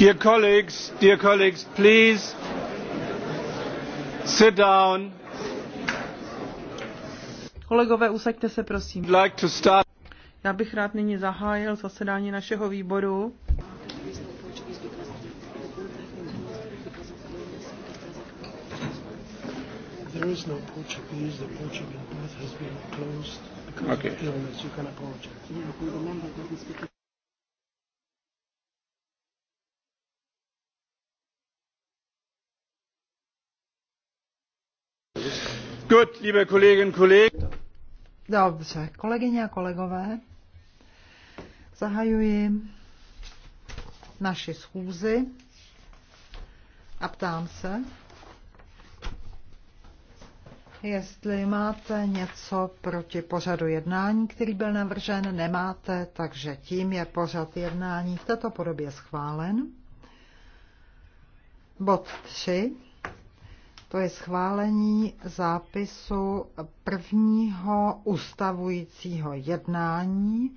Dear colleagues, dear colleagues, please sit down. Kolegové, usaďte se, prosím. Like to start. Já bych rád nyní zahájil zasedání našeho výboru. There is no Portuguese. The Portuguese booth has been closed because okay. of illness. You can apologize. Yeah, we remember that we speak Gut, liebe Kolleginnen Kollegen. Dobře, kolegyně a kolegové, zahajuji naši schůzi a ptám se, jestli máte něco proti pořadu jednání, který byl navržen, nemáte, takže tím je pořad jednání v této podobě schválen. Bod 3 to je schválení zápisu prvního ustavujícího jednání.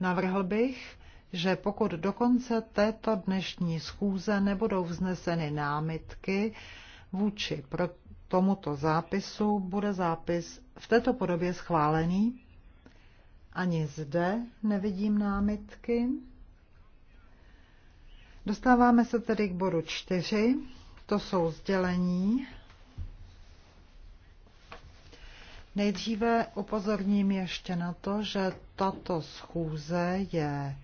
Navrhl bych, že pokud do konce této dnešní schůze nebudou vzneseny námitky vůči pro tomuto zápisu, bude zápis v této podobě schválený. Ani zde nevidím námitky. Dostáváme se tedy k bodu 4. To jsou sdělení. Nejdříve upozorním ještě na to, že tato schůze je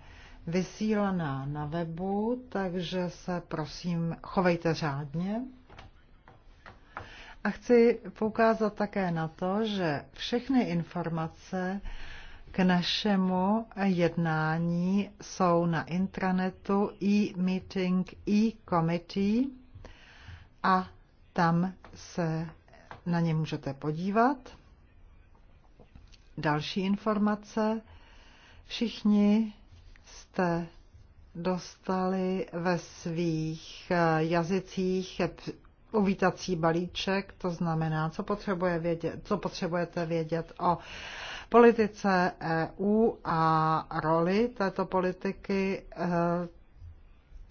vysílaná na webu, takže se prosím chovejte řádně. A chci poukázat také na to, že všechny informace k našemu jednání jsou na intranetu e-meeting e-committee a tam se na ně můžete podívat. Další informace. Všichni jste dostali ve svých eh, jazycích uvítací balíček, to znamená, co, potřebuje vědět, co potřebujete vědět o politice EU a roli této politiky eh,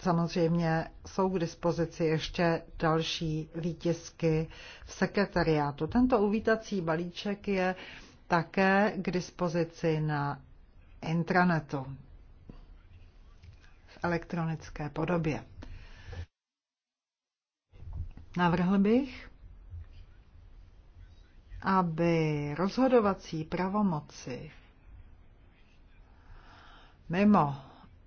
Samozřejmě jsou k dispozici ještě další výtisky v sekretariátu. Tento uvítací balíček je také k dispozici na intranetu v elektronické podobě. Navrhl bych, aby rozhodovací pravomoci mimo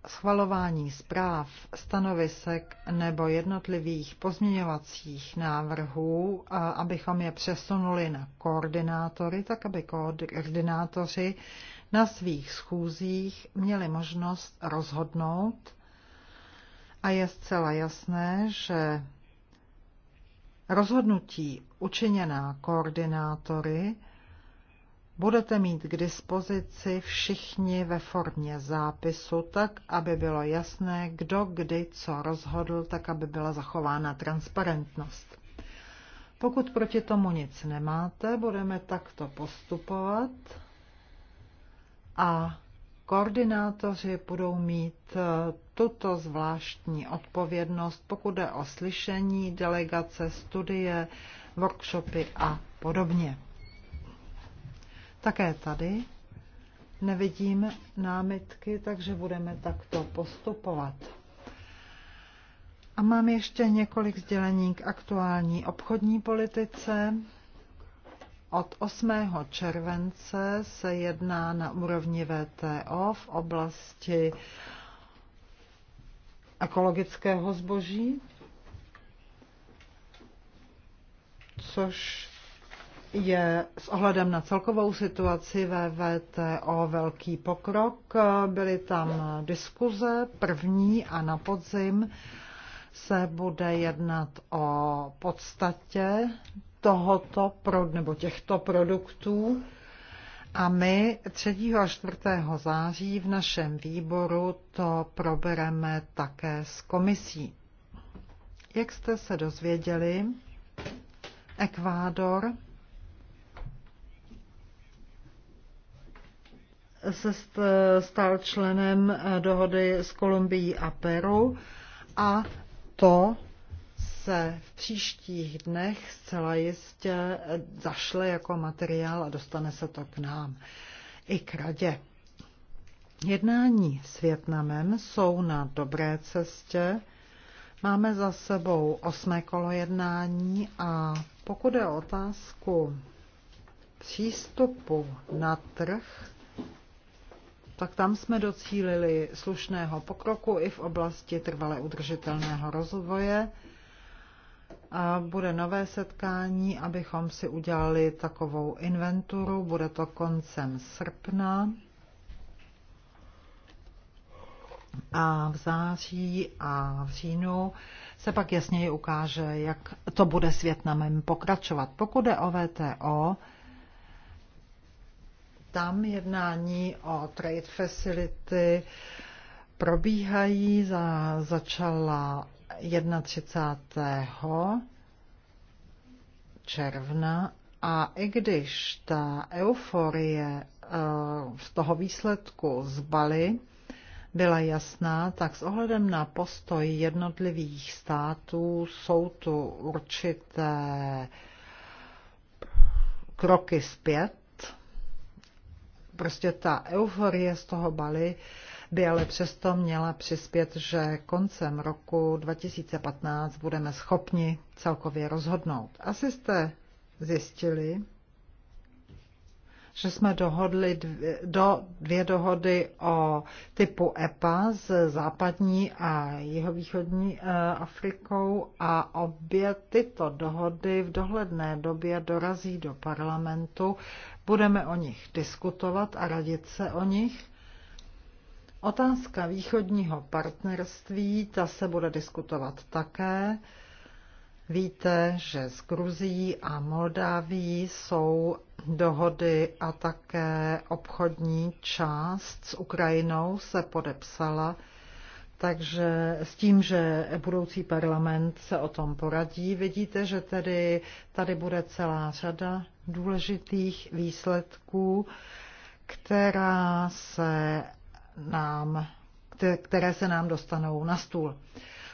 schvalování zpráv, stanovisek nebo jednotlivých pozměňovacích návrhů, abychom je přesunuli na koordinátory, tak aby koordinátoři na svých schůzích měli možnost rozhodnout. A je zcela jasné, že rozhodnutí učiněná koordinátory budete mít k dispozici všichni ve formě zápisu, tak aby bylo jasné, kdo kdy co rozhodl, tak aby byla zachována transparentnost. Pokud proti tomu nic nemáte, budeme takto postupovat a koordinátoři budou mít eh, tuto zvláštní odpovědnost, pokud jde o slyšení, delegace, studie, workshopy a podobně. Také tady nevidím námitky, takže budeme takto postupovat. A mám ještě několik sdělení k aktuální obchodní politice. Od 8. července se jedná na úrovni VTO v oblasti ekologického zboží, což je s ohledem na celkovou situaci VVT o velký pokrok. Byly tam diskuze první a na podzim se bude jednat o podstatě tohoto pro, nebo těchto produktů. A my 3. a 4. září v našem výboru to probereme také s komisí. Jak jste se dozvěděli, Ekvádor se stal členem eh, dohody s Kolumbií a Peru a to se v příštích dnech zcela jistě eh, zašle jako materiál a dostane se to k nám i k radě. Jednání s Větnamem jsou na dobré cestě. Máme za sebou osmé kolo jednání a pokud je otázku přístupu na trh, tak tam jsme docílili slušného pokroku i v oblasti trvale udržitelného rozvoje. A bude nové setkání, abychom si udělali takovou inventuru. Bude to koncem srpna. A v září a v říjnu se pak jasněji ukáže, jak to bude s Větnamem pokračovat. Pokud je o VTO, tam jednání o trade facility probíhají, za, začala 31. června a i když ta euforie eh, z toho výsledku z Bali byla jasná, tak s ohledem na postoj jednotlivých států jsou tu určité kroky zpět prostě ta euforie z toho Bali by ale přesto měla přispět, že koncem roku 2015 budeme schopni celkově rozhodnout. Asi jste zjistili, že jsme dohodli dvě, do, dvě dohody o typu EPA s západní a jihovýchodní eh, Afrikou a obě tyto dohody v dohledné době dorazí do parlamentu Budeme o nich diskutovat a radit se o nich. Otázka východního partnerství, ta se bude diskutovat také. Víte, že s Gruzí a Moldaví jsou dohody a také obchodní část s Ukrajinou se podepsala takže s tím, že budoucí parlament se o tom poradí, vidíte, že tedy tady bude celá řada důležitých výsledků, která se nám, které se nám dostanou na stůl.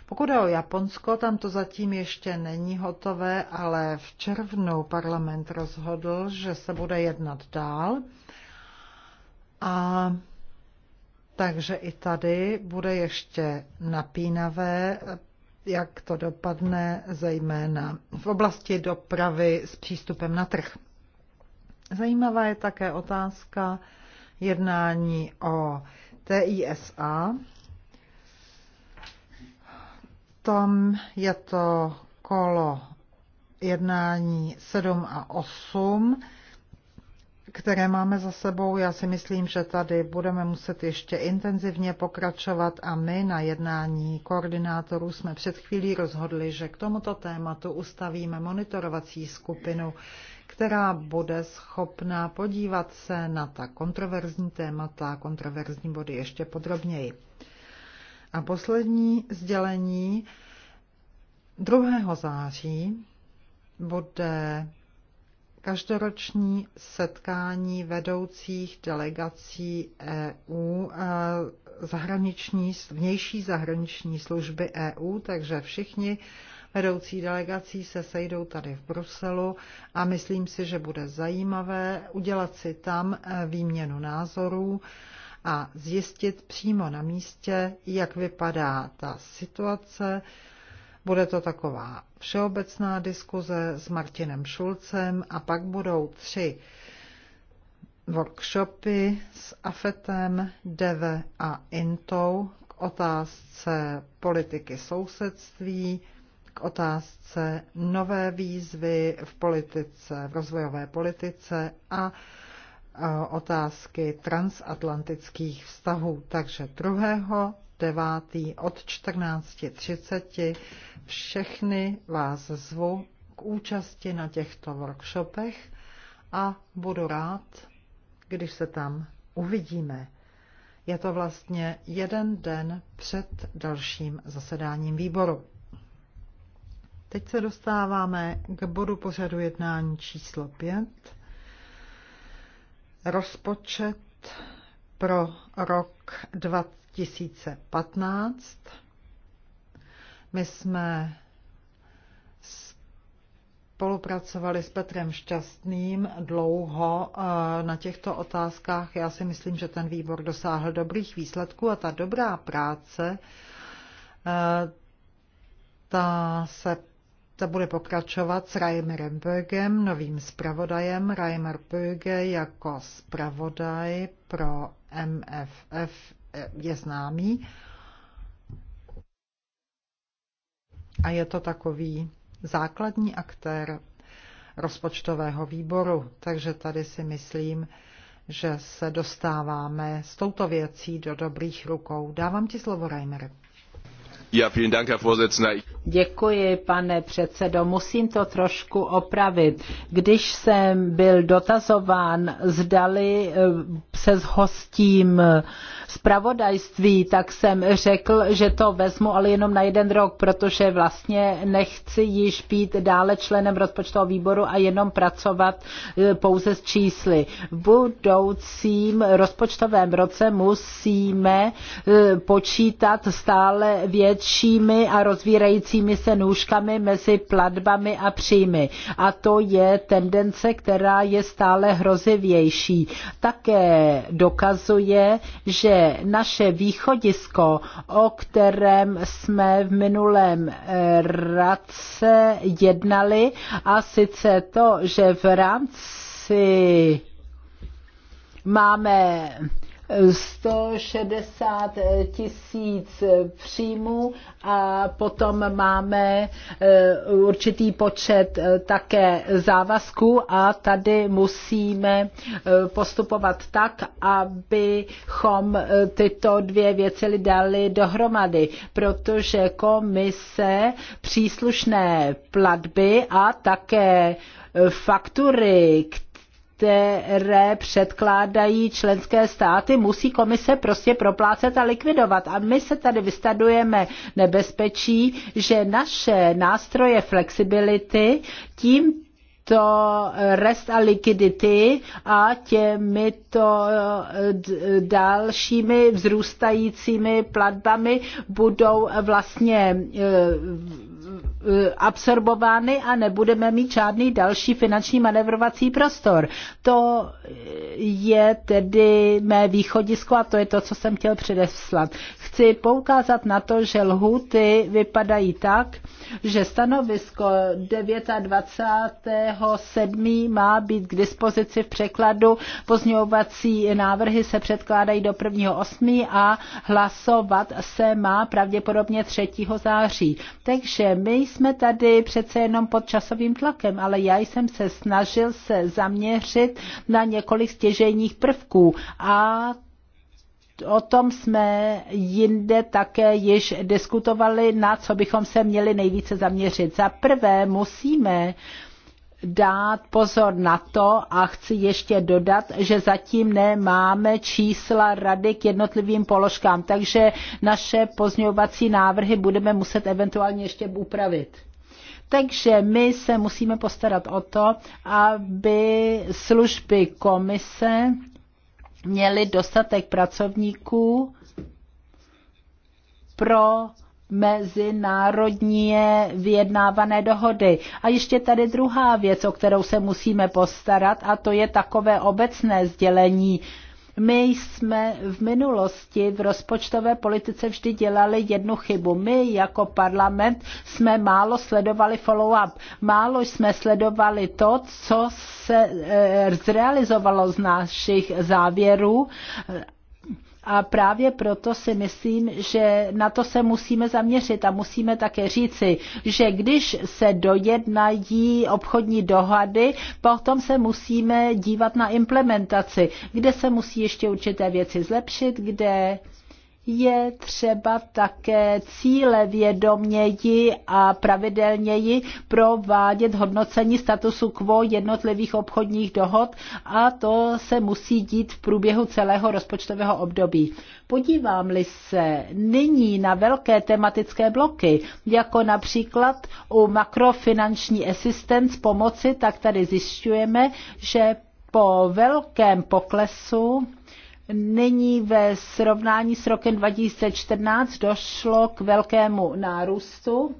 Pokud je o Japonsko, tam to zatím ještě není hotové, ale v červnu parlament rozhodl, že se bude jednat dál. A takže i tady bude ještě napínavé, jak to dopadne, zejména v oblasti dopravy s přístupem na trh. Zajímavá je také otázka jednání o TISA. Tam je to kolo jednání 7 a 8 které máme za sebou. Já si myslím, že tady budeme muset ještě intenzivně pokračovat a my na jednání koordinátorů jsme před chvílí rozhodli, že k tomuto tématu ustavíme monitorovací skupinu, která bude schopná podívat se na ta kontroverzní témata, kontroverzní body ještě podrobněji. A poslední sdělení 2. září bude každoroční setkání vedoucích delegací EU e, zahraniční, vnější zahraniční služby EU, takže všichni vedoucí delegací se sejdou tady v Bruselu a myslím si, že bude zajímavé udělat si tam e, výměnu názorů a zjistit přímo na místě, jak vypadá ta situace, bude to taková všeobecná diskuze s Martinem Šulcem a pak budou tři workshopy s AFETem, DEVE a INTOU k otázce politiky sousedství, k otázce nové výzvy v politice, v rozvojové politice a e, otázky transatlantických vztahů. Takže 2. 9. od 14.30. Všechny vás zvu k účasti na těchto workshopech a budu rád, když se tam uvidíme. Je to vlastně jeden den před dalším zasedáním výboru. Teď se dostáváme k bodu pořadu jednání číslo 5. Rozpočet pro rok 20. 2015. My jsme spolupracovali s Petrem Šťastným dlouho eh, na těchto otázkách. Já si myslím, že ten výbor dosáhl dobrých výsledků a ta dobrá práce eh, ta se ta bude pokračovat s Reimerem Bögem, novým zpravodajem. Reimer Böge jako zpravodaj pro MFF je známý. A je to takový základní aktér rozpočtového výboru. Takže tady si myslím, že se dostáváme s touto věcí do dobrých rukou. Dávám ti slovo, Reimer. Děkuji, pane předsedo. Musím to trošku opravit. Když jsem byl dotazován, zdali eh, se zhostím eh, zpravodajství, tak jsem řekl, že to vezmu, ale jenom na jeden rok, protože vlastně nechci již být dále členem rozpočtového výboru a jenom pracovat eh, pouze s čísly. V budoucím rozpočtovém roce musíme počítat stále větší většími a rozvírajícími se nůžkami mezi platbami a příjmy. A to je tendence, která je stále hrozivější. Také dokazuje, že naše východisko, o kterém jsme v minulém eh, radce jednali, a sice to, že v rámci máme 160 tisíc příjmů a potom máme eh, určitý počet eh, také závazků a tady musíme eh, postupovat tak, abychom tyto dvě věci dali dohromady, protože komise příslušné platby a také faktury, které které předkládají členské státy, musí komise prostě proplácet a likvidovat. A my se tady vystadujeme nebezpečí, že naše nástroje flexibility tím to rest a likidity a těmito eh, dalšími vzrůstajícími platbami budou vlastně eh, Eh, absorbovány a nebudeme mít žádný další finanční manevrovací prostor. To je tedy mé východisko a to je to, co jsem chtěl předeslat. Chci poukázat na to, že lhuty vypadají tak, že stanovisko 29.7. má být k dispozici v překladu. Pozňovací návrhy se předkládají do 1.8. a hlasovat se má pravděpodobně 3. září. Takže my jsme tady přece jenom pod časovým tlakem, ale já jsem se snažil se zaměřit na několik stěžejních prvků a O tom jsme jinde také již diskutovali, na co bychom se měli nejvíce zaměřit. Za prvé musíme uh, dát pozor na to a chci ještě dodat, že zatím nemáme čísla rady k jednotlivým položkám, takže naše pozňovací návrhy budeme muset eventuálně ještě upravit. Takže my se musíme postarat o to, aby služby komise měly dostatek pracovníků pro mezinárodně vyjednávané dohody. A ještě tady druhá věc, o kterou se musíme postarat, a to je takové obecné sdělení. My jsme v minulosti v rozpočtové politice vždy dělali jednu chybu. My jako parlament jsme málo sledovali follow-up. Málo jsme sledovali to, co se eh, zrealizovalo z našich závěrů a právě proto si myslím, že na to se musíme zaměřit a musíme také říci, že když se dojednají obchodní dohady, potom se musíme dívat na implementaci, kde se musí ještě určité věci zlepšit, kde je třeba také cíle vědoměji a pravidelněji provádět hodnocení statusu quo jednotlivých obchodních dohod a to se musí dít v průběhu celého rozpočtového období. Podívám-li se nyní na velké tematické bloky, jako například u makrofinanční assistance pomoci, tak tady zjišťujeme, že po velkém poklesu Nyní ve srovnání s rokem 2014 došlo k velkému nárůstu,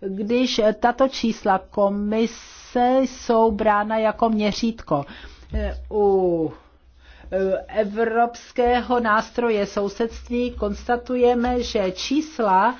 když tato čísla komise jsou brána jako měřítko. U eh, Evropského nástroje sousedství konstatujeme, že čísla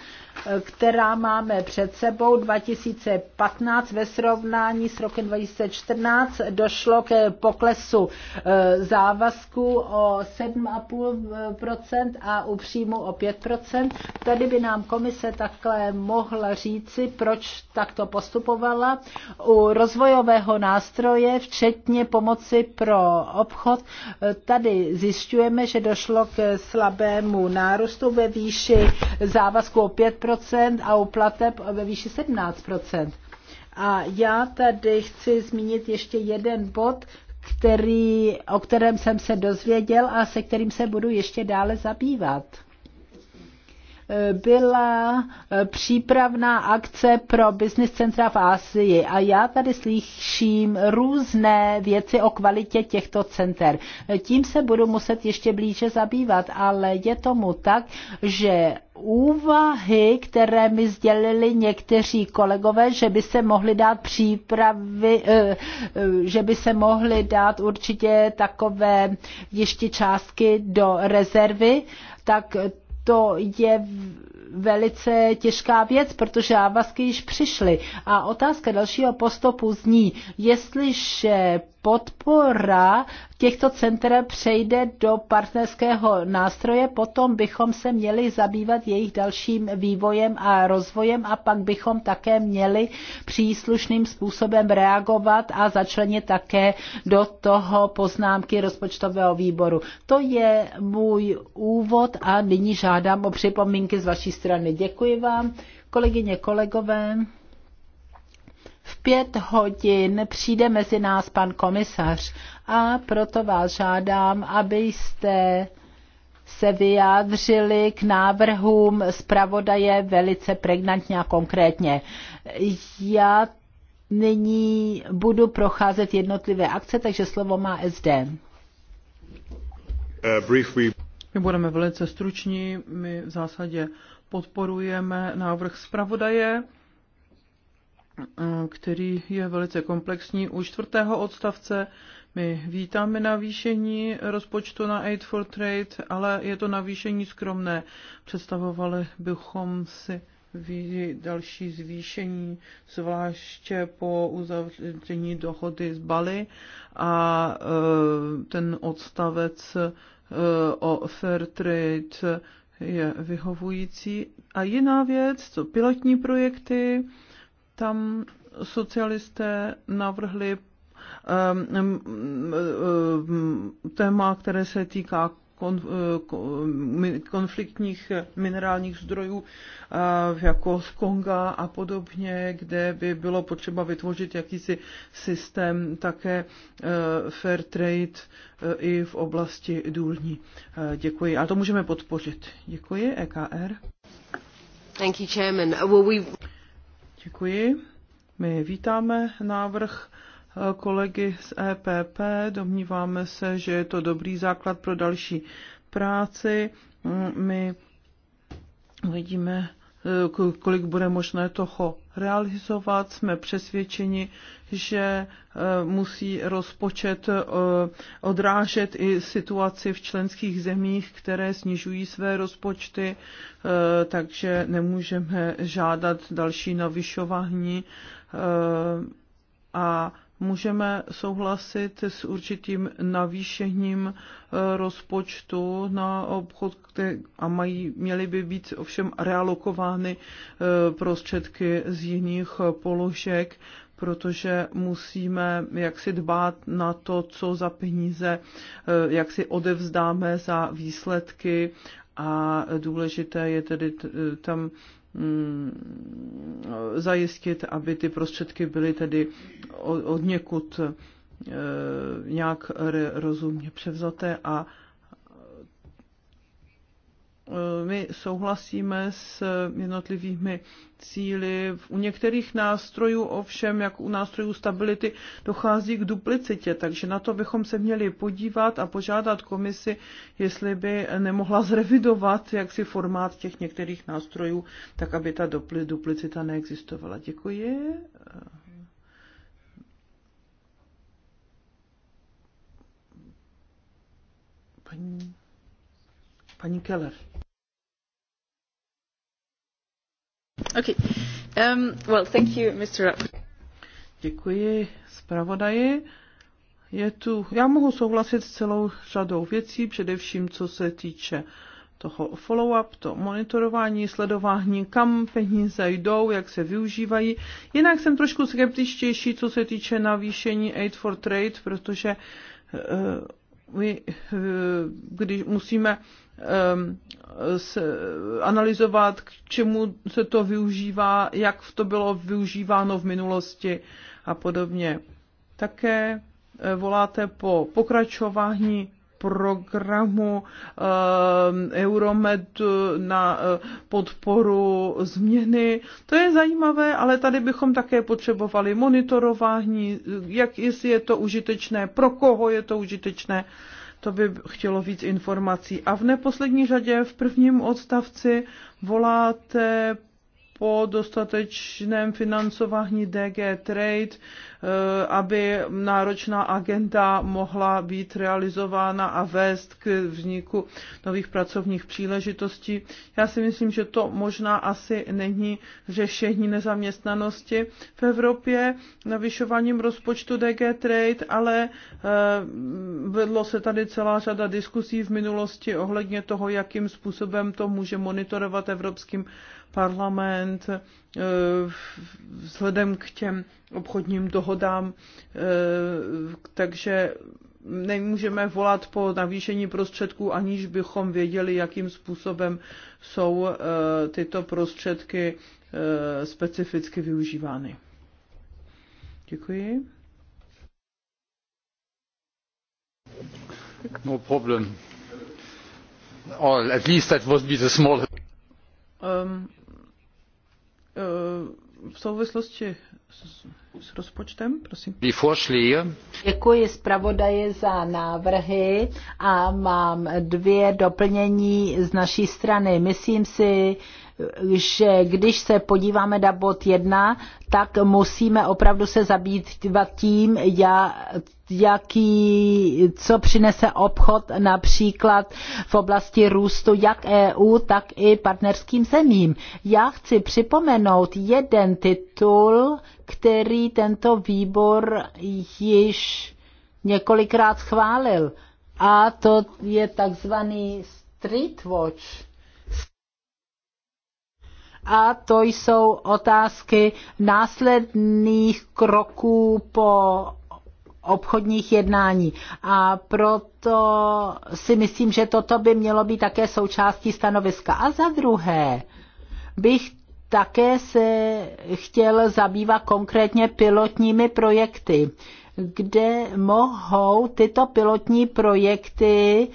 která máme před sebou 2015 ve srovnání s rokem 2014 došlo k poklesu eh, závazku o 7,5% a u příjmu o 5%. Tady by nám komise takhle mohla říci, proč takto postupovala. U rozvojového nástroje, včetně pomoci pro obchod, eh, tady zjišťujeme, že došlo k slabému nárůstu ve výši závazku o 5%, a u plateb ve výši 17 A já tady chci zmínit ještě jeden bod, který, o kterém jsem se dozvěděl a se kterým se budu ještě dále zabývat byla eh, přípravná akce pro business centra v Asii a já tady slyším různé věci o kvalitě těchto center. Tím se budu muset ještě blíže zabývat, ale je tomu tak, že úvahy, které mi sdělili někteří kolegové, že by se mohly dát přípravy, eh, eh, že by se mohly dát určitě takové ještě částky do rezervy, tak to je velice těžká věc, protože závazky již přišly. A otázka dalšího postupu zní, jestliže podpora těchto center přejde do partnerského nástroje, potom bychom se měli zabývat jejich dalším vývojem a rozvojem a pak bychom také měli příslušným způsobem reagovat a začlenit také do toho poznámky rozpočtového výboru. To je můj úvod a nyní žádám o připomínky z vaší strany. Děkuji vám, kolegyně, kolegové. V pět hodin přijde mezi nás pan komisař a proto vás žádám, abyste se vyjádřili k návrhům zpravodaje velice pregnantně a konkrétně. Já nyní budu procházet jednotlivé akce, takže slovo má SD. Uh, my budeme velice struční, my v zásadě podporujeme návrh zpravodaje který je velice komplexní. U čtvrtého odstavce my vítáme navýšení rozpočtu na Aid for Trade, ale je to navýšení skromné. Představovali bychom si další zvýšení, zvláště po uzavření dohody z Bali a e, ten odstavec e, o fair trade je vyhovující. A jiná věc, co pilotní projekty, tam socialisté navrhli ehm, ehm, ehm, téma, které se týká eh, konfliktních minerálních zdrojů eh, jako z Konga a podobně, kde by bylo potřeba vytvořit jakýsi systém také eh, fair trade i v oblasti důlní. Děkuji. A to můžeme podpořit. Děkuji, EKR. Thank you, Chairman. Well, Děkuji. My vítáme návrh eh, kolegy z EPP. Domníváme se, že je to dobrý základ pro další práci. Mm, my vidíme, Eh, kolik bude možné toho realizovat. Jsme přesvědčeni, že eh, musí rozpočet eh, odrážet i situaci v členských zemích, které snižují své rozpočty, takže nemůžeme žádat další navyšování a můžeme souhlasit s určitým navýšením eh, rozpočtu na obchod a mají, měly by být ovšem realokovány eh, prostředky z jiných položek, protože musíme jaksi dbát na to, co za peníze, eh, jak si odevzdáme za výsledky a důležité je tedy tam Mm, zajistit, aby ty prostředky byly tedy od, někud eh, nějak rozumně převzaté a Eh, my souhlasíme s jednotlivými cíly. U některých nástrojů ovšem, jak u nástrojů stability, dochází k duplicitě, takže na to bychom se měli podívat a požádat komisi, jestli by nemohla zrevidovat jaksi formát těch některých nástrojů, tak aby ta duplicita neexistovala. Děkuji. Eh, paní, paní Keller. Um, Děkuji zpravodaji. Je tu, já mohu souhlasit s celou řadou věcí, především co se týče toho follow-up, to monitorování, sledování, kam peníze jdou, jak se využívají. Jinak jsem trošku skeptičtější, co se týče navýšení Aid for Trade, protože uh, my, eh, když musíme se analyzovat, k čemu se to využívá, jak to bylo využíváno v minulosti a podobně. Také eh, voláte po pokračování programu ehm, Euromed na eh, podporu změny. To je zajímavé, ale tady bychom také potřebovali monitorování, jak jestli je to užitečné, pro koho je to užitečné. To by chtělo víc informací. A v neposlední řadě v prvním odstavci voláte po dostatečném financování DG Trade, eh, aby náročná agenda mohla být realizována a vést k vzniku nových pracovních příležitostí. Já si myslím, že to možná asi není řešení nezaměstnanosti v Evropě navyšováním rozpočtu DG Trade, ale eh, vedlo se tady celá řada diskusí v minulosti ohledně toho, jakým způsobem to může monitorovat Evropským parlament eh, vzhledem k těm obchodním dohodám, eh, takže nemůžeme volat po navýšení prostředků, aniž bychom věděli, jakým způsobem jsou eh, tyto prostředky specificky využívány. Děkuji. No problem. Or at least that would be the small. Um, Eh, v souvislosti s, s rozpočtem, prosím. Děkuji zpravodaje za návrhy a mám dvě doplnění z naší strany. Myslím si, že když se podíváme na bod 1, tak musíme opravdu se zabývat tím, jaký, co přinese obchod například v oblasti růstu jak EU, tak i partnerským zemím. Já chci připomenout jeden titul, který tento výbor již několikrát schválil. A to je takzvaný Street Watch a to jsou otázky následných kroků po obchodních jednání. A proto si myslím, že toto by mělo být také součástí stanoviska. A za druhé bych také se chtěl zabývat konkrétně pilotními projekty, kde mohou tyto pilotní projekty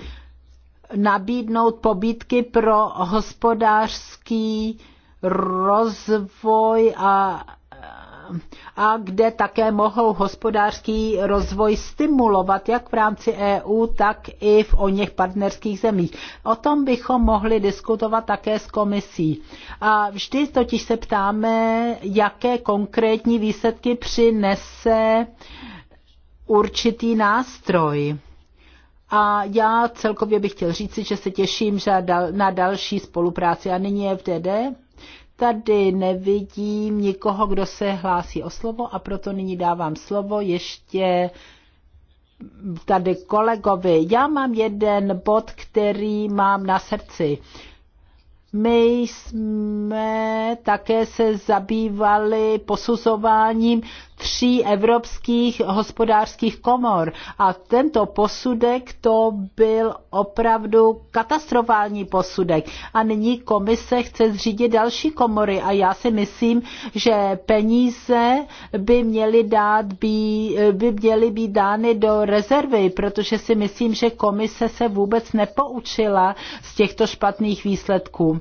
nabídnout pobídky pro hospodářský rozvoj a a kde také mohou hospodářský rozvoj stimulovat jak v rámci EU, tak i v o něch partnerských zemích. O tom bychom mohli diskutovat také s komisí. A vždy totiž se ptáme, jaké konkrétní výsledky přinese určitý nástroj. A já celkově bych chtěl říci, že se těším na další spolupráci. A nyní Dd. Tady nevidím nikoho, kdo se hlásí o slovo a proto nyní dávám slovo ještě tady kolegovi. Já mám jeden bod, který mám na srdci. My jsme také se zabývali posuzováním tří evropských hospodářských komor. A tento posudek to byl opravdu katastrofální posudek. A nyní komise chce zřídit další komory a já si myslím, že peníze by měly, dát, by, by měly být dány do rezervy, protože si myslím, že komise se vůbec nepoučila z těchto špatných výsledků.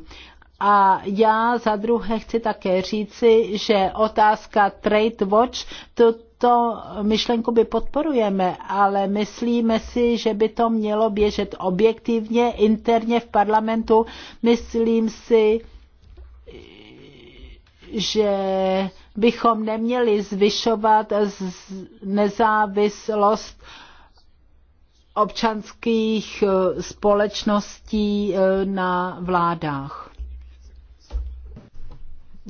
A já za druhé chci také říci, že otázka Trade Watch, tuto myšlenku by podporujeme, ale myslíme si, že by to mělo běžet objektivně, interně v parlamentu. Myslím si, že bychom neměli zvyšovat nezávislost občanských eh, společností eh, na vládách.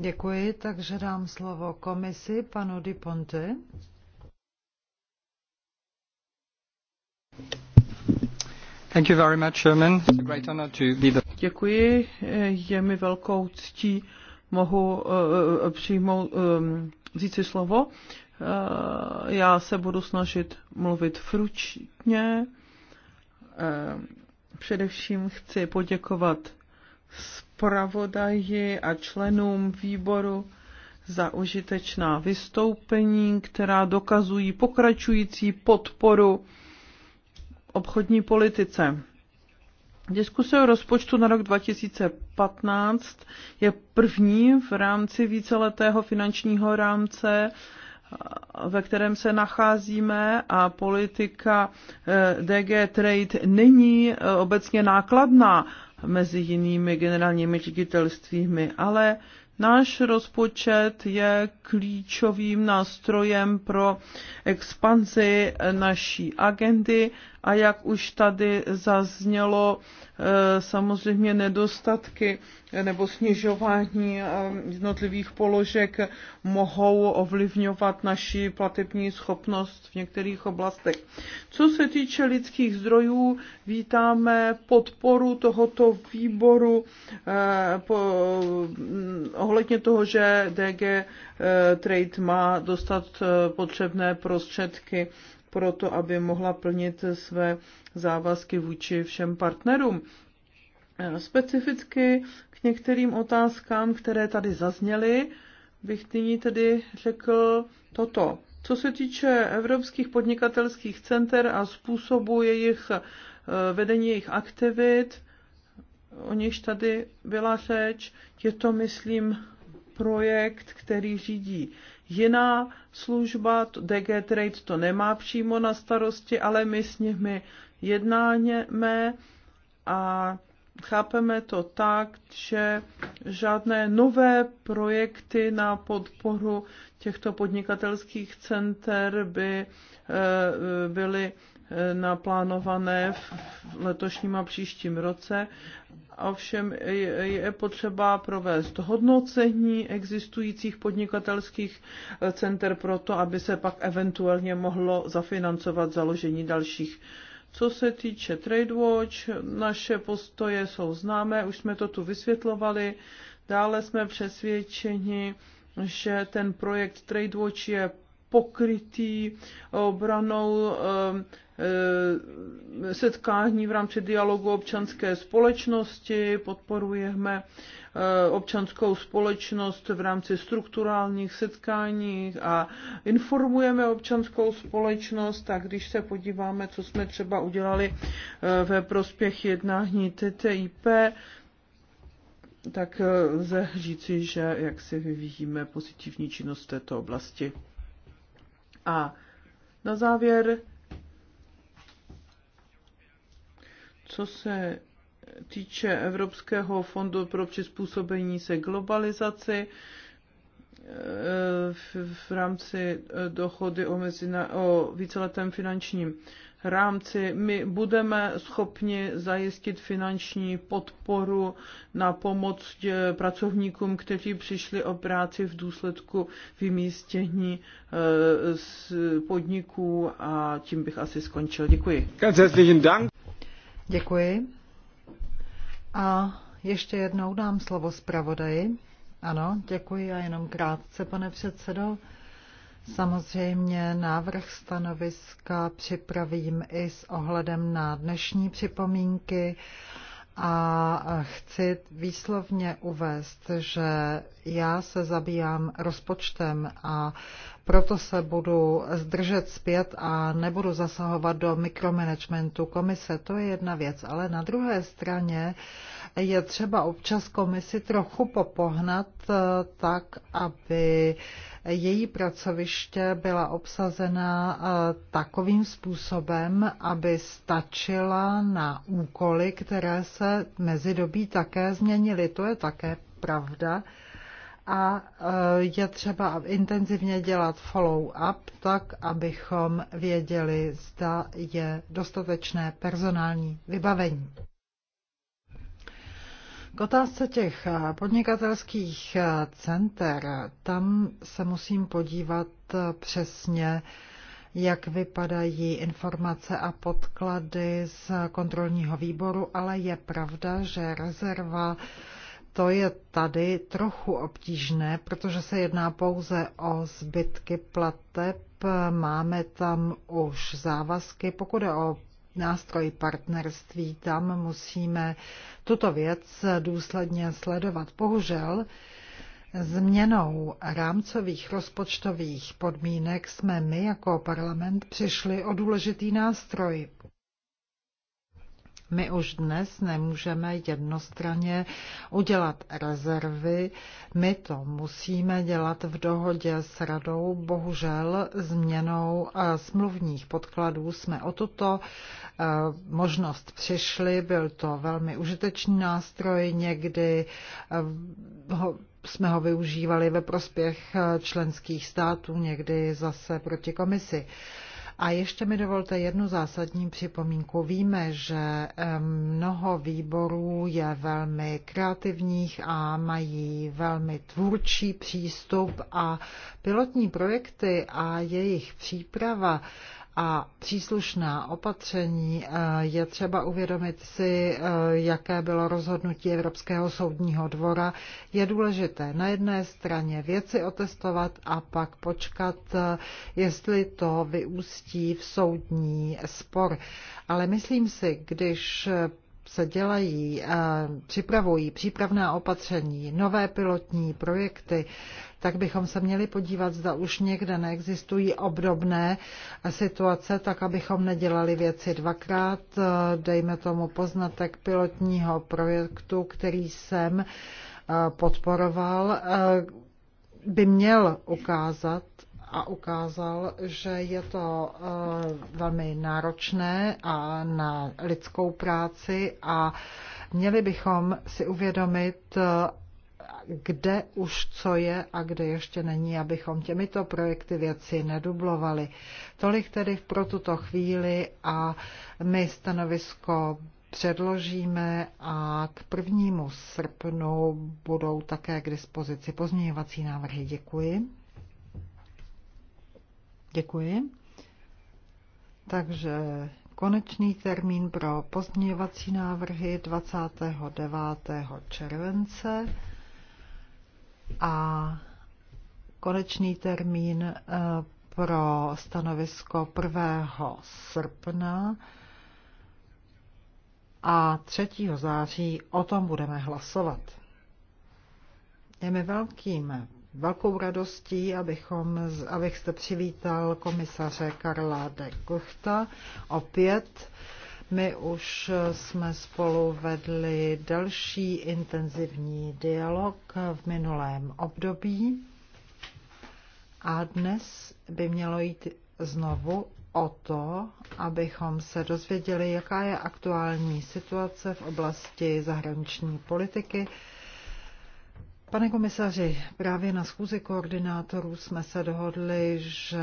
Děkuji, takže dám slovo komisi panu Di Ponte. Thank you very much, Chairman. It's a great honor to be the... Děkuji, je mi velkou ctí, mohu uh, přijmout, um, eh, si slovo. Uh, já se budu snažit mluvit fručně. Uh, především chci poděkovat zpravodaji a členům výboru za užitečná vystoupení, která dokazují pokračující podporu obchodní politice. Diskuse o rozpočtu na rok 2015 je první v rámci víceletého finančního rámce, ve kterém se nacházíme a politika eh, DG Trade není eh, obecně nákladná mezi jinými generálními ředitelstvími, ale náš rozpočet je klíčovým nástrojem pro expanzi naší agendy a jak už tady zaznělo, eh, samozřejmě nedostatky eh, nebo snižování eh, jednotlivých položek mohou ovlivňovat naši platební schopnost v některých oblastech. Co se týče lidských zdrojů, vítáme podporu tohoto výboru mm, ohledně toho, že DG Trade má dostat potřebné prostředky proto, aby mohla plnit své závazky vůči všem partnerům. Specificky k některým otázkám, které tady zazněly, bych nyní tedy řekl toto. Co se týče evropských podnikatelských center a způsobu jejich eh, vedení jejich aktivit, o nichž tady byla řeč, je to, myslím, projekt, který řídí jiná služba, DG Trade to nemá přímo na starosti, ale my s nimi jednáme a chápeme to tak, že žádné nové projekty na podporu těchto podnikatelských center by eh, byly Eh, naplánované v letošním a příštím roce. Ovšem je potřeba provést hodnocení existujících podnikatelských eh, center pro to, aby se pak eventuálně mohlo zafinancovat založení dalších. Co se týče TradeWatch, naše postoje jsou známé, už jsme to tu vysvětlovali. Dále jsme přesvědčeni, že ten projekt TradeWatch je pokrytý eh, obranou eh, eh, setkání v rámci dialogu občanské společnosti, podporujeme občanskou společnost v rámci strukturálních setkání a informujeme občanskou společnost a když se podíváme, co jsme třeba udělali ve prospěch jednání TTIP, tak lze říci, že jak si vyvíjíme pozitivní činnost v této oblasti. A na závěr, co se týče Evropského fondu pro přizpůsobení se globalizaci, e, v, rámci dohody o, mezina, o víceletém finančním rámci my budeme schopni zajistit finanční podporu na pomoc pracovníkům, kteří přišli o práci v důsledku vymístění e, z podniků a tím bych asi skončil. Děkuji. Děkuji. A ještě jednou dám slovo zpravodaji. Ano, děkuji a jenom krátce, pane předsedo. Samozřejmě návrh stanoviska připravím i s ohledem na dnešní připomínky a chci výslovně uvést, že já se zabývám rozpočtem a proto se budu zdržet zpět a nebudu zasahovat do mikromanagementu komise. To je jedna věc, ale na druhé straně je třeba občas komisi trochu popohnat eh, tak, aby její pracoviště byla obsazena eh, takovým způsobem, aby stačila na úkoly, které se mezi dobí také změnily. To je také pravda. A eh, je třeba intenzivně dělat follow-up, tak abychom věděli, zda je dostatečné personální vybavení. K otázce těch eh, podnikatelských eh, center, tam se musím podívat eh, přesně, jak vypadají informace a podklady z kontrolního výboru, ale je pravda, že rezerva to je tady trochu obtížné, protože se jedná pouze o zbytky plateb. Máme tam už závazky. Pokud je o nástroj partnerství, tam musíme tuto věc důsledně sledovat. Bohužel změnou rámcových rozpočtových podmínek jsme my jako parlament přišli o důležitý nástroj. My už dnes nemůžeme jednostranně udělat rezervy, my to musíme dělat v dohodě s radou. Bohužel změnou eh, smluvních podkladů jsme o tuto eh, možnost přišli. Byl to velmi užitečný nástroj, někdy eh, ho jsme ho využívali ve prospěch členských států, někdy zase proti komisi. A ještě mi dovolte jednu zásadní připomínku. Víme, že mnoho výborů je velmi kreativních a mají velmi tvůrčí přístup a pilotní projekty a jejich příprava a příslušná opatření, eh, je třeba uvědomit si, eh, jaké bylo rozhodnutí Evropského soudního dvora. Je důležité na jedné straně věci otestovat a pak počkat, eh, jestli to vyústí v soudní spor. Ale myslím si, když se dělají, připravují přípravná opatření, nové pilotní projekty, tak bychom se měli podívat, zda už někde neexistují obdobné situace, tak abychom nedělali věci dvakrát. Dejme tomu poznatek pilotního projektu, který jsem podporoval, by měl ukázat, a ukázal, že je to eh, velmi náročné a na lidskou práci a měli bychom si uvědomit, eh, kde už co je a kde ještě není, abychom těmito projekty věci nedublovali. Tolik tedy pro tuto chvíli a my stanovisko předložíme a k prvnímu srpnu budou také k dispozici pozměňovací návrhy. Děkuji. Děkuji. Takže konečný termín pro pozměňovací návrhy 29. července a konečný termín eh, pro stanovisko 1. srpna a 3. září o tom budeme hlasovat. Je mi velkým velkou radostí, abychom, abych jste přivítal komisaře Karla de Kuchta. Opět my už eh, jsme spolu vedli další intenzivní dialog v minulém období a dnes by mělo jít znovu o to, abychom se dozvěděli, jaká je aktuální situace v oblasti zahraniční politiky Pane komisaři, právě na schůzi koordinátorů jsme se dohodli, že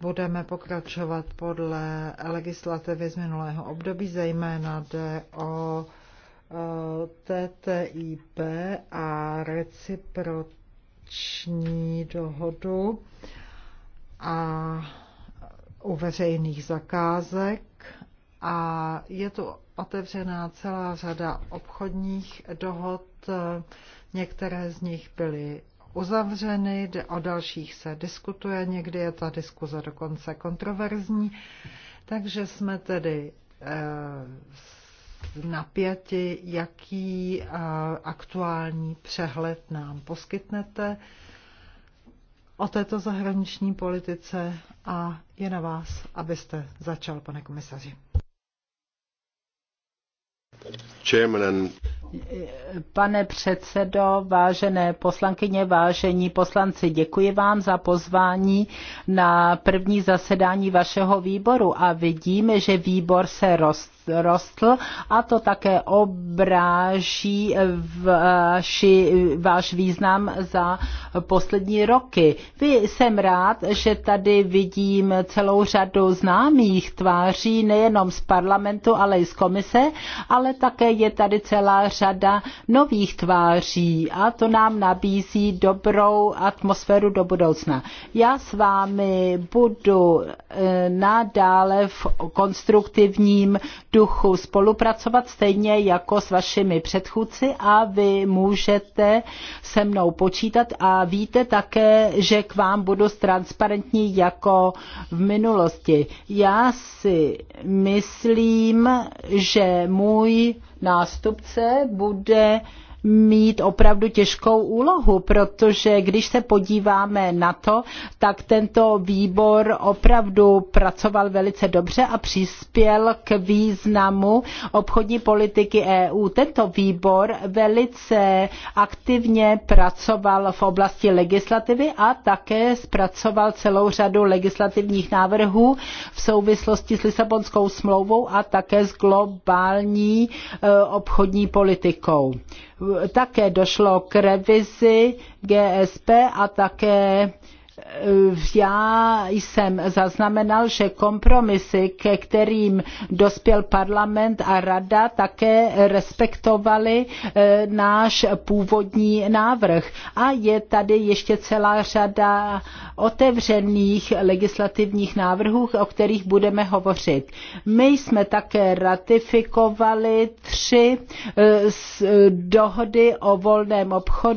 budeme pokračovat podle legislativy z minulého období, zejména jde o e, TTIP a reciproční dohodu a u veřejných zakázek a je tu otevřená celá řada obchodních dohod Některé z nich byly uzavřeny, o dalších se diskutuje, někdy je ta diskuze dokonce kontroverzní. Takže jsme tedy v eh, napěti, jaký eh, aktuální přehled nám poskytnete o této zahraniční politice a je na vás, abyste začal, pane komisaři. Pane předsedo, vážené poslankyně, vážení poslanci, děkuji vám za pozvání na první zasedání vašeho výboru a vidíme, že výbor se roz rostl a to také obráží vaši, váš význam za poslední roky. Vy jsem rád, že tady vidím celou řadu známých tváří nejenom z parlamentu, ale i z komise, ale také je tady celá řada nových tváří a to nám nabízí dobrou atmosféru do budoucna. Já s vámi budu eh, nadále v konstruktivním duchu spolupracovat stejně jako s vašimi předchůdci a vy můžete se mnou počítat a víte také, že k vám budu transparentní jako v minulosti. Já si myslím, že můj nástupce bude mít opravdu těžkou úlohu, protože když se podíváme na to, tak tento výbor opravdu pracoval velice dobře a přispěl k významu obchodní politiky EU. Tento výbor velice aktivně pracoval v oblasti legislativy a také zpracoval celou řadu legislativních návrhů v souvislosti s Lisabonskou smlouvou a také s globální e, obchodní politikou také došlo k revizi GSP a také já jsem zaznamenal, že kompromisy, ke kterým dospěl parlament a rada, také respektovaly e, náš původní návrh. A je tady ještě celá řada otevřených legislativních návrhů, o kterých budeme hovořit. My jsme také ratifikovali tři e, e, dohody o volném obchodu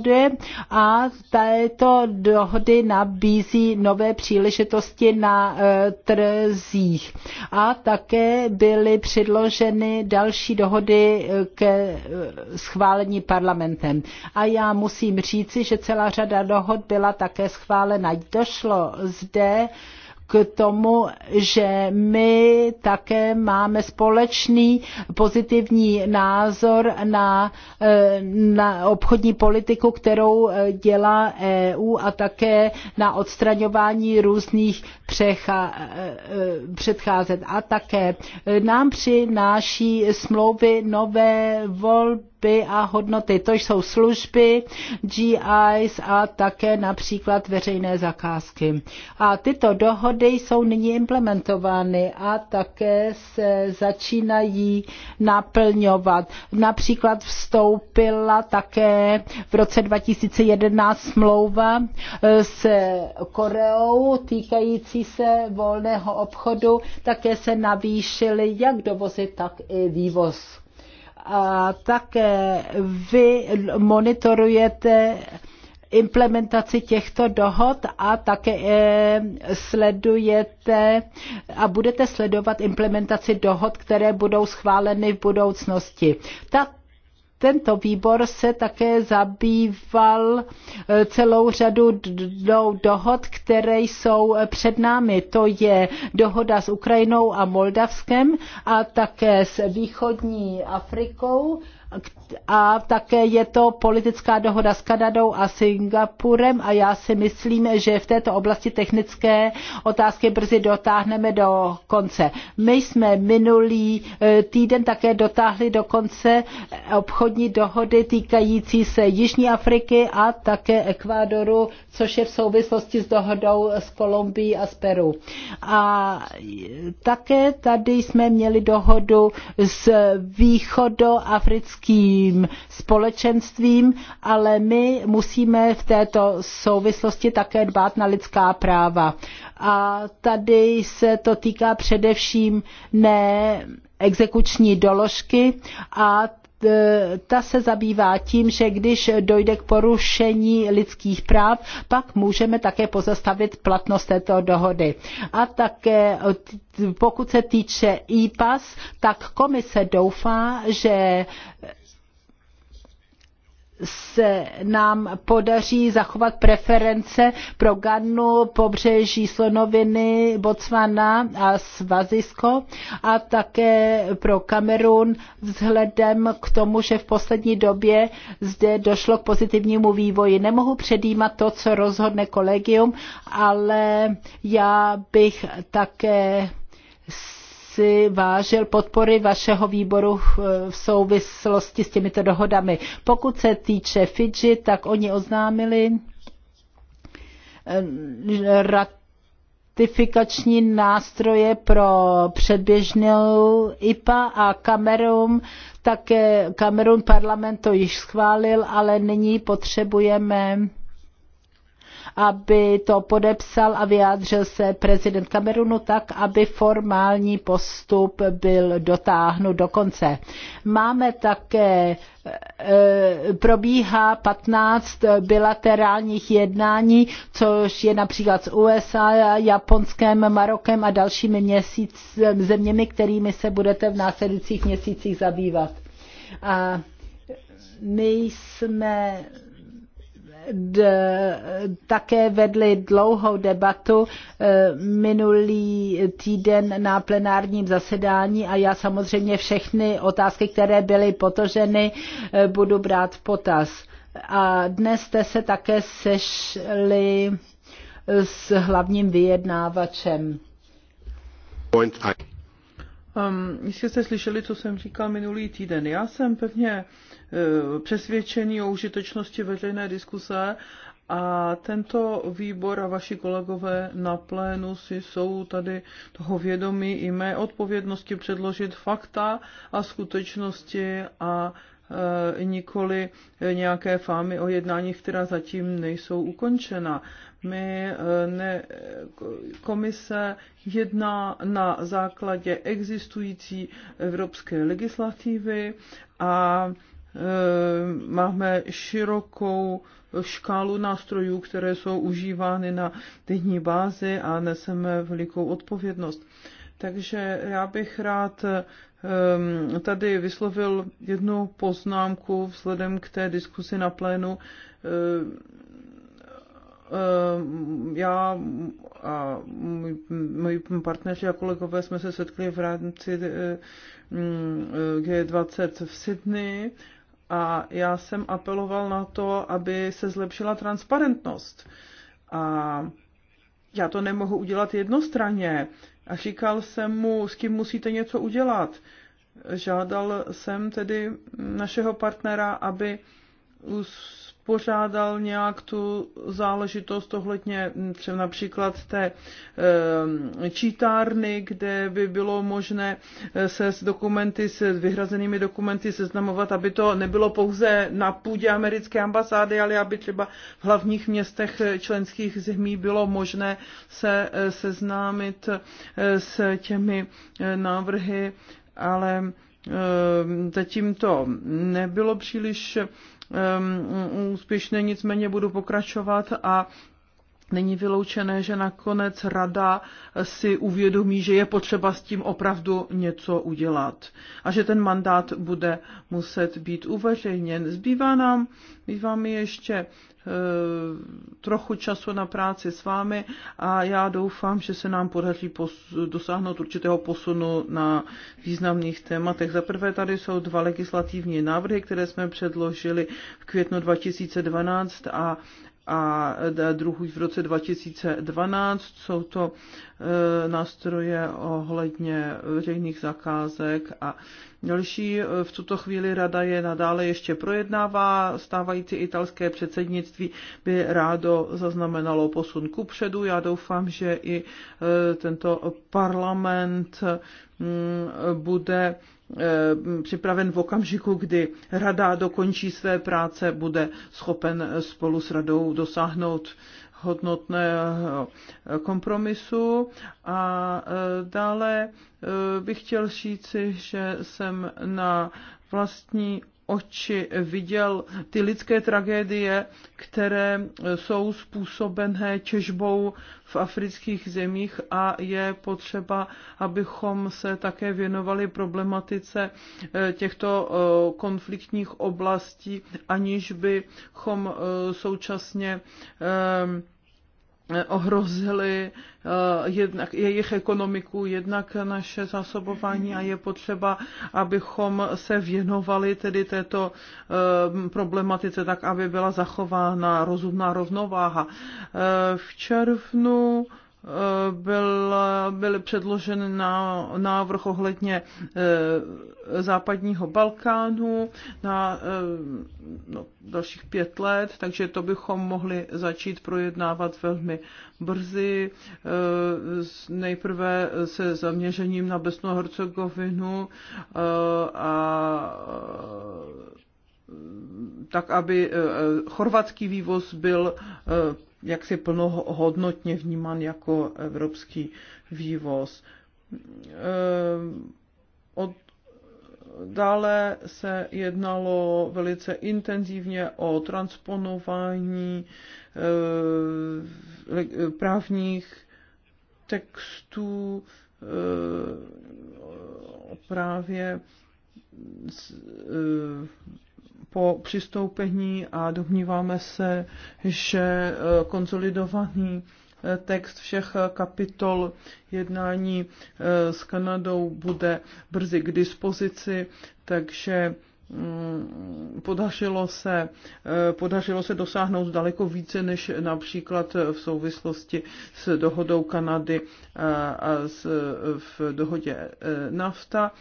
a této dohody nabíjí nabízí nové příležitosti na eh, trzích. A také byly předloženy další dohody eh, ke eh, schválení parlamentem. A já musím říci, že celá řada dohod byla také schválena. Došlo zde k tomu, že my také máme společný pozitivní názor na, eh, na obchodní politiku, kterou eh, dělá EU a také na odstraňování různých přecha, eh, předcházet. A také nám přináší smlouvy nové volby principy a hodnoty. To jsou služby, GIs a také například veřejné zakázky. A tyto dohody jsou nyní implementovány a také se začínají naplňovat. Například vstoupila také v roce 2011 smlouva eh, s Koreou týkající se volného obchodu. Také se navýšily jak dovozy, tak i vývoz a také vy monitorujete implementaci těchto dohod a také eh, sledujete a budete sledovat implementaci dohod, které budou schváleny v budoucnosti. Tak tento výbor se také zabýval eh, celou řadu dohod, které jsou eh, před námi. To je dohoda s Ukrajinou a Moldavskem a také s východní Afrikou a také je to politická dohoda s Kanadou a Singapurem a já si myslím, že v této oblasti technické otázky brzy dotáhneme do konce. My jsme minulý eh, týden také dotáhli do konce obchodní dohody týkající se Jižní Afriky a také Ekvádoru, což je v souvislosti s dohodou s Kolumbií a s Peru. A také tady jsme měli dohodu s východoafrickou evropským společenstvím, ale my musíme v této souvislosti také dbát na lidská práva. A tady se to týká především ne exekuční doložky a E, ta se zabývá tím, že když dojde k porušení lidských práv, pak můžeme také pozastavit platnost této dohody. A také e, pokud se týče IPAS, tak komise doufá, že se nám podaří zachovat preference pro Gannu, pobřeží Slonoviny, Botswana a Svazisko a také pro Kamerun vzhledem k tomu, že v poslední době zde došlo k pozitivnímu vývoji. Nemohu předjímat to, co rozhodne kolegium, ale já bych také si vážil podpory vašeho výboru eh, v souvislosti s těmito dohodami. Pokud se týče Fidži, tak oni oznámili eh, ratifikační nástroje pro předběžnou IPA a Kamerun, také Kamerun parlament to již schválil, ale nyní potřebujeme aby to podepsal a vyjádřil se prezident Kamerunu tak, aby formální postup byl dotáhnut do konce. Máme také eh, probíhá 15 bilaterálních jednání, což je například s USA, Japonskem, Marokem a dalšími měsíc, zeměmi, kterými se budete v následujících měsících zabývat. A my jsme také vedli dlouhou debatu eh, minulý týden na plenárním zasedání a já samozřejmě všechny otázky, které byly potoženy, eh, budu brát v potaz. A dnes jste se také sešli s hlavním vyjednávačem. Um, jestli jste slyšeli, co jsem říkal minulý týden. Já jsem pevně Eh, přesvědčeni o užitečnosti veřejné diskuse a tento výbor a vaši kolegové na plénu si jsou tady toho vědomí i mé odpovědnosti předložit fakta a skutečnosti a eh, nikoli nějaké fámy o jednáních, která zatím nejsou ukončena. My eh, ne, komise jedná na základě existující evropské legislativy a Eh, máme širokou škálu nástrojů, které jsou užívány na denní bázi a neseme velikou odpovědnost. Takže já bych rád ehm, tady vyslovil jednu poznámku vzhledem k té diskusi na plénu. Eh, ehm, já a moji partneři a kolegové jsme se setkli v rámci eh, mm, G20 v Sydney a já jsem apeloval na to, aby se zlepšila transparentnost. A já to nemohu udělat jednostranně. A říkal jsem mu, s kým musíte něco udělat. Žádal jsem tedy našeho partnera, aby pořádal nějak tu záležitost ohledně třeba například té eh, čítárny, kde by bylo možné eh, se s dokumenty, s vyhrazenými dokumenty seznamovat, aby to nebylo pouze na půdě americké ambasády, ale aby třeba v hlavních městech eh, členských zemí bylo možné se seznámit s těmi návrhy, ale zatím to nebylo příliš um, úspěšné, nicméně budu pokračovat a Není vyloučené, že nakonec rada si uvědomí, že je potřeba s tím opravdu něco udělat a že ten mandát bude muset být uveřejněn. Zbývá nám, zbývá mi ještě Eh, trochu času na práci s vámi a já doufám, že se nám podaří dosáhnout určitého posunu na významných tématech. Za prvé tady jsou dva legislativní návrhy, které jsme předložili v květnu 2012 a a druhý v roce 2012. Jsou to eh, nástroje ohledně veřejných zakázek a Další eh, v tuto chvíli rada je nadále ještě projednává. Stávající italské předsednictví by rádo zaznamenalo posun ku předu. Já doufám, že i eh, tento parlament mm, bude eh, připraven v okamžiku, kdy rada dokončí své práce, bude schopen spolu s radou dosáhnout hodnotného kompromisu. A e, dále e, bych chtěl říci, že jsem na vlastní oči viděl ty lidské tragédie, které eh, jsou způsobené těžbou v afrických zemích a je potřeba, abychom se také věnovali problematice eh, těchto eh, konfliktních oblastí, aniž bychom současně ohrozily eh, jednak jejich ekonomiku, jednak naše zásobování a je potřeba, abychom se věnovali tedy této eh, problematice tak, aby byla zachována rozumná rovnováha. Eh, v červnu Eh, byl, byl předložen na návrh ohledně eh, západního Balkánu na eh, no, dalších pět let, takže to bychom mohli začít projednávat velmi brzy. Nejprve se zaměřením na Besnu Hercegovinu a tak, aby chorvatský vývoz byl jaksi plnohodnotně vnímán jako evropský vývoz. Ehm, od, dále se jednalo velice intenzivně o transponování ehm, právních textů ehm, právě po přistoupení a domníváme se, že eh, konsolidovaný eh, text všech kapitol jednání eh, s Kanadou bude brzy k dispozici, takže Mm, podařilo se, eh, podařilo se dosáhnout daleko více než například v souvislosti s dohodou Kanady eh, a s, v dohodě eh, NAFTA.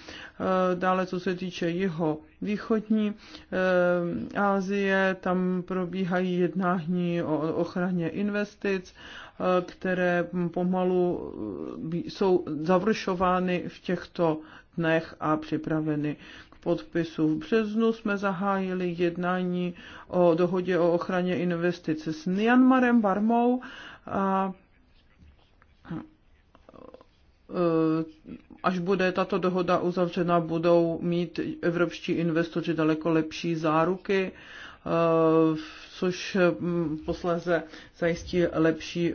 Dále, co se týče jeho východní Asie, tam probíhají jednání o ochraně investic, které pomalu jsou završovány v těchto dnech a připraveny podpisu. V březnu jsme zahájili jednání o dohodě o ochraně investice s Myanmarem, Barmou a e, až bude tato dohoda uzavřena, budou mít evropští investoři daleko lepší záruky, e, což mm, posléze zajistí lepší e,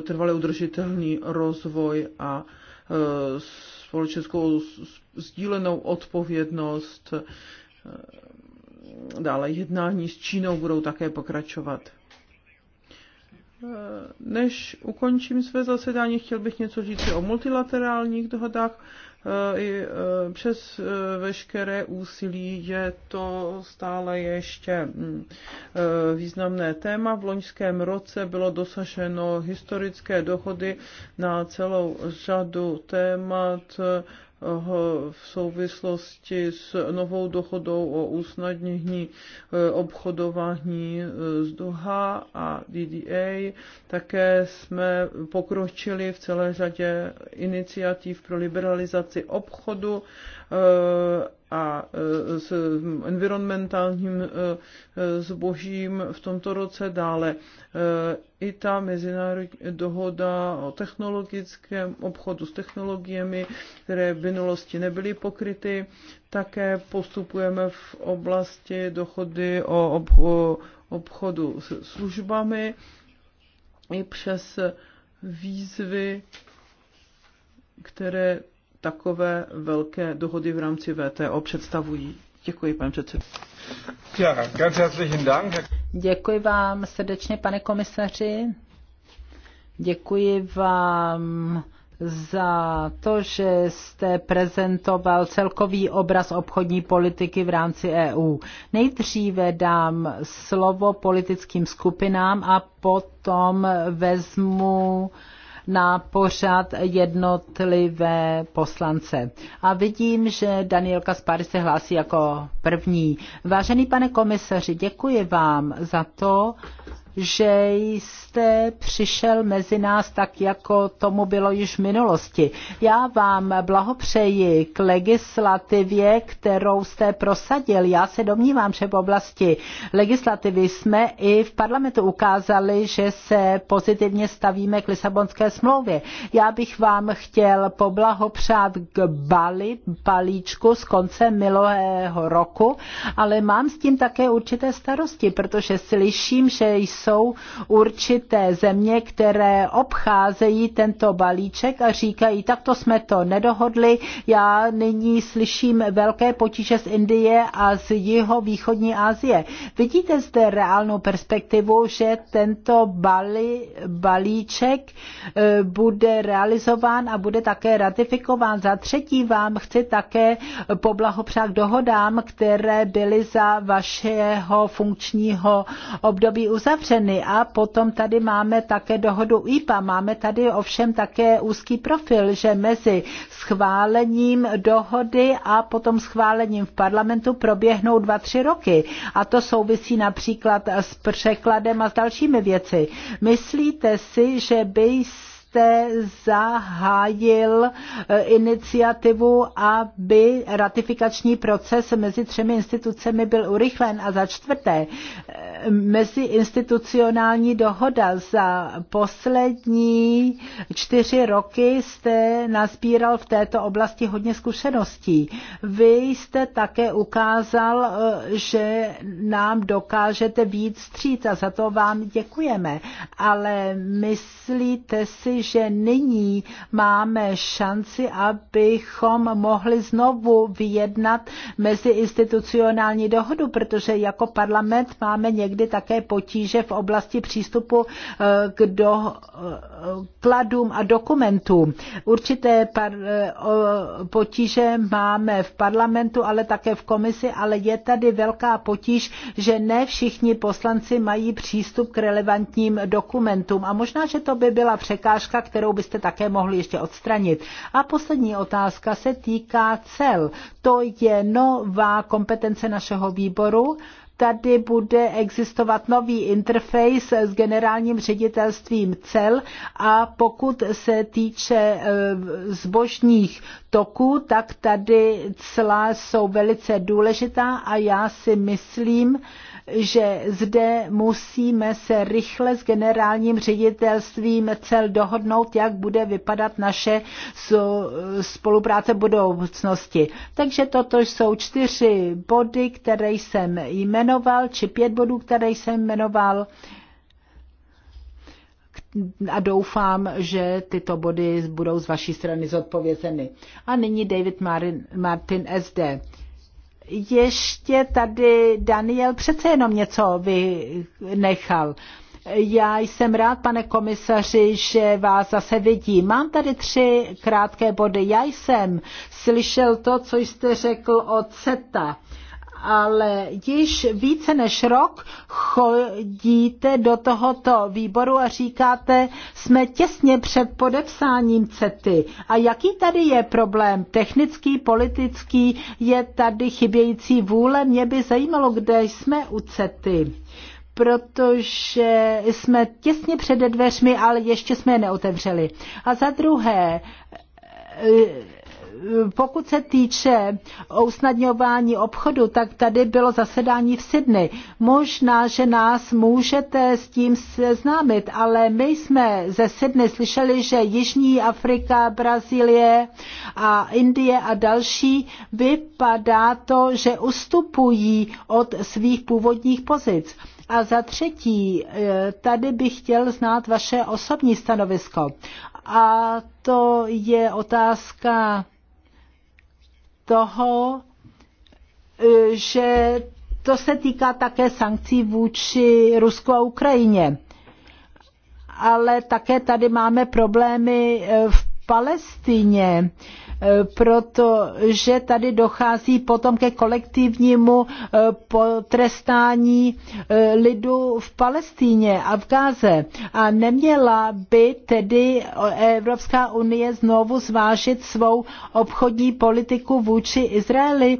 trvale udržitelný rozvoj a Eh, společenskou sdílenou odpovědnost. Eh, dále jednání s Čínou budou také pokračovat. Eh, než ukončím své zasedání, chtěl bych něco říct o multilaterálních dohodách. Eh, i eh, přes eh, veškeré úsilí je to stále ještě mm, významné téma. V loňském roce bylo dosaženo historické dohody na celou řadu témat v souvislosti s novou dohodou o usnadnění e, obchodování e, z Doha a DDA. Také jsme pokročili v celé řadě iniciativ pro liberalizaci obchodu a e, s environmentálním e, zbožím v tomto roce dále. E, I ta mezinárodní dohoda o technologickém obchodu s technologiemi, které v minulosti nebyly pokryty, také postupujeme v oblasti dohody o obchodu s službami i přes výzvy, které takové velké dohody v rámci VTO představují. Děkuji, pane předsedo. ganz herzlichen Dank. Děkuji vám srdečně, pane komisaři. Děkuji vám za to, že jste prezentoval celkový obraz obchodní politiky v rámci EU. Nejdříve dám slovo politickým skupinám a potom vezmu na pořad jednotlivé poslance. A vidím, že Daniel Kaspary se hlásí jako první. Vážený pane komisaři, děkuji vám za to, že jste přišel mezi nás tak, jako tomu bylo již v minulosti. Já vám blahopřeji k legislativě, kterou jste prosadil. Já se domnívám, že v oblasti legislativy jsme i v parlamentu ukázali, že se pozitivně stavíme k Lisabonské smlouvě. Já bych vám chtěl poblahopřát k Bali, balíčku z konce milového roku, ale mám s tím také určité starosti, protože slyším, že jsou jsou určité země, které obcházejí tento balíček a říkají, takto jsme to nedohodli. Já nyní slyším velké potíže z Indie a z jeho východní Asie. Vidíte zde reálnou perspektivu, že tento bali, balíček eh, bude realizován a bude také ratifikován. Za třetí vám chci také poblahopřát dohodám, které byly za vašeho funkčního období uzavřeny otevřeny. A potom tady máme také dohodu IPA. Máme tady ovšem také úzký profil, že mezi schválením dohody a potom schválením v parlamentu proběhnou dva, tři roky. A to souvisí například s překladem a s dalšími věci. Myslíte si, že by jste zahájil eh, iniciativu, aby ratifikační proces mezi třemi institucemi byl urychlen. A za čtvrté, eh, mezi institucionální dohoda. Za poslední čtyři roky jste nazbíral v této oblasti hodně zkušeností. Vy jste také ukázal, eh, že nám dokážete víc stříct a za to vám děkujeme. Ale myslíte si, že nyní máme šanci, abychom mohli znovu vyjednat mezi institucionální dohodu, protože jako parlament máme někdy také potíže v oblasti přístupu eh, k dokladům eh, a dokumentům. Určité eh, potíže máme v parlamentu, ale také v komisi, ale je tady velká potíž, že ne všichni poslanci mají přístup k relevantním dokumentům. A možná, že to by byla překážka, otázka, kterou byste také mohli ještě odstranit. A poslední otázka se týká cel. To je nová kompetence našeho výboru tady bude existovat nový interface s generálním ředitelstvím cel a pokud se týče eh, zbožních toků, tak tady cla jsou velice důležitá a já si myslím, že zde musíme se rychle s generálním ředitelstvím cel dohodnout, jak bude vypadat naše spolupráce budoucnosti. Takže toto jsou čtyři body, které jsem jmenoval, či pět bodů, které jsem jmenoval a doufám, že tyto body budou z vaší strany zodpovězeny. A nyní David Martin, Martin SD ještě tady Daniel přece jenom něco vynechal. Já jsem rád, pane komisaři, že vás zase vidím. Mám tady tři krátké body. Já jsem slyšel to, co jste řekl o CETA ale již více než rok chodíte do tohoto výboru a říkáte, jsme těsně před podepsáním CETY. A jaký tady je problém? Technický, politický, je tady chybějící vůle? Mě by zajímalo, kde jsme u CETY protože jsme těsně před dveřmi, ale ještě jsme je neotevřeli. A za druhé, pokud se týče usnadňování obchodu, tak tady bylo zasedání v Sydney. Možná, že nás můžete s tím seznámit, ale my jsme ze Sydney slyšeli, že Jižní Afrika, Brazílie a Indie a další vypadá to, že ustupují od svých původních pozic. A za třetí, eh, tady bych chtěl znát vaše osobní stanovisko. A to je otázka toho, eh, že to se týká také sankcí vůči Rusku a Ukrajině. Ale také tady máme problémy eh, v Palestině protože tady dochází potom ke kolektivnímu eh, potrestání eh, lidu v Palestíně a v Gáze. A neměla by tedy Evropská unie znovu zvážit svou obchodní politiku vůči Izraeli,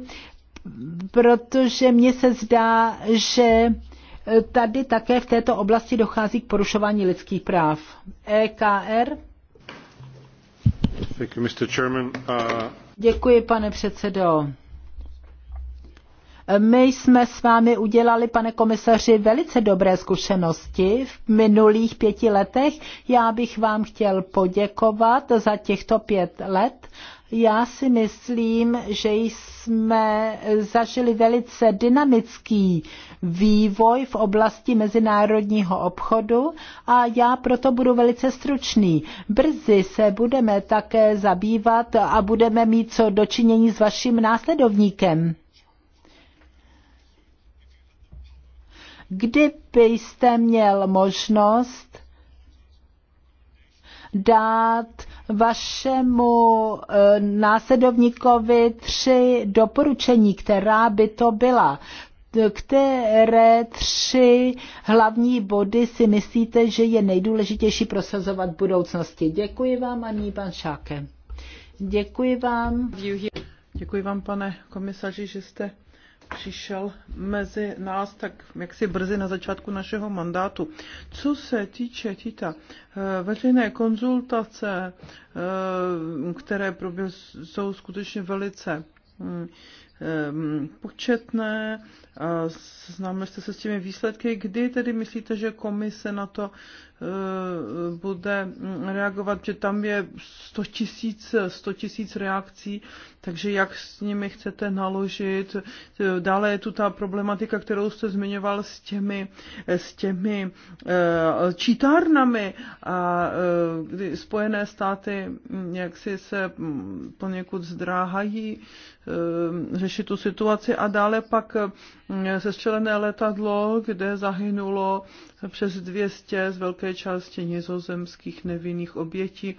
protože mně se zdá, že eh, tady také v této oblasti dochází k porušování lidských práv. EKR Uh, Děkuji, pane předsedo. My jsme s vámi udělali, pane komisaři, velice dobré zkušenosti v minulých pěti letech. Já bych vám chtěl poděkovat za těchto pět let já si myslím, že jsme zažili velice dynamický vývoj v oblasti mezinárodního obchodu a já proto budu velice stručný. Brzy se budeme také zabývat a budeme mít co dočinění s vaším následovníkem. Kdybyste měl možnost dát vašemu eh, následovníkovi tři doporučení, která by to byla které tři hlavní body si myslíte, že je nejdůležitější prosazovat v budoucnosti. Děkuji vám a pan Šáke. Děkuji vám. Děkuji vám, pane komisaři, že jste přišel mezi nás tak jaksi brzy na začátku našeho mandátu. Co se týče Tita, eh, veřejné konzultace, eh, které proběh, jsou skutečně velice hm, eh, početné, Známe jste se s těmi výsledky, kdy tedy myslíte, že komise na to bude reagovat, že tam je 100 tisíc 100 000 reakcí takže jak s nimi chcete naložit. Dále je tu ta problematika, kterou jste zmiňoval s těmi, s těmi eh, čítárnami a eh, kdy Spojené státy hm, jak si se hm, poněkud zdráhají eh, řešit tu situaci a dále pak hm, sestřelené letadlo, kde zahynulo přes 200 z velké části nizozemských nevinných obětí.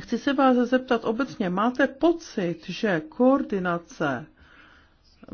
Chci se vás zeptat obecně, máte pocit, že koordinace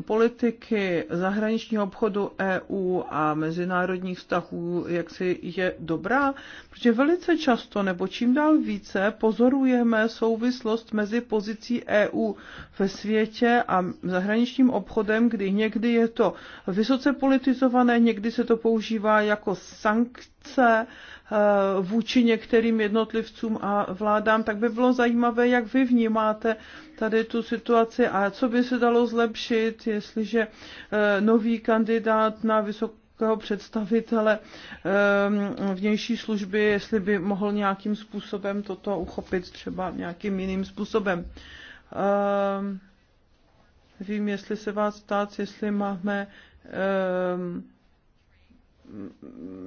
politiky zahraničního obchodu EU a mezinárodních vztahů jaksi je dobrá, protože velice často nebo čím dál více pozorujeme souvislost mezi pozicí EU ve světě a zahraničním obchodem, kdy někdy je to vysoce politizované, někdy se to používá jako sankce, Eh, vůči některým jednotlivcům a vládám, tak by bylo zajímavé, jak vy vnímáte tady tu situaci a co by se dalo zlepšit, jestliže eh, nový kandidát na vysokou vysokého představitele eh, vnější služby, jestli by mohl nějakým způsobem toto uchopit, třeba nějakým jiným způsobem. Vím, jestli se vás ptát, jestli máme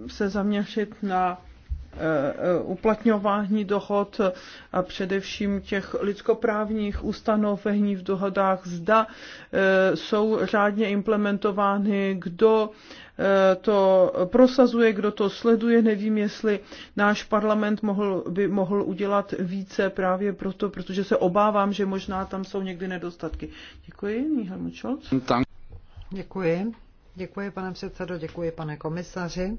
se zaměřit na Eh, uplatňování dohod a především těch lidskoprávních ustanovení v dohodách, zda eh, jsou řádně implementovány, kdo eh, to prosazuje, kdo to sleduje. Nevím, jestli náš parlament mohl, by mohl udělat více právě proto, protože se obávám, že možná tam jsou někdy nedostatky. Děkuji, Michal Mučolc. Děkuji. Děkuji, pane předsedo, děkuji, pane komisaři.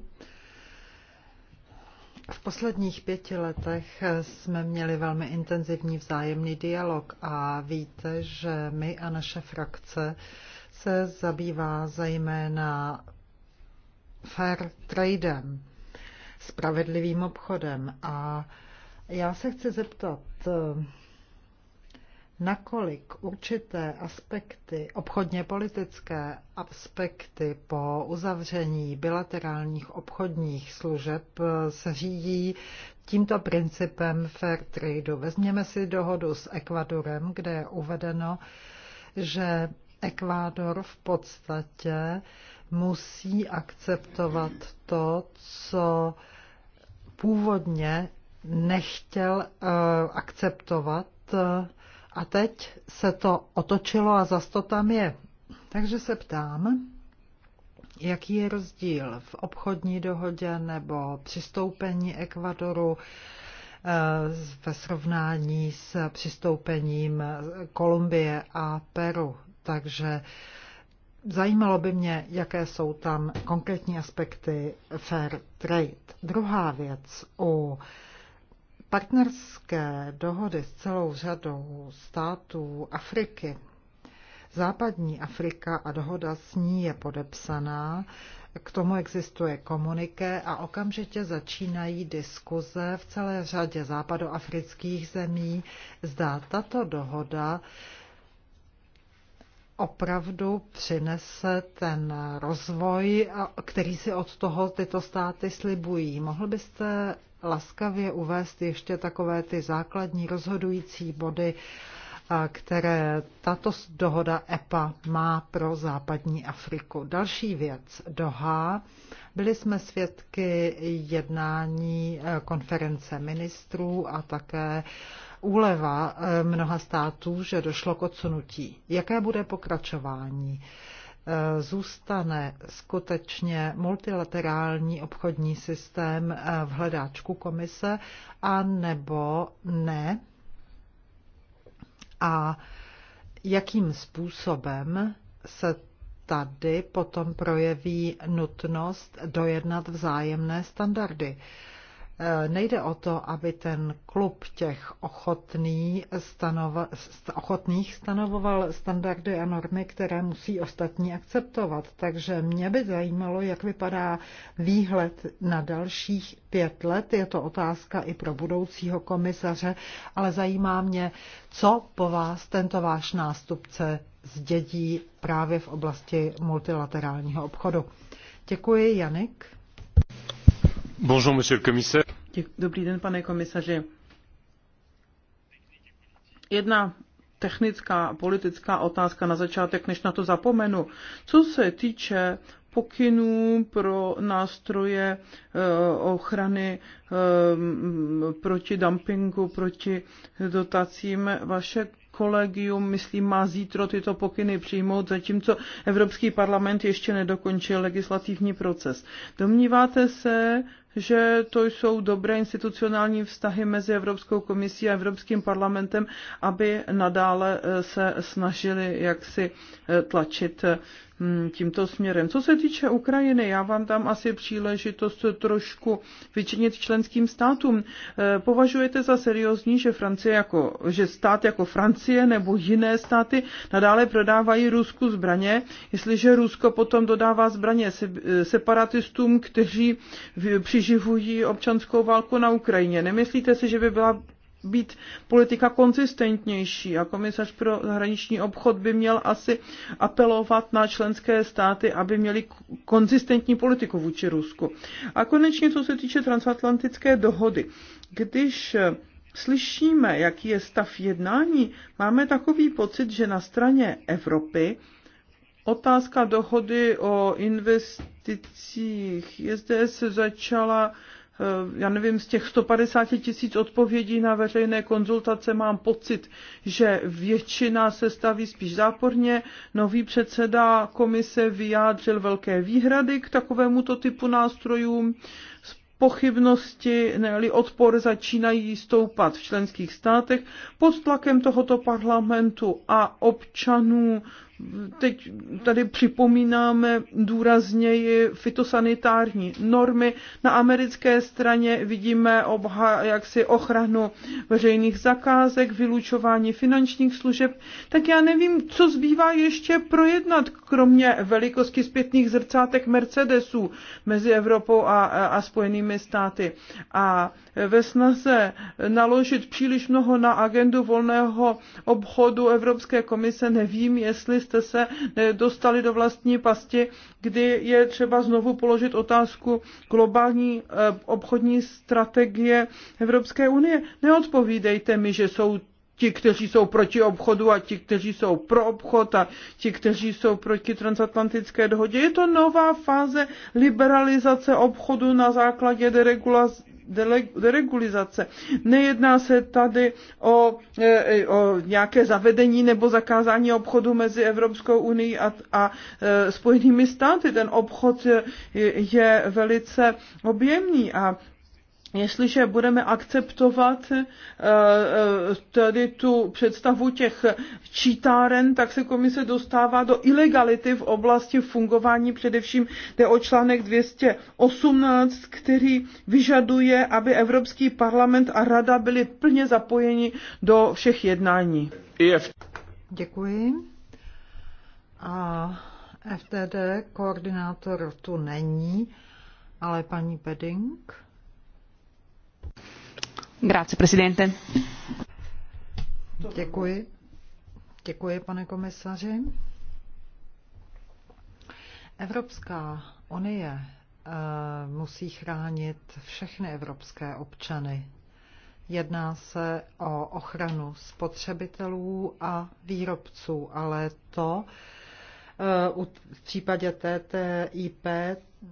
V posledních pěti letech jsme měli velmi intenzivní vzájemný dialog a víte, že my a naše frakce se zabývá zejména fair tradem, spravedlivým obchodem. A já se chci zeptat, nakolik určité aspekty, obchodně politické aspekty po uzavření bilaterálních obchodních služeb eh, se řídí tímto principem fair trade. Vezměme si dohodu s Ekvadorem, kde je uvedeno, že Ekvádor v podstatě musí akceptovat to, co původně nechtěl eh, akceptovat eh, a teď se to otočilo a zas to tam je. Takže se ptám, jaký je rozdíl v obchodní dohodě nebo přistoupení Ekvadoru eh, ve srovnání s přistoupením Kolumbie a Peru. Takže zajímalo by mě, jaké jsou tam konkrétní aspekty fair trade. Druhá věc u Partnerské dohody s celou řadou států Afriky, západní Afrika a dohoda s ní je podepsaná, k tomu existuje komuniké a okamžitě začínají diskuze v celé řadě západoafrických zemí, Zdá tato dohoda opravdu přinese ten rozvoj, který si od toho tyto státy slibují. Mohl byste laskavě uvést ještě takové ty základní rozhodující body, které tato dohoda EPA má pro západní Afriku. Další věc, Doha. Byli jsme svědky jednání e, konference ministrů a také úleva e, mnoha států, že došlo k odsunutí. Jaké bude pokračování? zůstane skutečně multilaterální obchodní systém eh, v hledáčku komise a nebo ne a jakým způsobem se tady potom projeví nutnost dojednat vzájemné standardy. Nejde o to, aby ten klub těch ochotný stanova, ochotných stanovoval standardy a normy, které musí ostatní akceptovat. Takže mě by zajímalo, jak vypadá výhled na dalších pět let. Je to otázka i pro budoucího komisaře, ale zajímá mě, co po vás tento váš nástupce zdědí právě v oblasti multilaterálního obchodu. Děkuji, Janik. Dobrý den, pane komisaři. Jedna technická a politická otázka na začátek, než na to zapomenu. Co se týče pokynů pro nástroje eh, ochrany eh, proti dumpingu, proti dotacím, vaše kolegium, myslím, má zítro tyto pokyny přijmout, zatímco Evropský parlament ještě nedokončil legislativní proces. Domníváte se, že to jsou dobré institucionální vztahy mezi Evropskou komisí a Evropským parlamentem, aby nadále eh, se snažili jaksi eh, tlačit hm, tímto směrem. Co se týče Ukrajiny, já vám tam asi příležitost trošku vyčinit členským státům. Eh, považujete za seriózní, že, Francie jako, že stát jako Francie nebo jiné státy nadále prodávají Rusku zbraně, jestliže Rusko potom dodává zbraně separatistům, kteří při přeživují občanskou válku na Ukrajině. Nemyslíte si, že by byla být politika konzistentnější a komisař pro zahraniční obchod by měl asi apelovat na členské státy, aby měli konzistentní politiku vůči Rusku. A konečně, co se týče transatlantické dohody, když slyšíme, jaký je stav jednání, máme takový pocit, že na straně Evropy Otázka dohody o investicích je zde se začala eh, já nevím, z těch 150 tisíc odpovědí na veřejné konzultace mám pocit, že většina se staví spíš záporně. Nový předseda komise vyjádřil velké výhrady k takovémuto typu nástrojům. Pochybnosti, ne odpor začínají stoupat v členských státech pod tlakem tohoto parlamentu a občanů Teď tady připomínáme důrazněji fitosanitární normy. Na americké straně vidíme obha, jaksi ochranu veřejných zakázek, vylučování finančních služeb. Tak já nevím, co zbývá ještě projednat, kromě velikosti zpětných zrcátek Mercedesů mezi Evropou a, a Spojenými státy. A ve snaze naložit příliš mnoho na agendu volného obchodu Evropské komise, nevím, jestli abyste se eh, dostali do vlastní pasti, kdy je třeba znovu položit otázku globální eh, obchodní strategie Evropské unie. Neodpovídejte mi, že jsou ti, kteří jsou proti obchodu a ti, kteří jsou pro obchod a ti, kteří jsou proti transatlantické dohodě. Je to nová fáze liberalizace obchodu na základě deregulace deregulizace. Nejedná se tady o, e, e, o nějaké zavedení nebo zakázání obchodu mezi Evropskou unii a, a e, Spojenými státy. Ten obchod je, je velice objemný a jestliže budeme akceptovat eh, eh, tady tu představu těch čítáren, tak se komise dostává do ilegality v oblasti fungování. Především jde o článek 218, který vyžaduje, aby Evropský parlament a rada byly plně zapojeni do všech jednání. Děkuji. A FTD koordinátor tu není, ale paní Pedding. Grazie, presidente. Děkuji. Děkuji, pane komisaři. Evropská unie eh, musí chránit všechny evropské občany. Jedná se o ochranu spotřebitelů a výrobců, ale to eh, v případě TTIP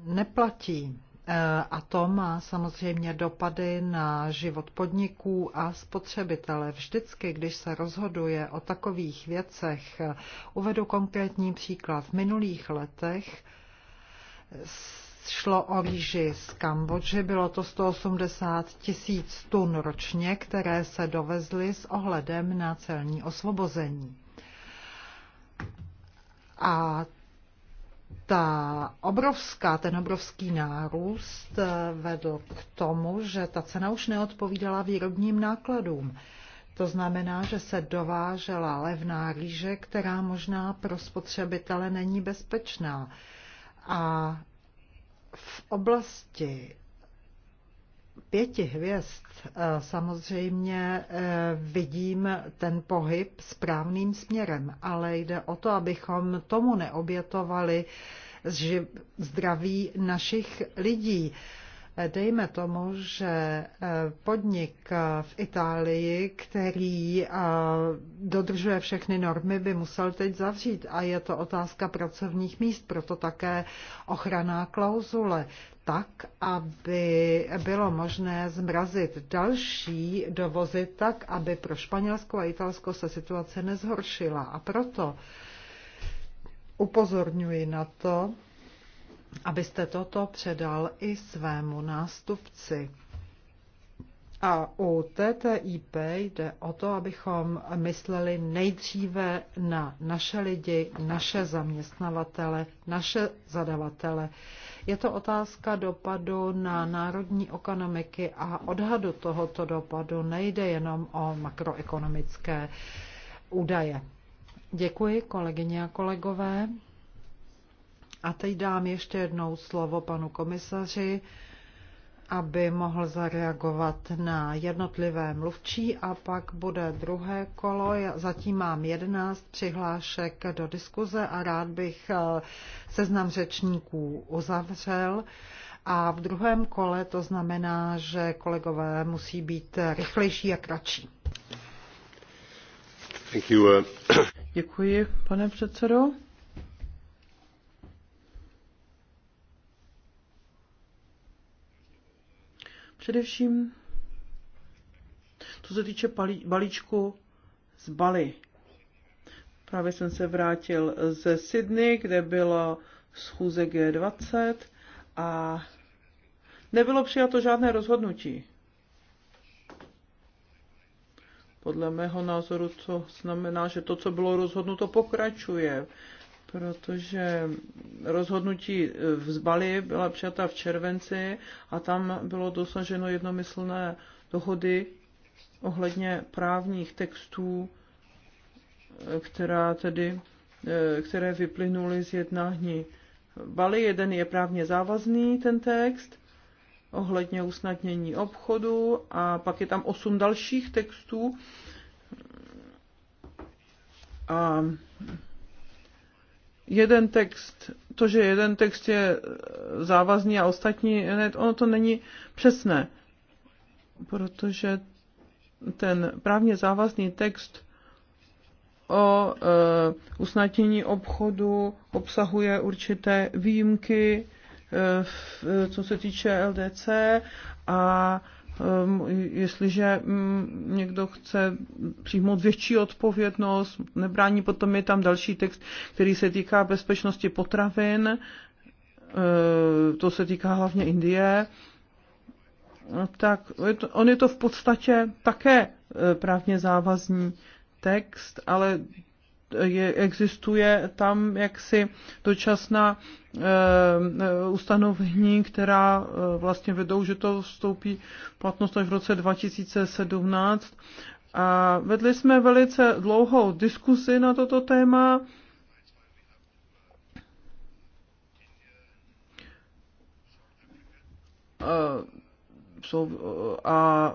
neplatí. Eh, a to má samozřejmě dopady na život podniků a spotřebitele. Vždycky, když se rozhoduje o takových věcech, eh, uvedu konkrétní příklad. V minulých letech šlo o rýži z Kambodži, bylo to 180 tisíc tun ročně, které se dovezly s ohledem na celní osvobození. A ta obrovská, ten obrovský nárůst eh, vedl k tomu, že ta cena už neodpovídala výrobním nákladům. To znamená, že se dovážela levná rýže, která možná pro spotřebitele není bezpečná. A v oblasti pěti hvězd eh, samozřejmě eh, vidím ten pohyb správným směrem, ale jde o to, abychom tomu neobětovali zdraví našich lidí. Eh, dejme tomu, že podnik v Itálii, který dodržuje všechny normy, by musel teď zavřít. A je to otázka pracovních míst, proto také ochranná klauzule tak, aby bylo možné zmrazit další dovozy tak, aby pro Španělsko a Italsko se situace nezhoršila. A proto upozorňuji na to, abyste toto předal i svému nástupci. A u TTIP jde o to, abychom mysleli nejdříve na naše lidi, naše zaměstnavatele, naše zadavatele. Je to otázka dopadu na národní ekonomiky a odhadu tohoto dopadu nejde jenom o makroekonomické údaje. Děkuji, kolegyně a kolegové. A teď dám ještě jednou slovo panu komisaři aby mohl zareagovat na jednotlivé mluvčí a pak bude druhé kolo. Zatím mám 11 přihlášek do diskuze a rád bych eh, seznam řečníků uzavřel. A v druhém kole to znamená, že kolegové musí být rychlejší a kratší. Eh. Děkuji, pane předsedo. Především, co se týče palí, balíčku z Bali. Právě jsem se vrátil ze Sydney, kde bylo schůze G20 a nebylo přijato žádné rozhodnutí. Podle mého názoru to znamená, že to, co bylo rozhodnuto, pokračuje protože rozhodnutí v Zbali byla přijata v červenci a tam bylo dosaženo jednomyslné dohody ohledně právních textů, která tedy, které vyplynuly z jednání Bali. Jeden je právně závazný, ten text, ohledně usnadnění obchodu a pak je tam osm dalších textů. A jeden text, to, že jeden text je závazný a ostatní ne, ono to není přesné, protože ten právně závazný text o e, usnadnění obchodu obsahuje určité výjimky, e, v, co se týče LDC a Ehm, jestliže mm, někdo chce přijmout větší odpovědnost, nebrání, potom je tam další text, který se týká bezpečnosti potravin, ehm, to se týká hlavně Indie, tak on je to v podstatě také eh, právně závazný text, ale je, existuje tam jaksi dočasná e, ustanovení, která e, vlastně vedou, že to vstoupí v platnost až v roce 2017. A vedli jsme velice dlouhou diskusi na toto téma. A, eh, a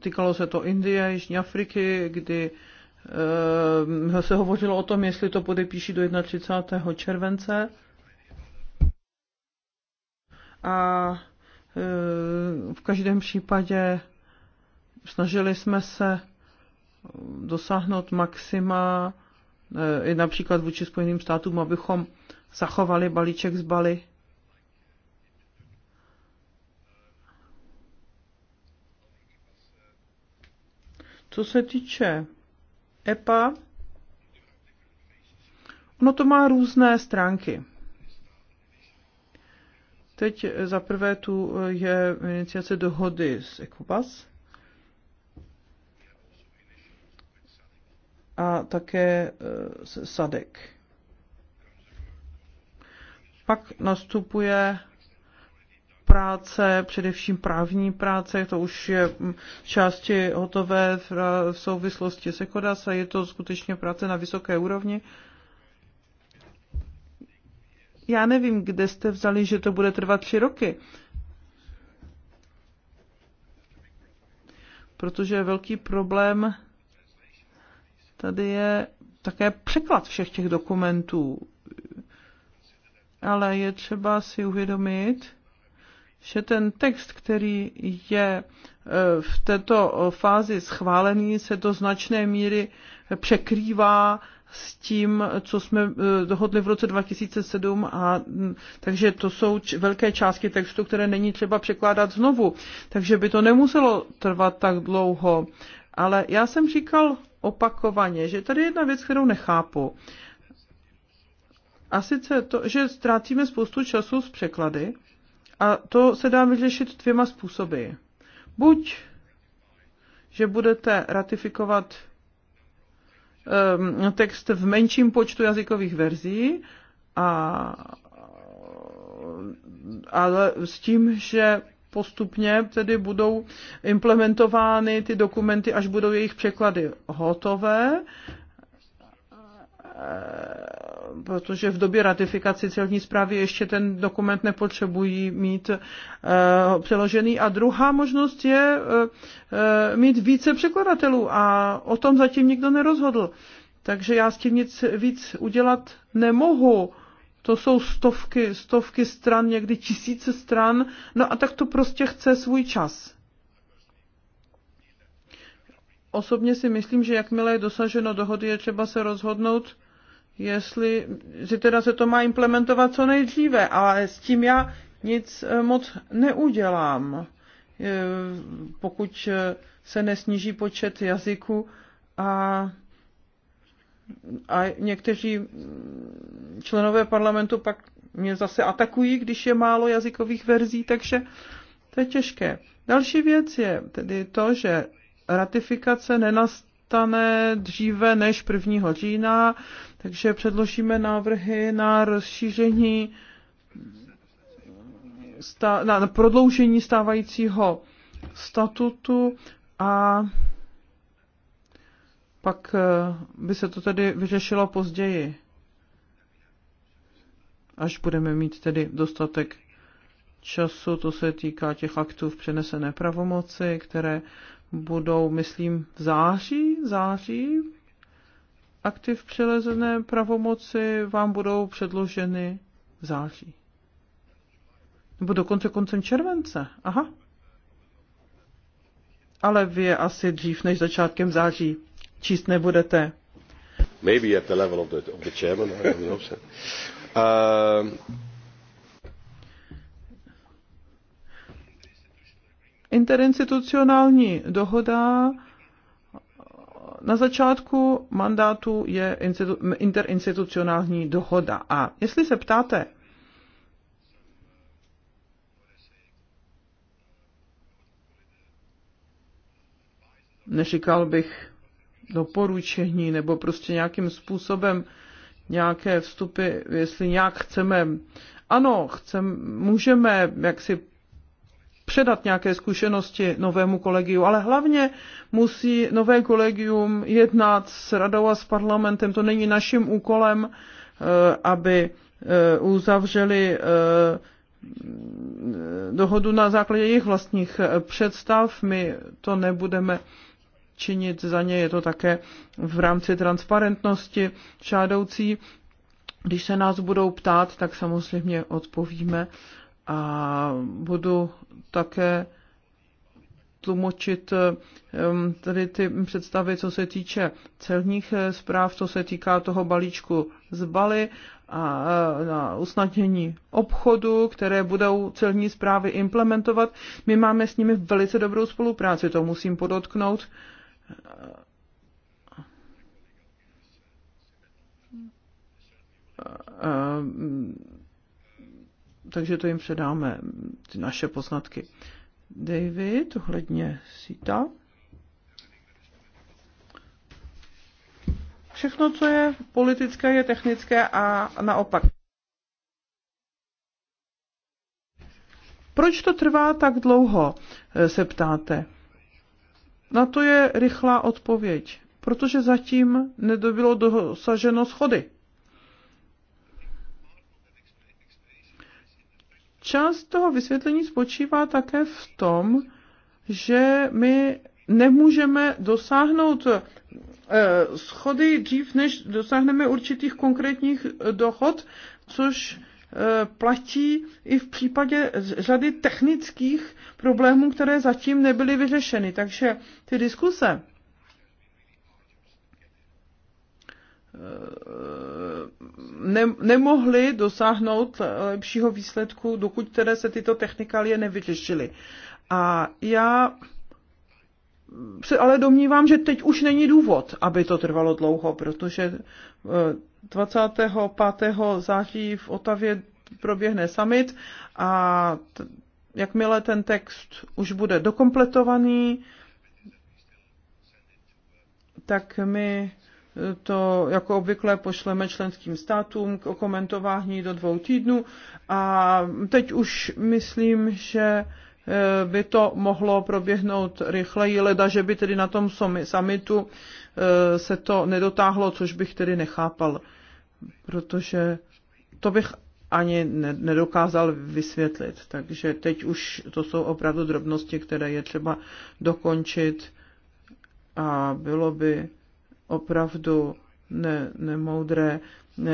týkalo se to Indie, Jižní Afriky, kdy e, Ehm, se hovořilo o tom, jestli to podepíší do 31. července. A ehm, v každém případě snažili jsme se dosáhnout maxima eh, i například vůči Spojeným státům, abychom zachovali balíček z Bali. Co se týče EPA, ono to má různé stránky. Teď za prvé tu je iniciace dohody s ECOWAS a také eh, s SADEK. Pak nastupuje práce, především právní práce, to už je v mm, části hotové v souvislosti se Kodas a je to skutečně práce na vysoké úrovni. Já nevím, kde jste vzali, že to bude trvat tři roky. Protože velký problém tady je také překlad všech těch dokumentů. Ale je třeba si uvědomit, že ten text, který je e, v této e, fázi schválený, se do značné míry překrývá s tím, co jsme e, dohodli v roce 2007, a, takže to jsou velké částky textu, které není třeba překládat znovu. Takže by to nemuselo trvat tak dlouho. Ale já jsem říkal opakovaně, že tady je jedna věc, kterou nechápu. A sice to, že ztrácíme spoustu času s překlady, a to se dá vyřešit dvěma způsoby. Buď, že budete ratifikovat um, text v menším počtu jazykových verzí, a, ale s tím, že postupně tedy budou implementovány ty dokumenty, až budou jejich překlady hotové Eh, protože v době ratifikace celní zprávy ještě ten dokument nepotřebují mít eh, přeložený. A druhá možnost je eh, mít více překladatelů a o tom zatím nikdo nerozhodl. Takže já s tím nic víc udělat nemohu. To jsou stovky, stovky stran, někdy tisíce stran. No a tak to prostě chce svůj čas. Osobně si myslím, že jakmile je dosaženo dohody, je třeba se rozhodnout, jestli, že teda se to má implementovat co nejdříve, ale s tím já nic eh, moc neudělám, eh, pokud eh, se nesníží počet jazyků a, a někteří mm, členové parlamentu pak mě zase atakují, když je málo jazykových verzí, takže to je těžké. Další věc je tedy to, že ratifikace nenast nestane dříve než 1. října, takže předložíme návrhy na rozšíření stá, na prodloužení stávajícího statutu a pak eh, by se to tedy vyřešilo později, až budeme mít tedy dostatek času, to se týká těch aktů v přenesené pravomoci, které budou, myslím, v září, v září aktiv přilezené pravomoci vám budou předloženy v září. Nebo dokonce koncem července. Aha. Ale vy je asi dřív než začátkem září číst nebudete. Maybe at the level of the, of the chairman, I don't know. Uh, Interinstitucionální dohoda na začátku mandátu je interinstitucionální dohoda. A jestli se ptáte, neříkal bych doporučení nebo prostě nějakým způsobem nějaké vstupy, jestli nějak chceme, ano, chcem, můžeme jaksi předat nějaké zkušenosti novému kolegiu, ale hlavně musí nové kolegium jednat s radou a s parlamentem. To není naším úkolem, eh, aby eh, uzavřeli eh, dohodu na základě jejich vlastních představ. My to nebudeme činit za ně, je to také v rámci transparentnosti žádoucí. Když se nás budou ptát, tak samozřejmě odpovíme a budu také tlumočit ehm, tady ty představy, co se týče celních eh, zpráv, co se týká toho balíčku z Bali a eh, na usnadnění obchodu, které budou celní zprávy implementovat. My máme s nimi velice dobrou spolupráci, to musím podotknout. Uh, takže to jim předáme, ty naše poznatky. David, ohledně síta. Všechno, co je politické, je technické a naopak. Proč to trvá tak dlouho, eh, se ptáte. Na to je rychlá odpověď. Protože zatím nedobylo dosaženo schody. Část toho vysvětlení spočívá také v tom, že my nemůžeme dosáhnout eh, schody dřív, než dosáhneme určitých konkrétních dohod, což eh, platí i v případě řady technických problémů, které zatím nebyly vyřešeny. Takže ty diskuse ne, nemohli dosáhnout lepšího výsledku, dokud které se tyto technikálie nevyřešily. A já se ale domnívám, že teď už není důvod, aby to trvalo dlouho, protože 25. Eh, září v Otavě proběhne summit a jakmile ten text už bude dokompletovaný, tak my to jako obvykle pošleme členským státům k okomentování do dvou týdnů a teď už myslím, že eh, by to mohlo proběhnout rychleji, leda, že by tedy na tom samitu eh, se to nedotáhlo, což bych tedy nechápal, protože to bych ani nedokázal vysvětlit. Takže teď už to jsou opravdu drobnosti, které je třeba dokončit a bylo by opravdu ne, nemoudré ne,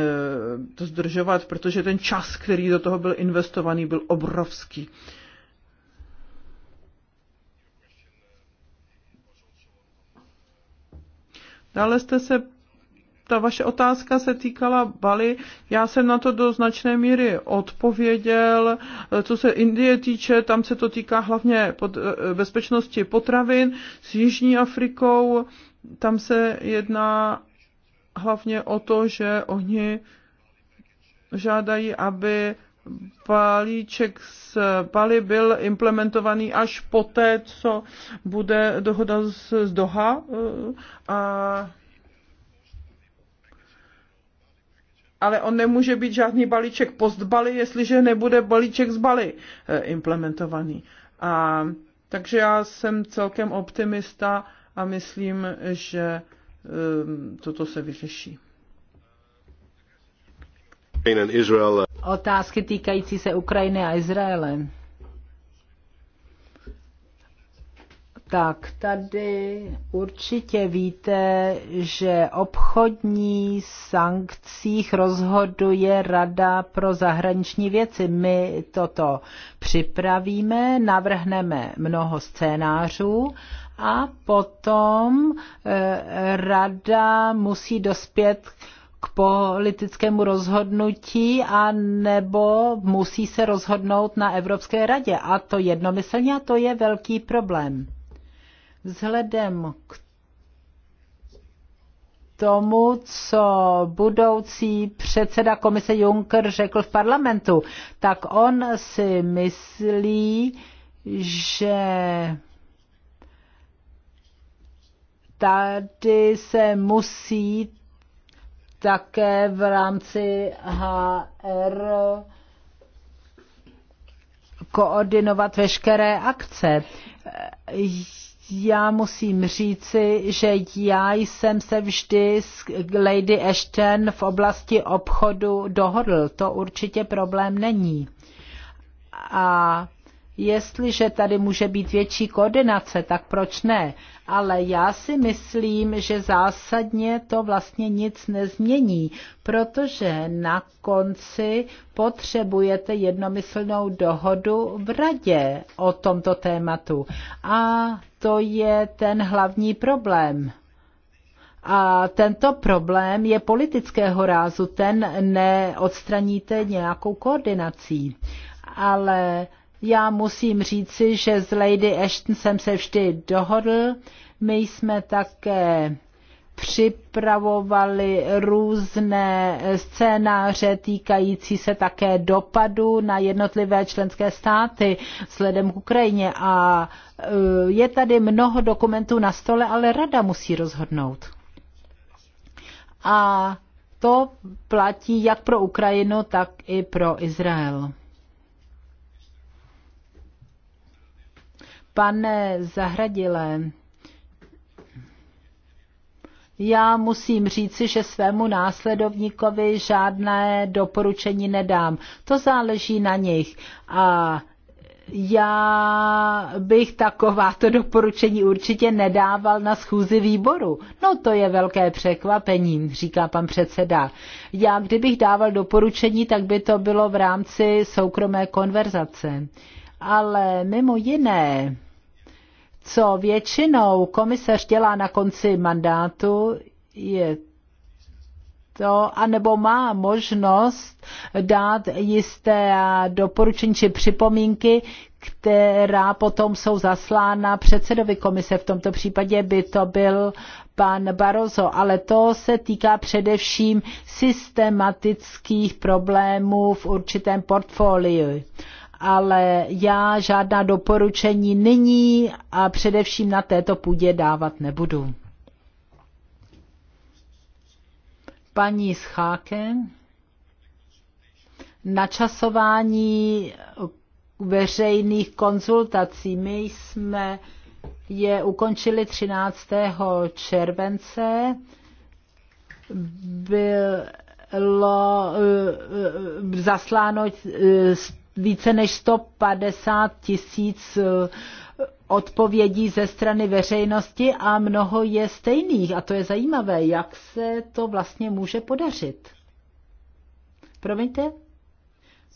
to zdržovat, protože ten čas, který do toho byl investovaný, byl obrovský. Dále jste se, ta vaše otázka se týkala Bali. Já jsem na to do značné míry odpověděl. Co se Indie týče, tam se to týká hlavně pod, bezpečnosti potravin s Jižní Afrikou. Tam se jedná hlavně o to, že oni žádají, aby balíček z Bali byl implementovaný až poté, co bude dohoda z, z Doha eh, a ale on nemůže být žádný balíček Bali, jestliže nebude balíček z Bali eh, implementovaný. A, takže já jsem celkem optimista a myslím, že ehm, toto se vyřeší. Otázky týkající se Ukrajiny a Izraele. Tak tady určitě víte, že obchodní sankcích rozhoduje Rada pro zahraniční věci. My toto připravíme, navrhneme mnoho scénářů a potom eh, rada musí dospět k politickému rozhodnutí a nebo musí se rozhodnout na Evropské radě. A to jednomyslně a to je velký problém. Vzhledem k tomu, co budoucí předseda komise Juncker řekl v parlamentu, tak on si myslí, že tady se musí také v rámci HR koordinovat veškeré akce. Já musím říci, že já jsem se vždy s Lady Ashton v oblasti obchodu dohodl. To určitě problém není. A Jestliže tady může být větší koordinace, tak proč ne? Ale já si myslím, že zásadně to vlastně nic nezmění, protože na konci potřebujete jednomyslnou dohodu v radě o tomto tématu. A to je ten hlavní problém. A tento problém je politického rázu, ten neodstraníte nějakou koordinací. Ale já musím říci, že s Lady Ashton jsem se vždy dohodl. My jsme také připravovali různé scénáře týkající se také dopadu na jednotlivé členské státy sledem k Ukrajině. A e, je tady mnoho dokumentů na stole, ale rada musí rozhodnout. A to platí jak pro Ukrajinu, tak i pro Izrael. Pane Zahradile, já musím říci, že svému následovníkovi žádné doporučení nedám. To záleží na nich. A já bych takováto doporučení určitě nedával na schůzi výboru. No to je velké překvapení, říká pan předseda. Já kdybych dával doporučení, tak by to bylo v rámci soukromé konverzace. Ale mimo jiné, co většinou komisař dělá na konci mandátu, je to, anebo má možnost dát jisté doporučení či připomínky, která potom jsou zaslána předsedovi komise. V tomto případě by to byl pan Barozo, ale to se týká především systematických problémů v určitém portfoliu ale já žádná doporučení nyní a především na této půdě dávat nebudu. Paní Scháke, načasování veřejných konzultací. My jsme je ukončili 13. července. Bylo eh, eh, zasláno eh, více než 150 tisíc eh, odpovědí ze strany veřejnosti a mnoho je stejných. A to je zajímavé, jak se to vlastně může podařit. Promiňte?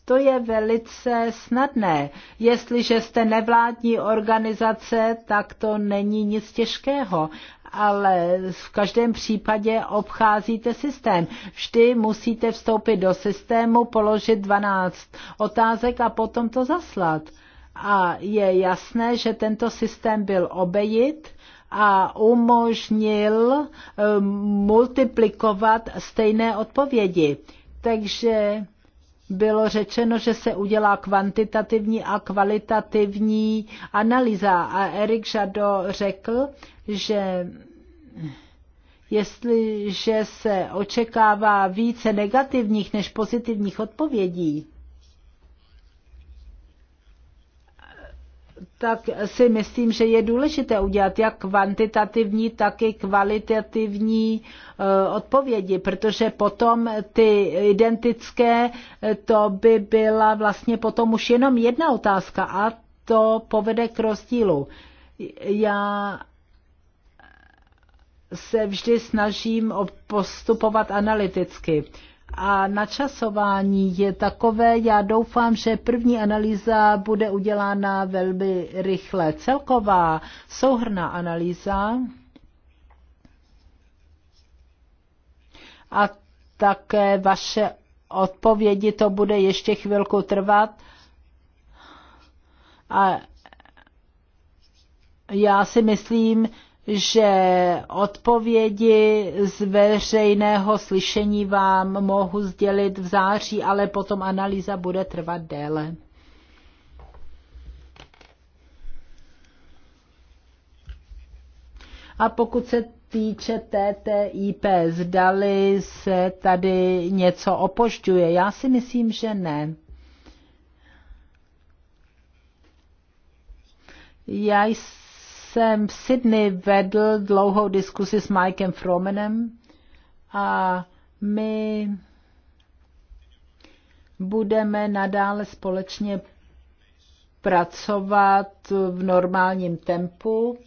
To je velice snadné. Jestliže jste nevládní organizace, tak to není nic těžkého ale v každém případě obcházíte systém. Vždy musíte vstoupit do systému, položit 12 otázek a potom to zaslat. A je jasné, že tento systém byl obejit a umožnil eh, multiplikovat stejné odpovědi. Takže bylo řečeno, že se udělá kvantitativní a kvalitativní analýza. A Erik Žado řekl, že jestliže se očekává více negativních než pozitivních odpovědí, tak si myslím, že je důležité udělat jak kvantitativní, tak i kvalitativní eh, odpovědi, protože potom ty identické, eh, to by byla vlastně potom už jenom jedna otázka a to povede k rozdílu. Já se vždy snažím postupovat analyticky a načasování je takové, já doufám, že první analýza bude udělána velmi rychle. Celková souhrná analýza a také vaše odpovědi, to bude ještě chvilku trvat. A já si myslím, že odpovědi z veřejného slyšení vám mohu sdělit v září, ale potom analýza bude trvat déle. A pokud se týče TTIP, zdali se tady něco opožďuje? Já si myslím, že ne. Já jsem jsem v Sydney vedl dlouhou diskusi s Mikem Fromenem a my budeme nadále společně pracovat v normálním tempu.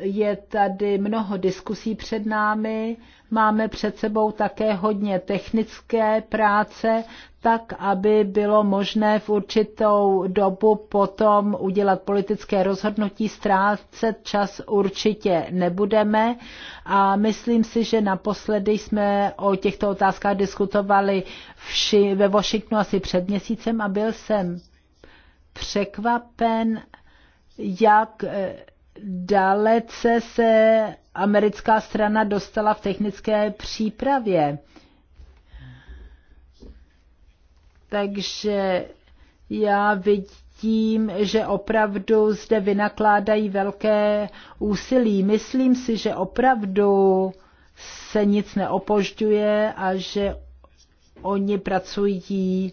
Je tady mnoho diskusí před námi, máme před sebou také hodně technické práce, tak aby bylo možné v určitou dobu potom udělat politické rozhodnutí. Ztrácet čas určitě nebudeme a myslím si, že naposledy jsme o těchto otázkách diskutovali vši, ve Washingtonu asi před měsícem a byl jsem překvapen, jak eh, dalece se americká strana dostala v technické přípravě. Takže já vidím, že opravdu zde vynakládají velké úsilí. Myslím si, že opravdu se nic neopožďuje a že oni pracují e,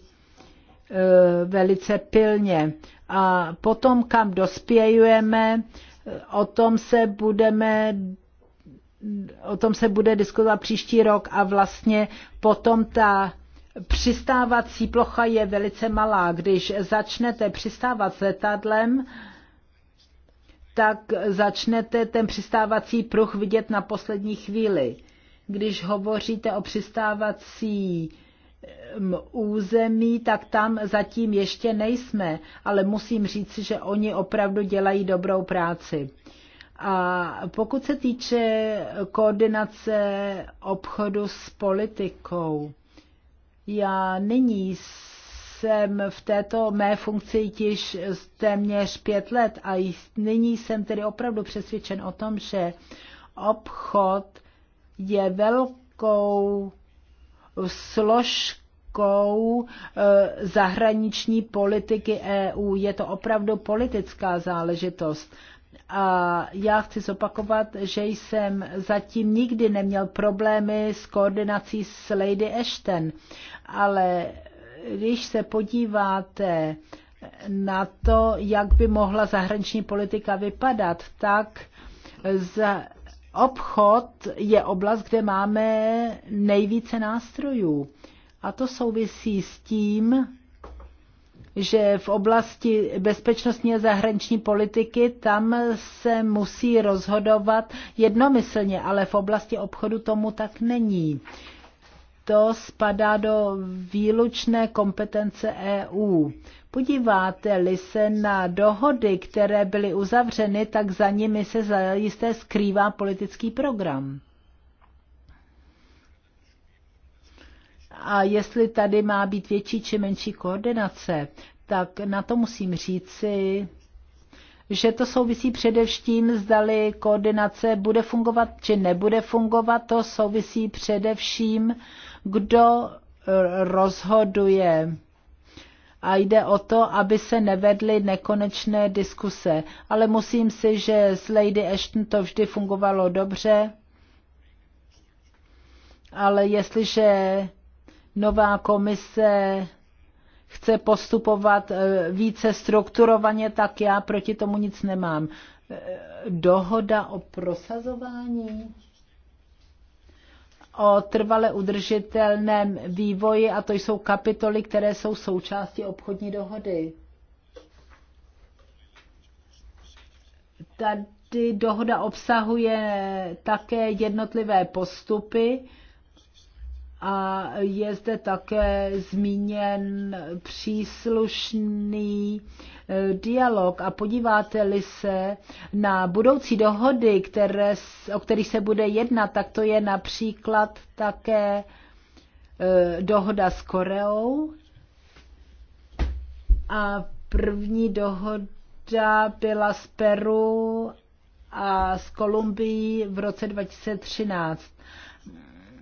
velice pilně. A potom, kam dospějujeme, o tom se budeme o tom se bude diskutovat příští rok a vlastně potom ta Přistávací plocha je velice malá. Když začnete přistávat s letadlem, tak začnete ten přistávací pruh vidět na poslední chvíli. Když hovoříte o přistávací mm, území, tak tam zatím ještě nejsme, ale musím říci, že oni opravdu dělají dobrou práci. A pokud se týče koordinace obchodu s politikou, já nyní jsem v této mé funkci již téměř pět let a nyní jsem tedy opravdu přesvědčen o tom, že obchod je velkou složkou eh, zahraniční politiky EU. Je to opravdu politická záležitost a já chci zopakovat, že jsem zatím nikdy neměl problémy s koordinací s Lady Ashton, ale když se podíváte na to, jak by mohla zahraniční politika vypadat, tak z obchod je oblast, kde máme nejvíce nástrojů. A to souvisí s tím, že v oblasti bezpečnostní a zahraniční politiky tam se musí rozhodovat jednomyslně, ale v oblasti obchodu tomu tak není. To spadá do výlučné kompetence EU. Podíváte-li se na dohody, které byly uzavřeny, tak za nimi se zajisté skrývá politický program. a jestli tady má být větší či menší koordinace, tak na to musím říci, že to souvisí především, zdali koordinace bude fungovat či nebude fungovat, to souvisí především, kdo eh, rozhoduje. A jde o to, aby se nevedly nekonečné diskuse. Ale musím si, že s Lady Ashton to vždy fungovalo dobře. Ale jestliže nová komise chce postupovat eh, více strukturovaně, tak já proti tomu nic nemám. Eh, dohoda o prosazování o trvale udržitelném vývoji a to jsou kapitoly, které jsou součástí obchodní dohody. Tady dohoda obsahuje také jednotlivé postupy, a je zde také zmíněn příslušný eh, dialog a podíváte-li se na budoucí dohody, které, o kterých se bude jednat, tak to je například také eh, dohoda s Koreou a první dohoda byla s Peru a s Kolumbií v roce 2013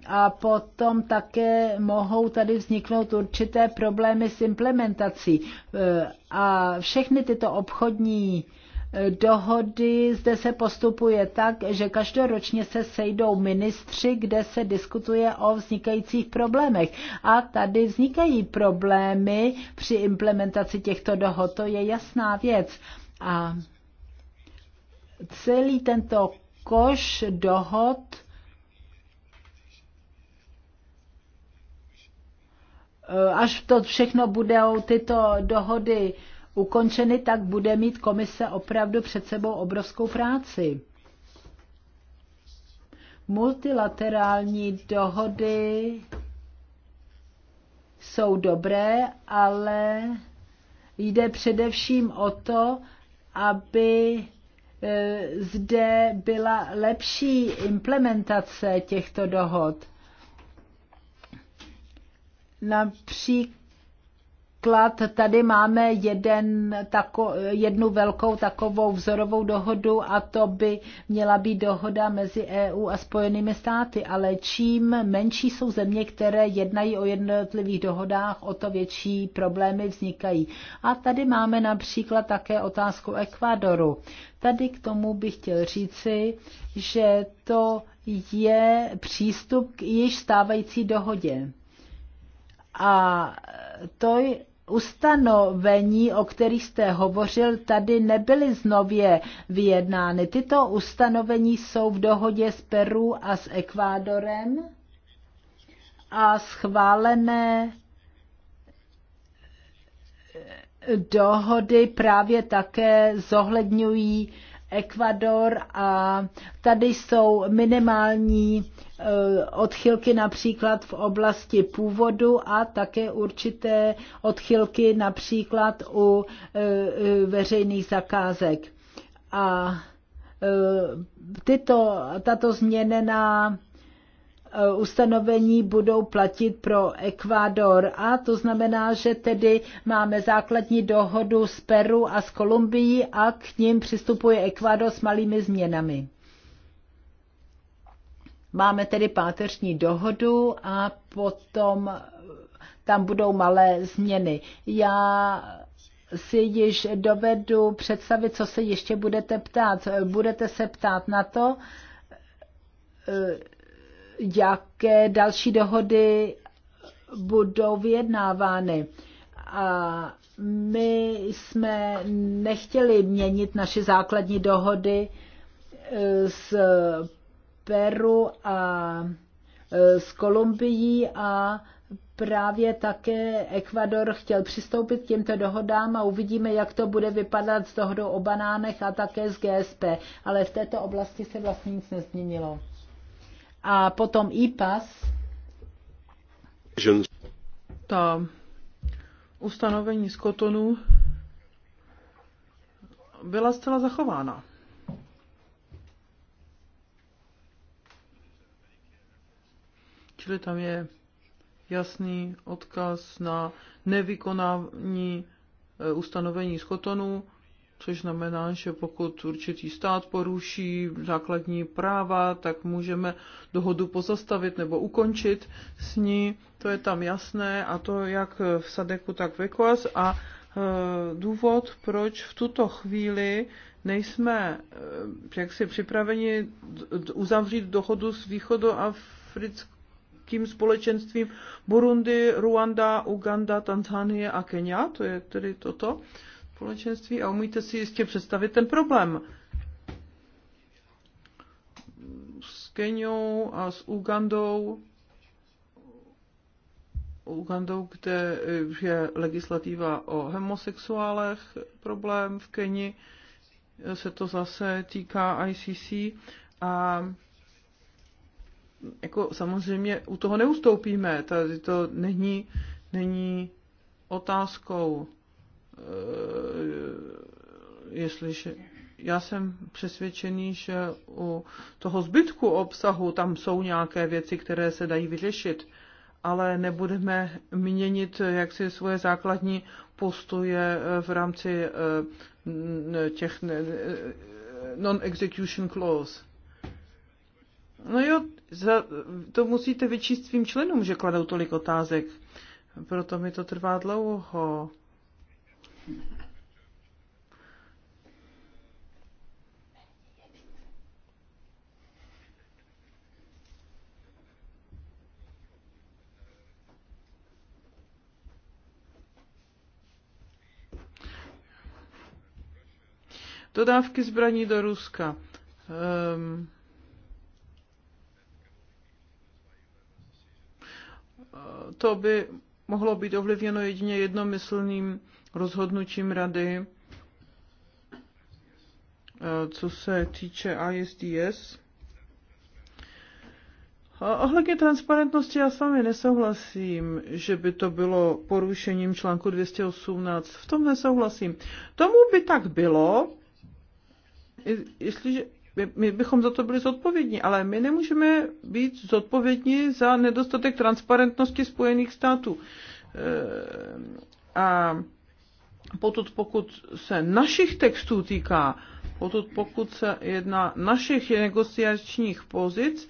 a potom také mohou tady vzniknout určité problémy s implementací. E, a všechny tyto obchodní e, dohody, zde se postupuje tak, že každoročně se sejdou ministři, kde se diskutuje o vznikajících problémech. A tady vznikají problémy při implementaci těchto dohod, to je jasná věc. A celý tento koš dohod Eh, až to všechno budou tyto dohody ukončeny, tak bude mít komise opravdu před sebou obrovskou práci. Multilaterální dohody jsou dobré, ale jde především o to, aby eh, zde byla lepší implementace těchto dohod. Například tady máme jeden, tako, jednu velkou takovou vzorovou dohodu a to by měla být dohoda mezi EU a Spojenými státy, ale čím menší jsou země, které jednají o jednotlivých dohodách, o to větší problémy vznikají. A tady máme například také otázku Ekvadoru. Tady k tomu bych chtěl říci, že to je přístup k již stávající dohodě. A to ustanovení, o kterých jste hovořil, tady nebyly znově vyjednány. Tyto ustanovení jsou v dohodě s Peru a s Ekvádorem a schválené dohody právě také zohledňují Ekvador a tady jsou minimální eh, odchylky například v oblasti původu a také určité odchylky například u eh, eh, veřejných zakázek. A tyto, tato změnená Eh, ustanovení budou platit pro Ekvádor. A to znamená, že tedy máme základní dohodu s Peru a s Kolumbií a k ním přistupuje Ekvádor s malými změnami. Máme tedy páteřní dohodu a potom eh, tam budou malé změny. Já si již dovedu představit, co se ještě budete ptát. Eh, budete se ptát na to, jaké další dohody budou vyjednávány. A my jsme nechtěli měnit naše základní dohody s e, Peru a s e, Kolumbií a právě také Ekvador chtěl přistoupit k těmto dohodám a uvidíme, jak to bude vypadat s dohodou o banánech a také s GSP. Ale v této oblasti se vlastně nic nezměnilo a potom IPAS. Ta ustanovení z kotonu byla zcela zachována. Čili tam je jasný odkaz na nevykonání eh, ustanovení z kotonu což znamená, že pokud určitý stát poruší základní práva, tak můžeme dohodu pozastavit nebo ukončit s ní. To je tam jasné a to jak v Sadeku, tak v ECOWAS. A e, důvod, proč v tuto chvíli nejsme e, jaksi připraveni uzavřít dohodu s východoafrickým společenstvím Burundi, Ruanda, Uganda, Tanzanie a Kenia, to je tedy toto, společenství a umíte si jistě představit ten problém. S Keniou a s Ugandou Ugandou, kde je legislativa o homosexuálech problém v Keni, se to zase týká ICC a jako samozřejmě u toho neustoupíme, tady to není, není otázkou. Eh, jestliže já jsem přesvědčený, že u toho zbytku obsahu tam jsou nějaké věci, které se dají vyřešit, ale nebudeme měnit jaksi svoje základní postoje eh, v rámci eh, těch non-execution clause. No jo, za, to musíte vyčíst svým členům, že kladou tolik otázek. Proto mi to trvá dlouho. Dodávky zbraní do Ruska. Um, to by mohlo být ovlivněno jedině jednomyslným rozhodnutím rady, eh, co se týče ISDS. Ohledně transparentnosti já s vámi nesouhlasím, že by to bylo porušením článku 218. V tom nesouhlasím. Tomu by tak bylo, jestliže my bychom za to byli zodpovědní, ale my nemůžeme být zodpovědní za nedostatek transparentnosti Spojených států. Eh, a Potud pokud se našich textů týká, potud pokud se jedná našich negociačních pozic,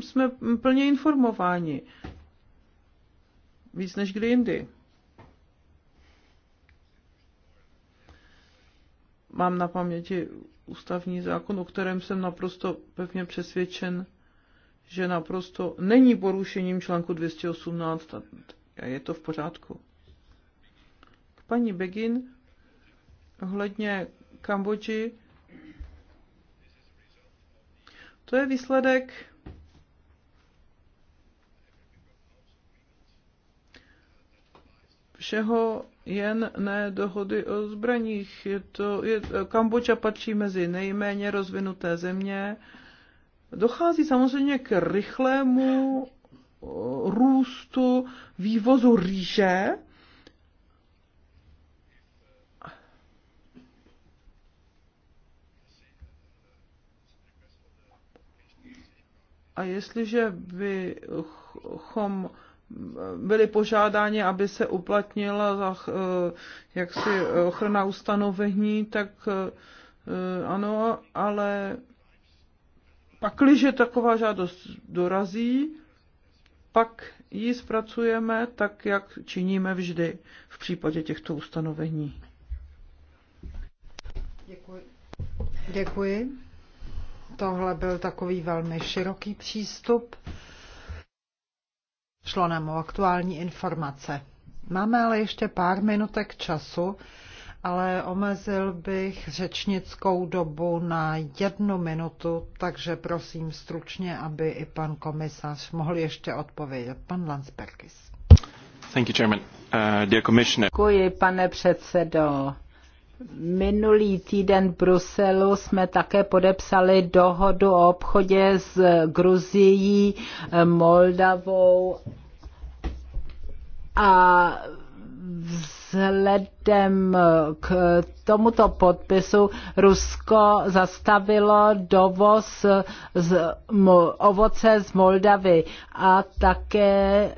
jsme plně informováni. Víc než kdy jindy. Mám na paměti ústavní zákon, o kterém jsem naprosto pevně přesvědčen, že naprosto není porušením článku 218 a je to v pořádku paní Begin ohledně Kambodži. To je výsledek všeho jen ne dohody o zbraních. Je to, je, Kambodža patří mezi nejméně rozvinuté země. Dochází samozřejmě k rychlému růstu vývozu rýže A jestliže bychom byli požádáni, aby se uplatnila eh, jaksi eh, ochrana ustanovení, tak eh, ano, ale pakliže taková žádost dorazí, pak ji zpracujeme tak, jak činíme vždy v případě těchto ustanovení. Děkuji. Děkuji. Tohle byl takový velmi široký přístup. Šlo nám o aktuální informace. Máme ale ještě pár minutek času, ale omezil bych řečnickou dobu na jednu minutu, takže prosím stručně, aby i pan komisař mohl ještě odpovědět. Pan Landsbergis. Thank you, Chairman. Uh, dear Commissioner. Děkuji, pane předsedo. Minulý týden v Bruselu jsme také podepsali dohodu o obchodě s Gruzií, Moldavou a vzhledem k tomuto podpisu Rusko zastavilo dovoz z ovoce z Moldavy a také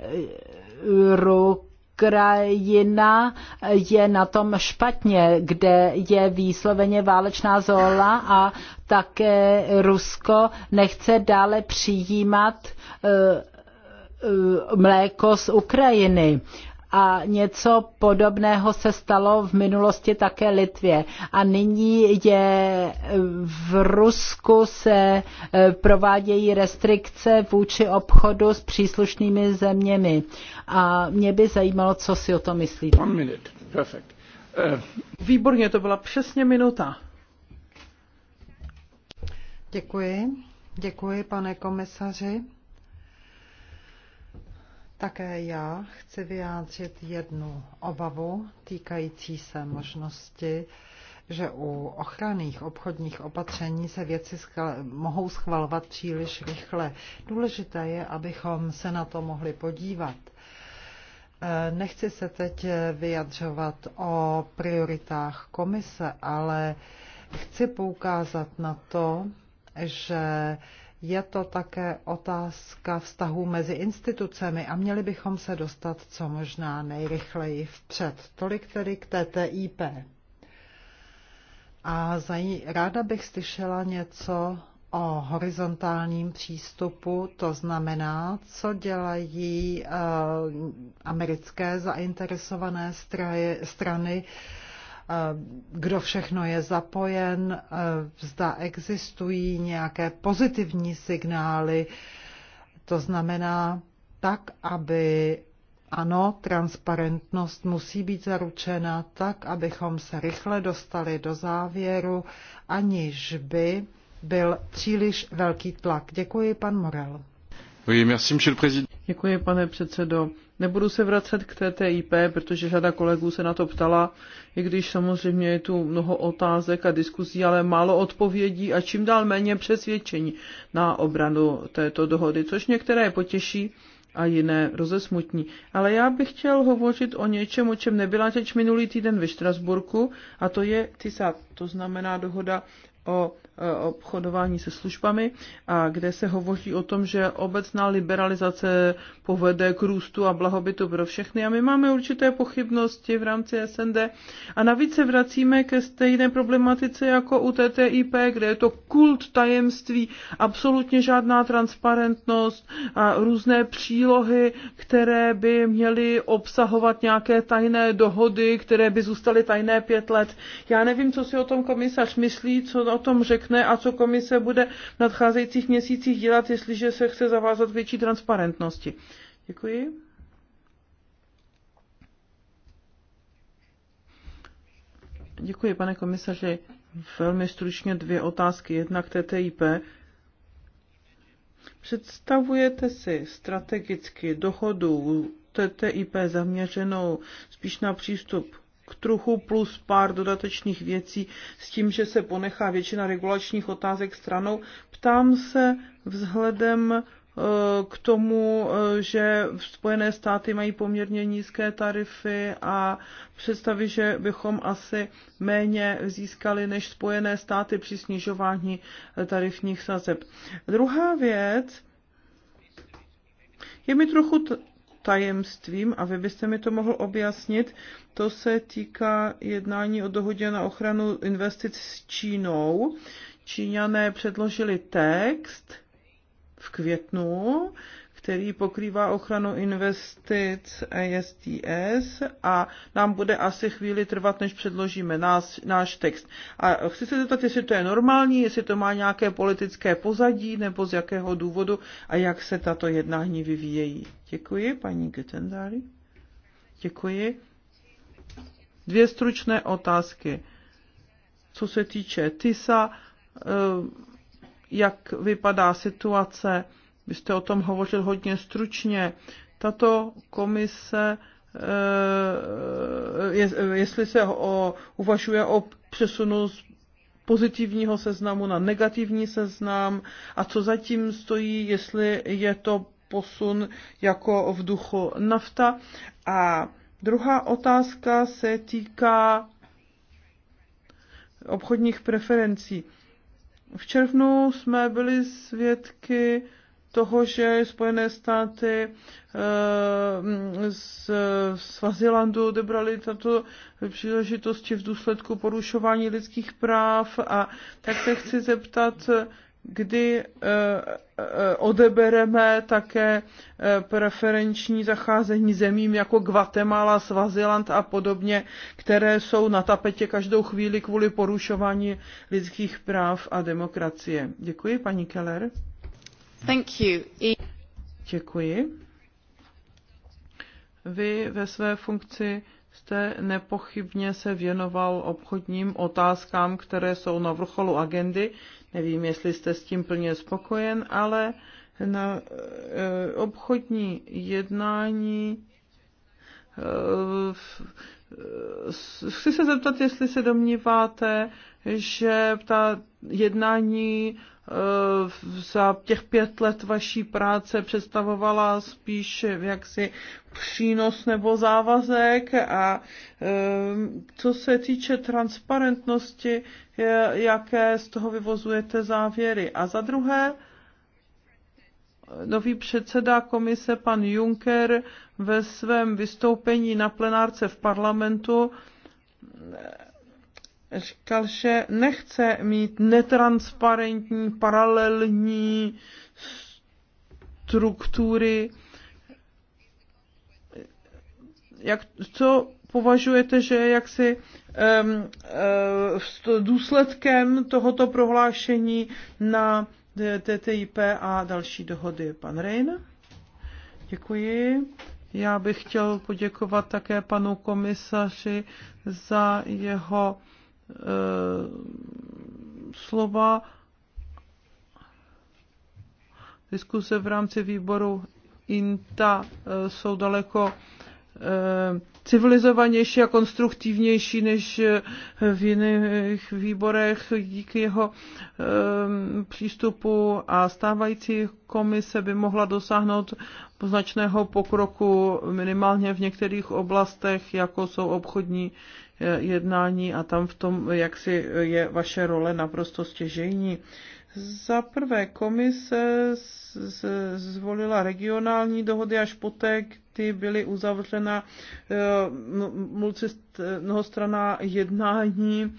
Ruk Ukrajina je na tom špatně, kde je výsloveně válečná zóla a také Rusko nechce dále přijímat eh, eh, mléko z Ukrajiny a něco podobného se stalo v minulosti také Litvě. A nyní je v Rusku se e, provádějí restrikce vůči obchodu s příslušnými zeměmi. A mě by zajímalo, co si o to myslíte. One minute. Perfect. Uh... Výborně, to byla přesně minuta. Děkuji. Děkuji, pane komisaři. Také já chci vyjádřit jednu obavu týkající se možnosti, že u ochranných obchodních opatření se věci schval- mohou schvalovat příliš rychle. Důležité je, abychom se na to mohli podívat. E, nechci se teď vyjadřovat o prioritách komise, ale chci poukázat na to, že je to také otázka vztahů mezi institucemi a měli bychom se dostat co možná nejrychleji vpřed. Tolik tedy k TTIP. A zají, ráda bych slyšela něco o horizontálním přístupu, to znamená, co dělají uh, americké zainteresované straje, strany Eh, kdo všechno je zapojen, eh, zda existují nějaké pozitivní signály, to znamená tak, aby ano, transparentnost musí být zaručena tak, abychom se rychle dostali do závěru, aniž by byl příliš velký tlak. Děkuji, pan Morel. Děkuji, pane předsedo. Nebudu se vracet k TTIP, protože řada kolegů se na to ptala, i když samozřejmě je tu mnoho otázek a diskuzí, ale málo odpovědí a čím dál méně přesvědčení na obranu této dohody, což některé potěší a jiné rozesmutní. Ale já bych chtěl hovořit o něčem, o čem nebyla řeč minulý týden ve Štrasburku, a to je TISA, to znamená dohoda o obchodování se službami, a kde se hovoří o tom, že obecná liberalizace povede k růstu a blahobytu pro všechny. A my máme určité pochybnosti v rámci SND. A navíc se vracíme ke stejné problematice jako u TTIP, kde je to kult tajemství, absolutně žádná transparentnost a různé přílohy, které by měly obsahovat nějaké tajné dohody, které by zůstaly tajné pět let. Já nevím, co si o tom komisař myslí, co o tom řekne a co komise bude v nadcházejících měsících dělat, jestliže se chce zavázat větší transparentnosti. Děkuji. Děkuji, pane komisaři. Velmi stručně dvě otázky. Jedna k TTIP. Představujete si strategicky dohodu TTIP zaměřenou spíš na přístup k truchu plus pár dodatečných věcí s tím, že se ponechá většina regulačních otázek stranou. Ptám se vzhledem e, k tomu, e, že Spojené státy mají poměrně nízké tarify a představy, že bychom asi méně získali než Spojené státy při snižování e, tarifních sazeb. Druhá věc, je mi trochu tajemstvím a vy byste mi to mohl objasnit. To se týká jednání o dohodě na ochranu investic s Čínou. Číňané předložili text v květnu, který pokrývá ochranu investic ASTS a nám bude asi chvíli trvat, než předložíme nás, náš text. A chci se zeptat, jestli to je normální, jestli to má nějaké politické pozadí nebo z jakého důvodu a jak se tato jednání vyvíjejí. Děkuji, paní Getendari. Děkuji. Dvě stručné otázky. Co se týče TISA, eh, jak vypadá situace, vy jste o tom hovořil hodně stručně. Tato komise, eh, jestli se o, uvažuje o přesunu z pozitivního seznamu na negativní seznam a co zatím stojí, jestli je to posun jako v duchu nafta. A druhá otázka se týká obchodních preferencí. V červnu jsme byli svědky toho, že Spojené státy eh, z Svazilandu odebrali tato příležitosti v důsledku porušování lidských práv a tak se chci zeptat, kdy eh, eh, odebereme také preferenční zacházení zemím jako Guatemala, Svaziland a podobně, které jsou na tapetě každou chvíli kvůli porušování lidských práv a demokracie. Děkuji, paní Keller. Thank you. Děkuji. Vy ve své funkci jste nepochybně se věnoval obchodním otázkám, které jsou na vrcholu agendy. Nevím, jestli jste s tím plně spokojen, ale na eh, obchodní jednání eh, eh, chci se zeptat, jestli se domníváte, že ta jednání za těch pět let vaší práce představovala spíš jaksi přínos nebo závazek a co se týče transparentnosti, jaké z toho vyvozujete závěry. A za druhé, nový předseda komise pan Juncker ve svém vystoupení na plenárce v parlamentu říkal, že nechce mít netransparentní, paralelní struktury. Jak, co považujete, že je jaksi um, uh, důsledkem tohoto prohlášení na TTIP a další dohody? Pan Rein? Děkuji. Já bych chtěl poděkovat také panu komisaři za jeho Eh, slova diskuse v rámci výboru INTA eh, jsou daleko eh, civilizovanější a konstruktivnější než v jiných výborech díky jeho přístupu a stávající komise by mohla dosáhnout značného pokroku minimálně v některých oblastech, jako jsou obchodní Eh, jednání a tam v tom, jak si eh, je vaše role naprosto stěžejní. Za prvé komise zvolila regionální dohody až poté, kdy byly uzavřena eh, mnohostraná jednání,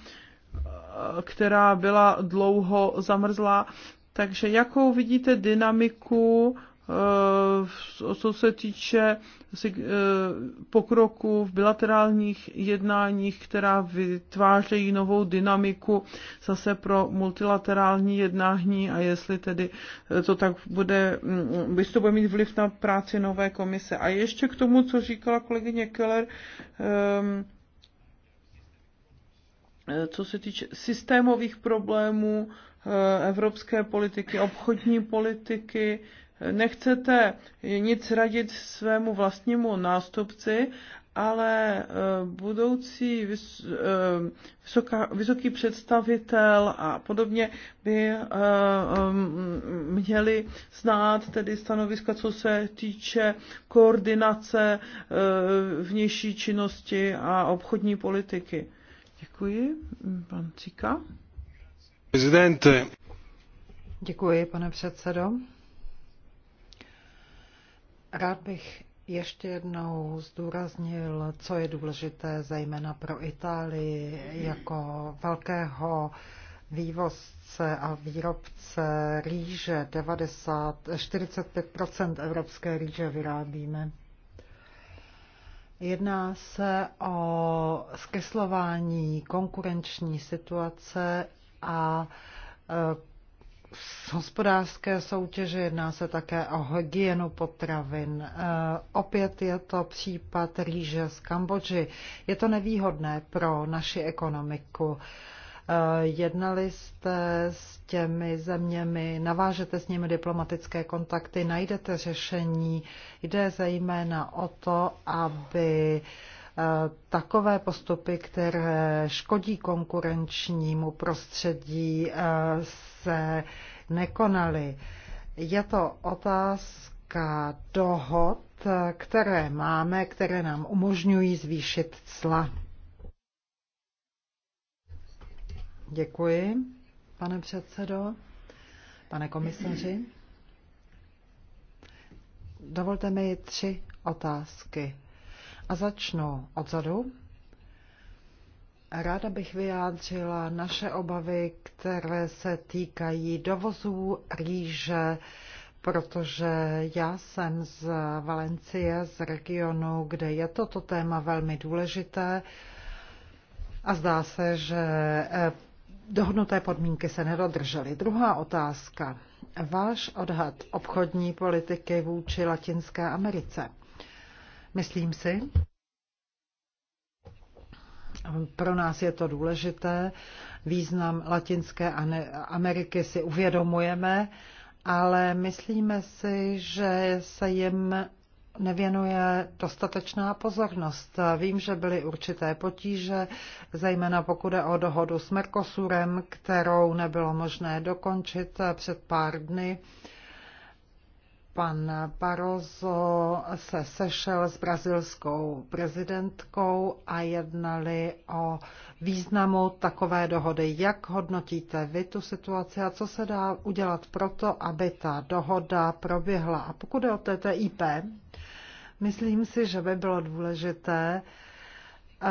která byla dlouho zamrzlá. Takže jakou vidíte dynamiku Eh, co se týče eh, pokroku v bilaterálních jednáních, která vytvářejí novou dynamiku zase pro multilaterální jednání a jestli tedy eh, to tak bude, mm, jestli to bude mít vliv na práci nové komise. A ještě k tomu, co říkala kolegyně Keller, ehm, co se týče systémových problémů evropské politiky, obchodní politiky, nechcete nic radit svému vlastnímu nástupci, ale eh, budoucí eh, vysoká, vysoký představitel a podobně by eh, mm, měli znát tedy stanoviska, co se týče koordinace vnější činnosti a obchodní politiky. Děkuji. Pan Cika. Prezidente. Děkuji, pane předsedo. Rád bych ještě jednou zdůraznil, co je důležité zejména pro Itálii jako velkého vývozce a výrobce rýže. 90, 45 evropské rýže vyrábíme. Jedná se o zkreslování konkurenční situace a e, z hospodářské soutěže, jedná se také o hygienu potravin. E, opět je to případ rýže z Kambodži. Je to nevýhodné pro naši ekonomiku. E, jednali jste s těmi zeměmi, navážete s nimi diplomatické kontakty, najdete řešení. Jde zejména o to, aby takové postupy, které škodí konkurenčnímu prostředí, eh, se nekonaly. Je to otázka dohod, které máme, které nám umožňují zvýšit cla. Děkuji, pane předsedo, pane komisaři. Dovolte mi tři otázky a začnu odzadu. Ráda bych vyjádřila naše obavy, které se týkají dovozů rýže, protože já jsem z Valencie, z regionu, kde je toto téma velmi důležité a zdá se, že eh, dohodnuté podmínky se nedodržely. Druhá otázka. Váš odhad obchodní politiky vůči Latinské Americe. Myslím si, pro nás je to důležité. Význam Latinské Ameriky si uvědomujeme, ale myslíme si, že se jim nevěnuje dostatečná pozornost. Vím, že byly určité potíže, zejména pokud je o dohodu s Mercosurem, kterou nebylo možné dokončit před pár dny. Pan Barroso se sešel s brazilskou prezidentkou a jednali o významu takové dohody. Jak hodnotíte vy tu situaci a co se dá udělat proto, aby ta dohoda proběhla? A pokud je o TTIP, myslím si, že by bylo důležité eh,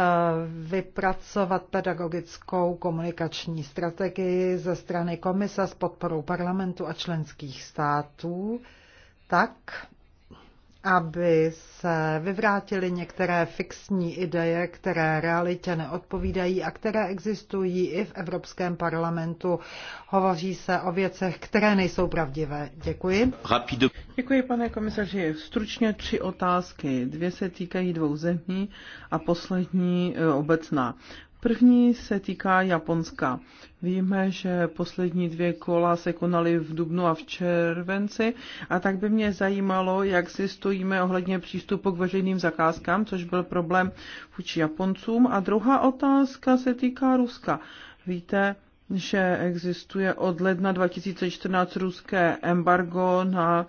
vypracovat pedagogickou komunikační strategii ze strany komisa s podporou parlamentu a členských států tak, aby se vyvrátily některé fixní ideje, které realitě neodpovídají a které existují i v Evropském parlamentu. Hovoří se o věcech, které nejsou pravdivé. Děkuji. Rapido. Děkuji, pane komisaři. Stručně tři otázky. Dvě se týkají dvou zemí a poslední eh, obecná. První se týká Japonska. Víme, že poslední dvě kola se konaly v dubnu a v červenci a tak by mě zajímalo, jak si stojíme ohledně přístupu k veřejným zakázkám, což byl problém vůči Japoncům. A druhá otázka se týká Ruska. Víte, že existuje od ledna 2014 ruské embargo na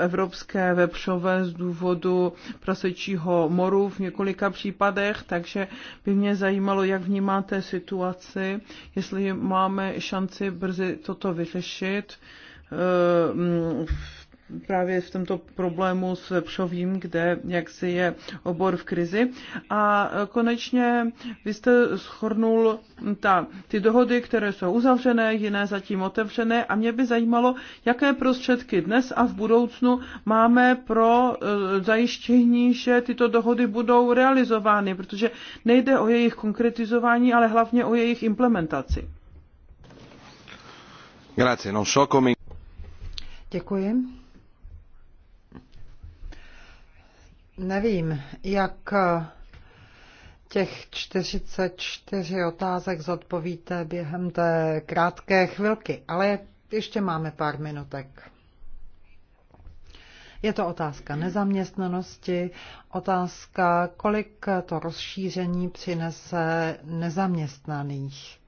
evropské vepřové z důvodu prasečího moru v několika případech, takže by mě zajímalo, jak vnímáte situaci, jestli máme šanci brzy toto vyřešit právě v tomto problému s Pšovím, kde jaksi je obor v krizi. A konečně vy jste schornul ta, ty dohody, které jsou uzavřené, jiné zatím otevřené a mě by zajímalo, jaké prostředky dnes a v budoucnu máme pro eh, zajištění, že tyto dohody budou realizovány, protože nejde o jejich konkretizování, ale hlavně o jejich implementaci. Grazie, non so come... Děkuji. Nevím, jak eh, těch 44 otázek zodpovíte během té krátké chvilky, ale ještě máme pár minutek. Je to otázka nezaměstnanosti, otázka, kolik to rozšíření přinese nezaměstnaných.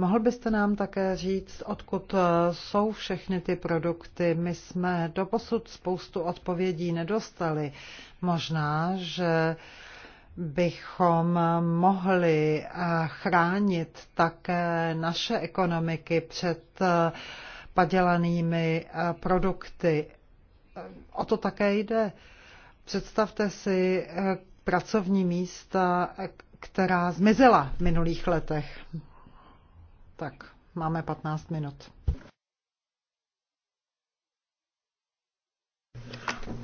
Mohl byste nám také říct, odkud eh, jsou všechny ty produkty? My jsme doposud spoustu odpovědí nedostali. Možná, že bychom mohli eh, chránit také naše ekonomiky před eh, padělanými produkty. O to také jde. Představte si pracovní místa, která zmizela v minulých letech. Tak, máme 15 minut.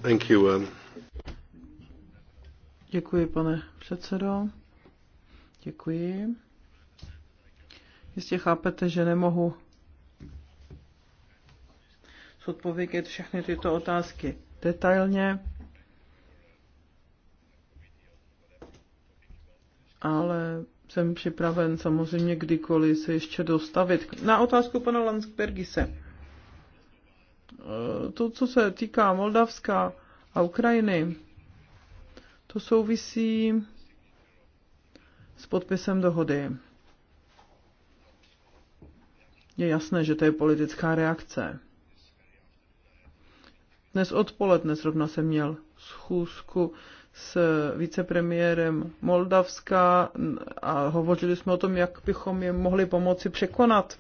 Thank you. Um... Děkuji, pane předsedo. Děkuji. Jistě chápete, že nemohu zodpovědět všechny tyto otázky detailně, ale jsem připraven samozřejmě kdykoliv se ještě dostavit. Na otázku pana Landsbergise. E, to, co se týká Moldavska a Ukrajiny, to souvisí s podpisem dohody. Je jasné, že to je politická reakce. Dnes odpoledne zrovna jsem měl schůzku s vicepremiérem Moldavska a hovořili jsme o tom, jak bychom je mohli pomoci překonat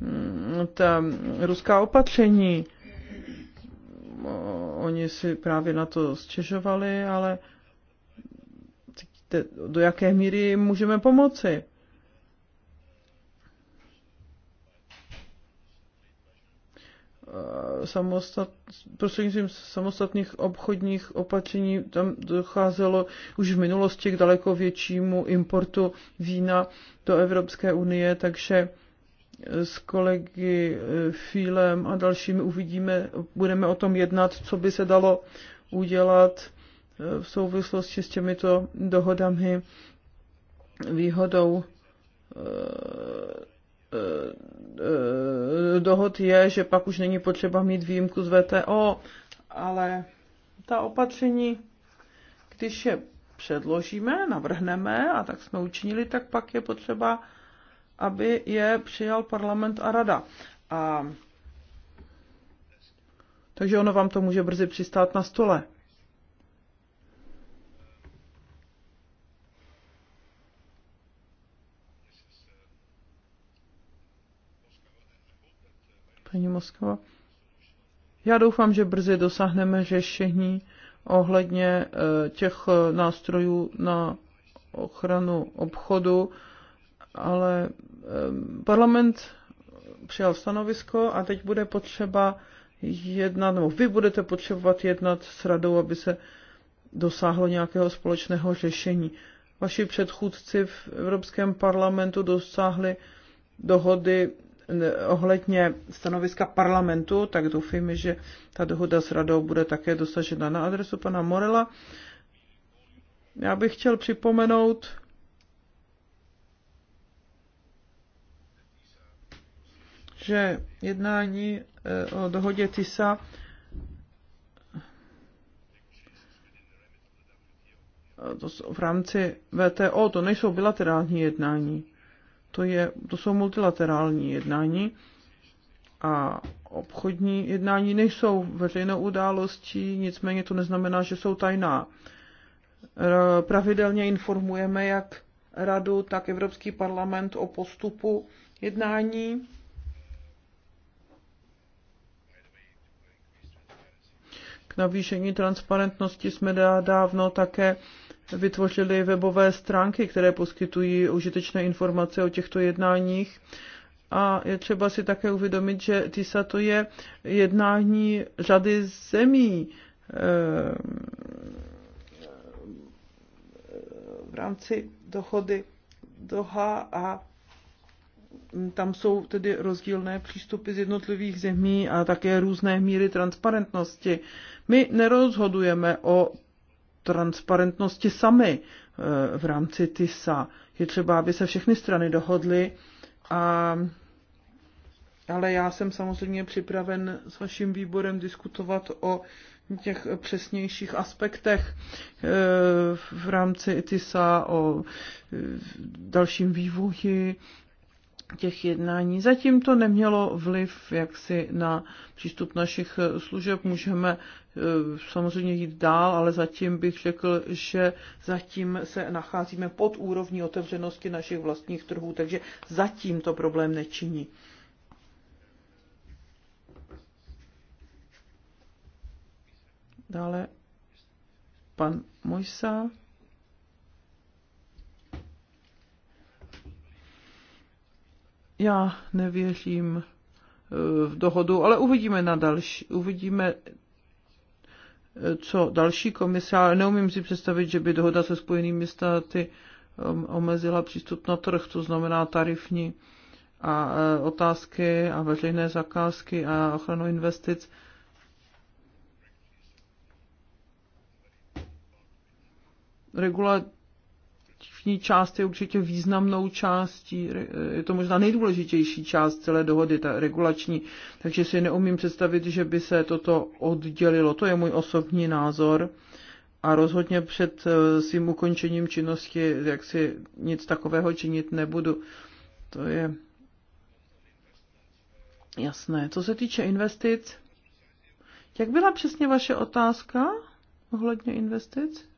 mm, ta ruská opatření. Oni si právě na to stěžovali, ale do jaké míry můžeme pomoci? Eh, samostat, prostřednictvím samostatných obchodních opatření tam docházelo už v minulosti k daleko většímu importu vína do Evropské unie, takže eh, s kolegy eh, Fílem a dalšími uvidíme, budeme o tom jednat, co by se dalo udělat v souvislosti s těmito dohodami výhodou Eh, eh, dohod je, že pak už není potřeba mít výjimku z VTO, ale ta opatření, když je předložíme, navrhneme a tak jsme učinili, tak pak je potřeba, aby je přijal parlament a rada. A takže ono vám to může brzy přistát na stole. paní Moskva. Já doufám, že brzy dosáhneme řešení ohledně eh, těch eh, nástrojů na ochranu obchodu, ale eh, parlament přijal stanovisko a teď bude potřeba jednat, nebo vy budete potřebovat jednat s radou, aby se dosáhlo nějakého společného řešení. Vaši předchůdci v Evropském parlamentu dosáhli dohody ohledně stanoviska parlamentu, tak doufejme, že ta dohoda s radou bude také dosažena na adresu pana Morela. Já bych chtěl připomenout, že jednání eh, o dohodě TISA v rámci VTO, to nejsou bilaterální jednání. To, je, to jsou multilaterální jednání a obchodní jednání nejsou veřejnou událostí, nicméně to neznamená, že jsou tajná. Pravidelně informujeme jak radu, tak Evropský parlament o postupu jednání. K navýšení transparentnosti jsme dávno také vytvořili webové stránky, které poskytují užitečné informace o těchto jednáních. A je třeba si také uvědomit, že TISA to je jednání řady zemí ehm, v rámci dochody Doha a hm, tam jsou tedy rozdílné přístupy z jednotlivých zemí a také různé míry transparentnosti. My nerozhodujeme o transparentnosti sami eh, v rámci TISA. Je třeba, aby se všechny strany dohodly a ale já jsem samozřejmě připraven s vaším výborem diskutovat o těch přesnějších aspektech eh, v rámci ITISA, o eh, dalším vývoji těch jednání. Zatím to nemělo vliv jaksi na přístup našich eh, služeb. Můžeme eh, samozřejmě jít dál, ale zatím bych řekl, že zatím se nacházíme pod úrovní otevřenosti našich vlastních trhů, takže zatím to problém nečiní. Dále pan Mojsa. Já nevěřím eh, v dohodu, ale uvidíme na další, uvidíme, eh, co další komise, ale neumím si představit, že by dohoda se spojenými státy eh, omezila přístup na trh, to znamená tarifní a otázky a veřejné zakázky a ochranu investic. Regula Vnitřní část je určitě významnou částí, je to možná nejdůležitější část celé dohody, ta regulační, takže si neumím představit, že by se toto oddělilo. To je můj osobní názor a rozhodně před eh, svým ukončením činnosti jak si nic takového činit nebudu. To je jasné. Co se týče investic, jak byla přesně vaše otázka ohledně investic?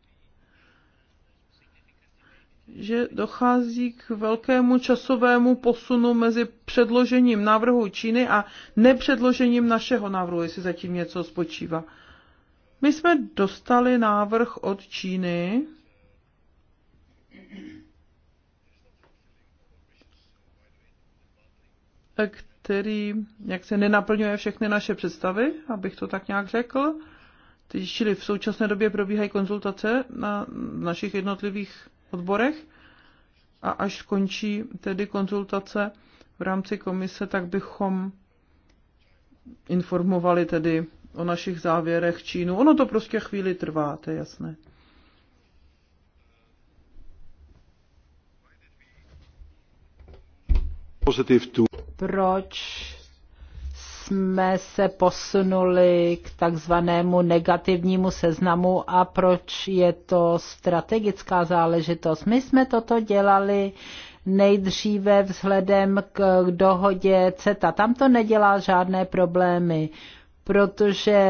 že dochází k velkému časovému posunu mezi předložením návrhu Číny a nepředložením našeho návrhu, jestli zatím něco spočívá. My jsme dostali návrh od Číny, který jak se nenaplňuje všechny naše představy, abych to tak nějak řekl. Čili v současné době probíhají konzultace na našich jednotlivých odborech a až skončí tedy konzultace v rámci komise, tak bychom informovali tedy o našich závěrech Čínu. Ono to prostě chvíli trvá, to je jasné. Proč jsme se posunuli k takzvanému negativnímu seznamu a proč je to strategická záležitost. My jsme toto dělali nejdříve vzhledem k dohodě CETA. Tam to nedělá žádné problémy, protože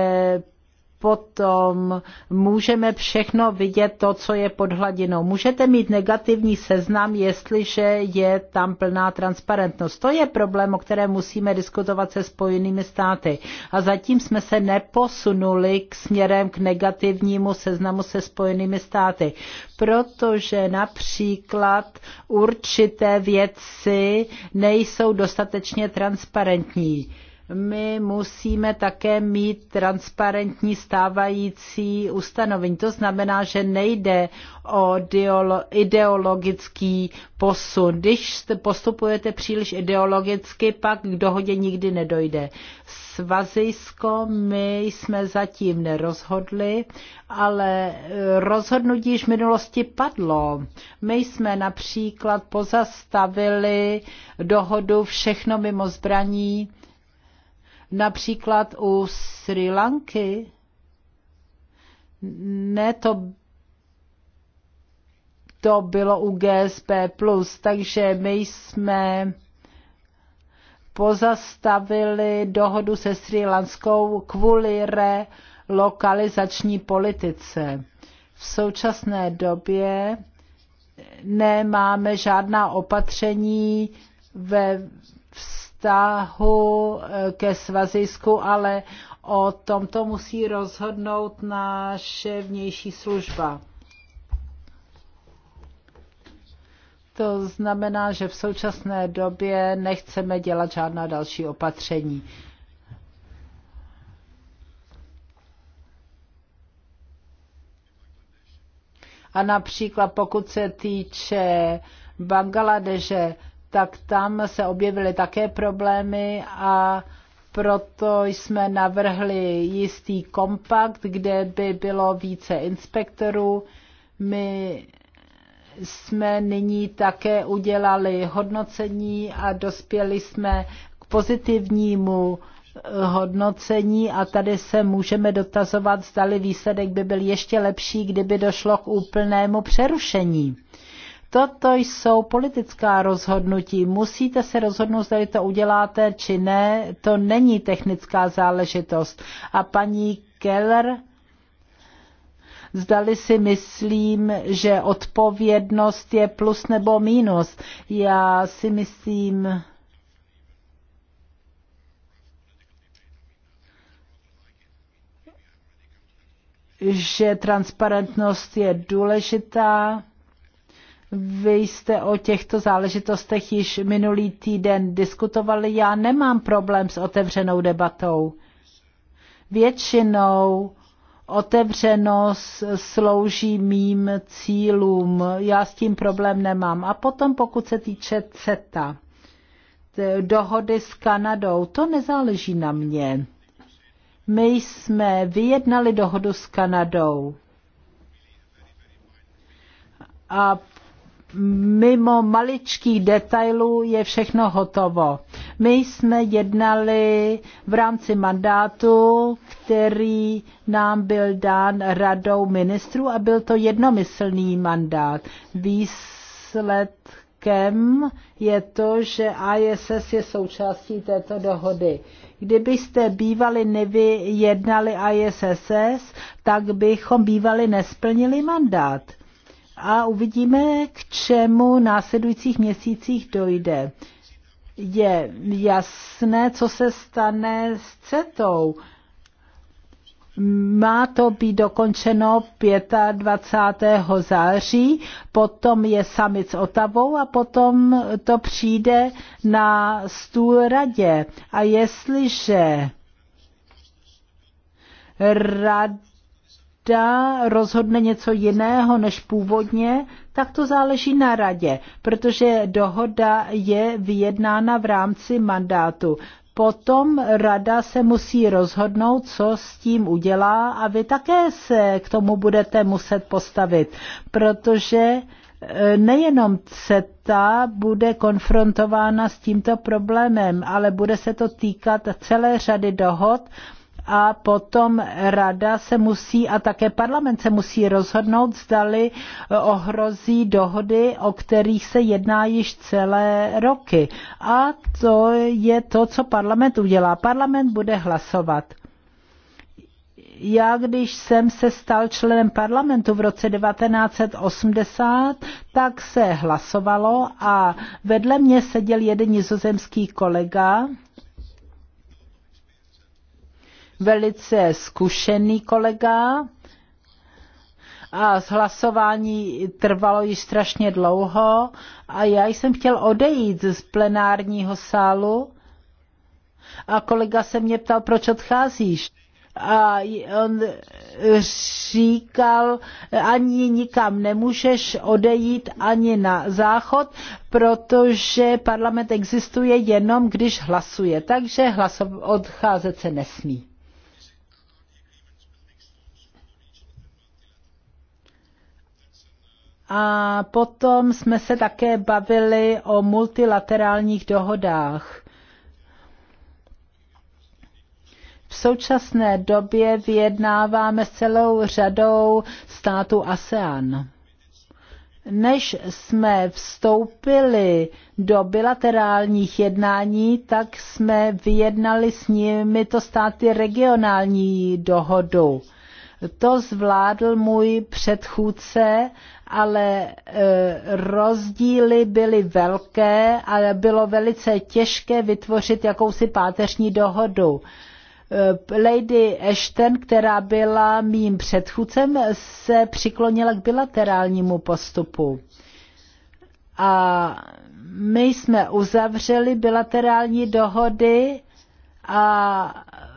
potom můžeme všechno vidět to, co je pod hladinou. Můžete mít negativní seznam, jestliže je tam plná transparentnost. To je problém, o kterém musíme diskutovat se spojenými státy. A zatím jsme se neposunuli k směrem k negativnímu seznamu se spojenými státy. Protože například určité věci nejsou dostatečně transparentní my musíme také mít transparentní stávající ustanovení. To znamená, že nejde o ideologický posun. Když postupujete příliš ideologicky, pak k dohodě nikdy nedojde. Svazisko my jsme zatím nerozhodli, ale eh, rozhodnutí již v minulosti padlo. My jsme například pozastavili dohodu všechno mimo zbraní Například u Sri Lanky. Ne, to, to bylo u GSP+, takže my jsme pozastavili dohodu se Sri Lanskou kvůli relokalizační politice. V současné době nemáme žádná opatření ve vztahu eh, ke svazisku, ale o tomto musí rozhodnout naše vnější služba. To znamená, že v současné době nechceme dělat žádná další opatření. A například pokud se týče Bangladeže, tak tam se objevily také problémy a proto jsme navrhli jistý kompakt, kde by bylo více inspektorů. My jsme nyní také udělali hodnocení a dospěli jsme k pozitivnímu eh, hodnocení a tady se můžeme dotazovat, zdali výsledek by byl ještě lepší, kdyby došlo k úplnému přerušení. Toto jsou politická rozhodnutí. Musíte se rozhodnout, zda to uděláte či ne. To není technická záležitost. A paní Keller, zdali si myslím, že odpovědnost je plus nebo mínus. Já si myslím, že transparentnost je důležitá vy jste o těchto záležitostech již minulý týden diskutovali. Já nemám problém s otevřenou debatou. Většinou otevřenost slouží mým cílům. Já s tím problém nemám. A potom, pokud se týče CETA, dohody s Kanadou, to nezáleží na mě. My jsme vyjednali dohodu s Kanadou. A mimo maličkých detailů je všechno hotovo. My jsme jednali v rámci mandátu, který nám byl dán radou ministrů a byl to jednomyslný mandát. Výsledkem je to, že ISS je součástí této dohody. Kdybyste bývali nevyjednali ISSS, tak bychom bývali nesplnili mandát a uvidíme, k čemu v následujících měsících dojde. Je jasné, co se stane s CETou. Má to být dokončeno 25. září, potom je summit s Otavou a potom to přijde na stůl radě. A jestliže rada rada rozhodne něco jiného než původně, tak to záleží na radě, protože dohoda je vyjednána v rámci mandátu. Potom rada se musí rozhodnout, co s tím udělá a vy také se k tomu budete muset postavit, protože e, nejenom CETA bude konfrontována s tímto problémem, ale bude se to týkat celé řady dohod, a potom rada se musí a také parlament se musí rozhodnout, zdali e, ohrozí dohody, o kterých se jedná již celé roky. A to je to, co parlament udělá. Parlament bude hlasovat já když jsem se stal členem parlamentu v roce 1980, tak se hlasovalo a vedle mě seděl jeden nizozemský kolega, velice zkušený kolega a hlasování trvalo již strašně dlouho a já jsem chtěl odejít z plenárního sálu a kolega se mě ptal, proč odcházíš. A on říkal, ani nikam nemůžeš odejít ani na záchod, protože parlament existuje jenom, když hlasuje. Takže hlasov- odcházet se nesmí. A potom jsme se také bavili o multilaterálních dohodách. V současné době vyjednáváme s celou řadou států ASEAN. Než jsme vstoupili do bilaterálních jednání, tak jsme vyjednali s nimi to státy regionální dohodu. To zvládl můj předchůdce ale e, rozdíly byly velké a bylo velice těžké vytvořit jakousi páteřní dohodu. E, Lady Ashton, která byla mým předchůdcem, se přiklonila k bilaterálnímu postupu. A my jsme uzavřeli bilaterální dohody a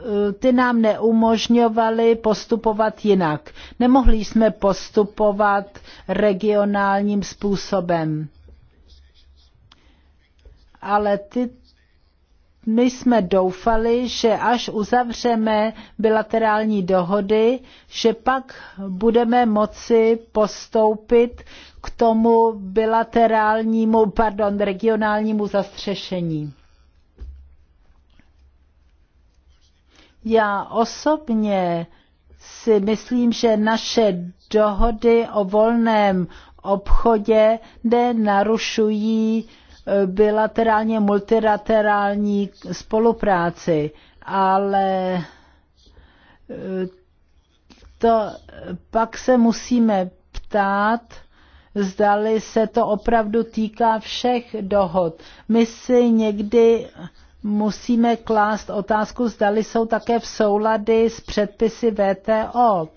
Eh, ty nám neumožňovaly postupovat jinak. Nemohli jsme postupovat regionálním způsobem. Ale ty, my jsme doufali, že až uzavřeme bilaterální dohody, že pak budeme moci postoupit k tomu bilaterálnímu, pardon, regionálnímu zastřešení. Já osobně si myslím, že naše dohody o volném obchodě nenarušují eh, bilaterálně multilaterální spolupráci, ale eh, to pak se musíme ptát, zdali se to opravdu týká všech dohod. My si někdy musíme klást otázku, zdali jsou také v souladu s předpisy VTO.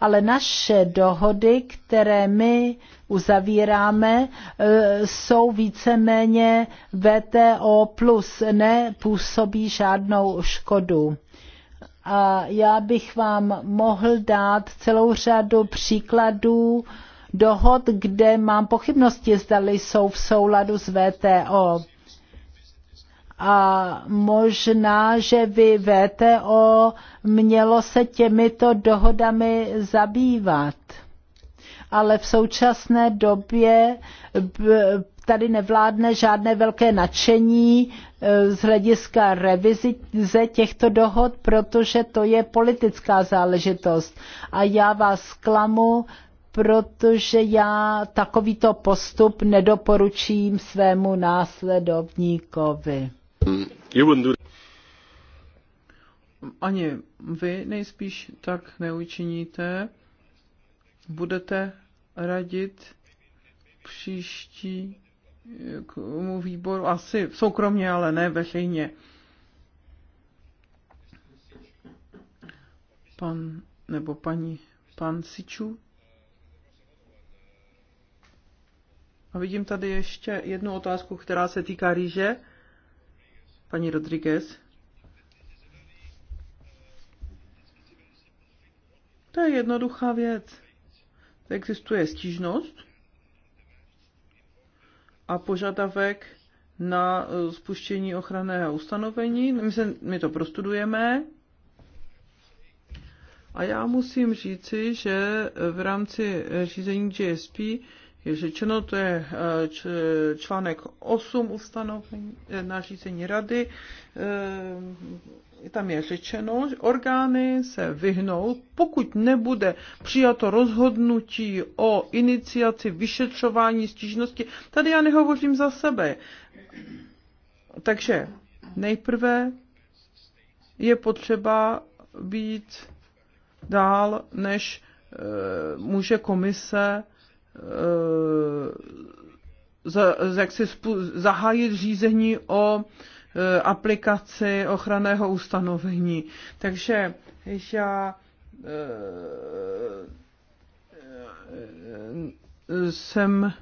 Ale naše dohody, které my uzavíráme, e, jsou víceméně VTO+, plus, nepůsobí žádnou škodu a já bych vám mohl dát celou řadu příkladů dohod, kde mám pochybnosti, zdali jsou v souladu s VTO a možná, že vy VTO mělo se těmito dohodami zabývat. Ale v současné době tady nevládne žádné velké nadšení e, z hlediska revize těchto dohod, protože to je politická záležitost. A já vás klamu, protože já takovýto postup nedoporučím svému následovníkovi. Ani vy nejspíš tak neučiníte. Budete radit příští eh, mu výboru, asi soukromně, ale ne veřejně. Pan nebo paní pan Siču. A vidím tady ještě jednu otázku, která se týká rýže paní Rodriguez. To je jednoduchá věc. Existuje stížnost a požadavek na eh, spuštění ochranného ustanovení. My, se, my to prostudujeme. A já musím říci, že v rámci řízení GSP je řečeno, to je eh, článek 8 ustanovení eh, nařízení rady. Eh, tam je řečeno, že orgány se vyhnou, pokud nebude přijato rozhodnutí o iniciaci vyšetřování stížnosti. Tady já nehovořím za sebe. Takže nejprve je potřeba být dál, než může komise Eh, za, jak si spu, zahájit řízení o eh, aplikaci ochranného ustanovení. Takže já eh, jsem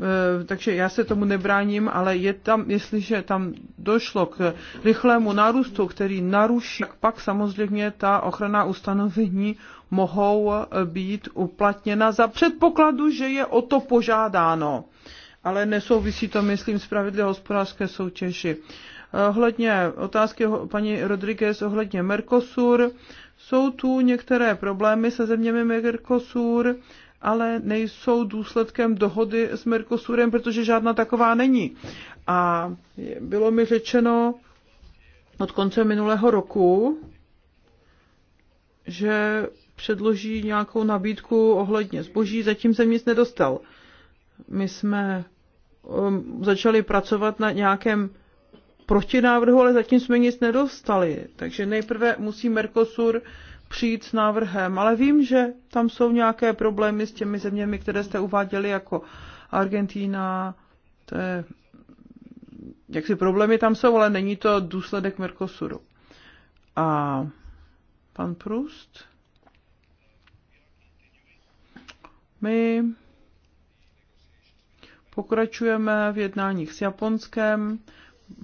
Eh, takže já se tomu nebráním, ale je tam, jestliže tam došlo k rychlému nárůstu, který naruší, tak pak samozřejmě ta ochrana ustanovení mohou eh, být uplatněna za předpokladu, že je o to požádáno. Ale nesouvisí to, myslím, s pravidly hospodářské soutěži. Eh, ohledně otázky paní Rodriguez ohledně Mercosur, jsou tu některé problémy se zeměmi Mercosur, ale nejsou důsledkem dohody s Mercosurem, protože žádná taková není. A bylo mi řečeno od konce minulého roku, že předloží nějakou nabídku ohledně zboží, zatím jsem nic nedostal. My jsme um, začali pracovat na nějakém protinávrhu, ale zatím jsme nic nedostali. Takže nejprve musí Mercosur přijít s návrhem, ale vím, že tam jsou nějaké problémy s těmi zeměmi, které jste uváděli jako Argentína, to je, jak si problémy tam jsou, ale není to důsledek Mercosuru. A pan Prust? My pokračujeme v jednáních s Japonskem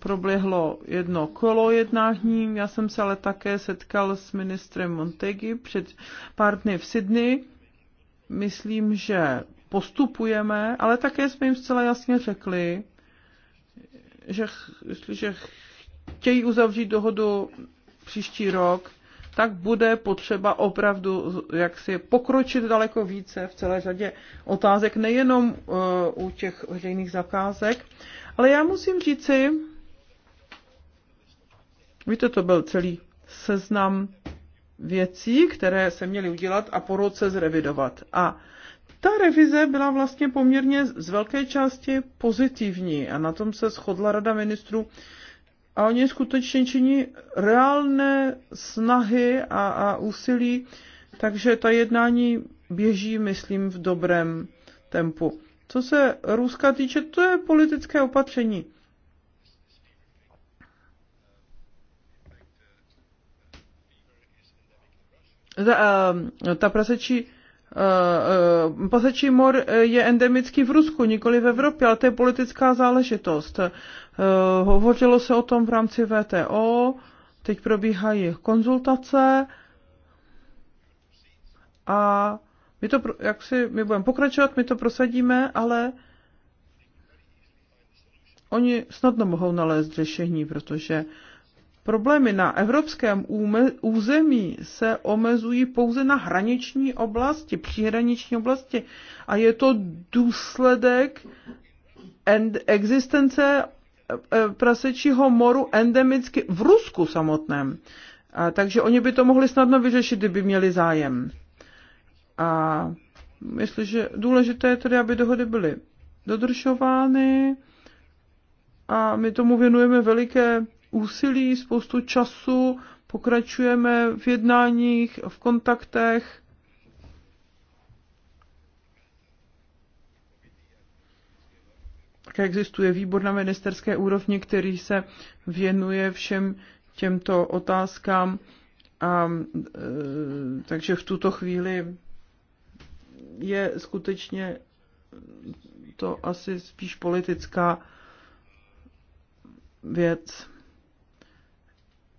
proběhlo jedno kolo jednání. Já jsem se ale také setkal s ministrem Montegi před pár dny v Sydney. Myslím, že postupujeme, ale také jsme jim zcela jasně řekli, že jestliže chtějí uzavřít dohodu příští rok, tak bude potřeba opravdu jak si pokročit daleko více v celé řadě otázek, nejenom eh, u těch veřejných zakázek. Ale já musím říci, Víte, to byl celý seznam věcí, které se měly udělat a po roce zrevidovat. A ta revize byla vlastně poměrně z velké části pozitivní a na tom se shodla Rada ministrů a oni skutečně činí reálné snahy a, a úsilí, takže ta jednání běží, myslím, v dobrém tempu. Co se Ruska týče, to je politické opatření. Eh, ta prasečí eh, eh, prasečí mor je endemický v Rusku, nikoli v Evropě, ale to je politická záležitost. Hovořilo se o tom v rámci VTO, teď probíhají konzultace a my to, jak si, my budeme pokračovat, my to prosadíme, ale oni snadno mohou nalézt řešení, protože problémy na evropském území se omezují pouze na hraniční oblasti, příhraniční oblasti. A je to důsledek existence e, e, prasečího moru endemicky v Rusku samotném. A, takže oni by to mohli snadno vyřešit, kdyby měli zájem. A myslím, že důležité je tedy, aby dohody byly dodržovány a my tomu věnujeme veliké úsilí, spoustu času, pokračujeme v jednáních, v kontaktech. Také existuje výbor na ministerské úrovni, který se věnuje všem těmto otázkám. A, e, takže v tuto chvíli je skutečně to asi spíš politická věc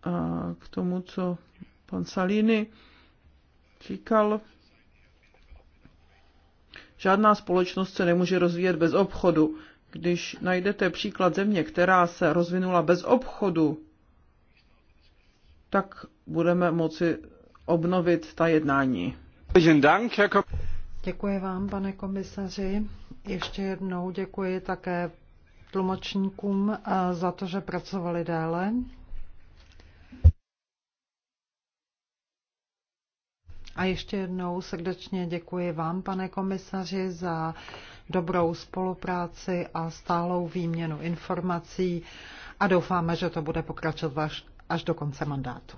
a k tomu, co pan Salini říkal. Žádná společnost se nemůže rozvíjet bez obchodu. Když najdete příklad země, která se rozvinula bez obchodu, tak budeme moci obnovit ta jednání. Děkuji vám, pane komisaři. Ještě jednou děkuji také tlumočníkům eh, za to, že pracovali déle. A ještě jednou srdečně děkuji vám, pane komisaři, za dobrou spolupráci a stálou výměnu informací a doufáme, že to bude pokračovat až do konce mandátu.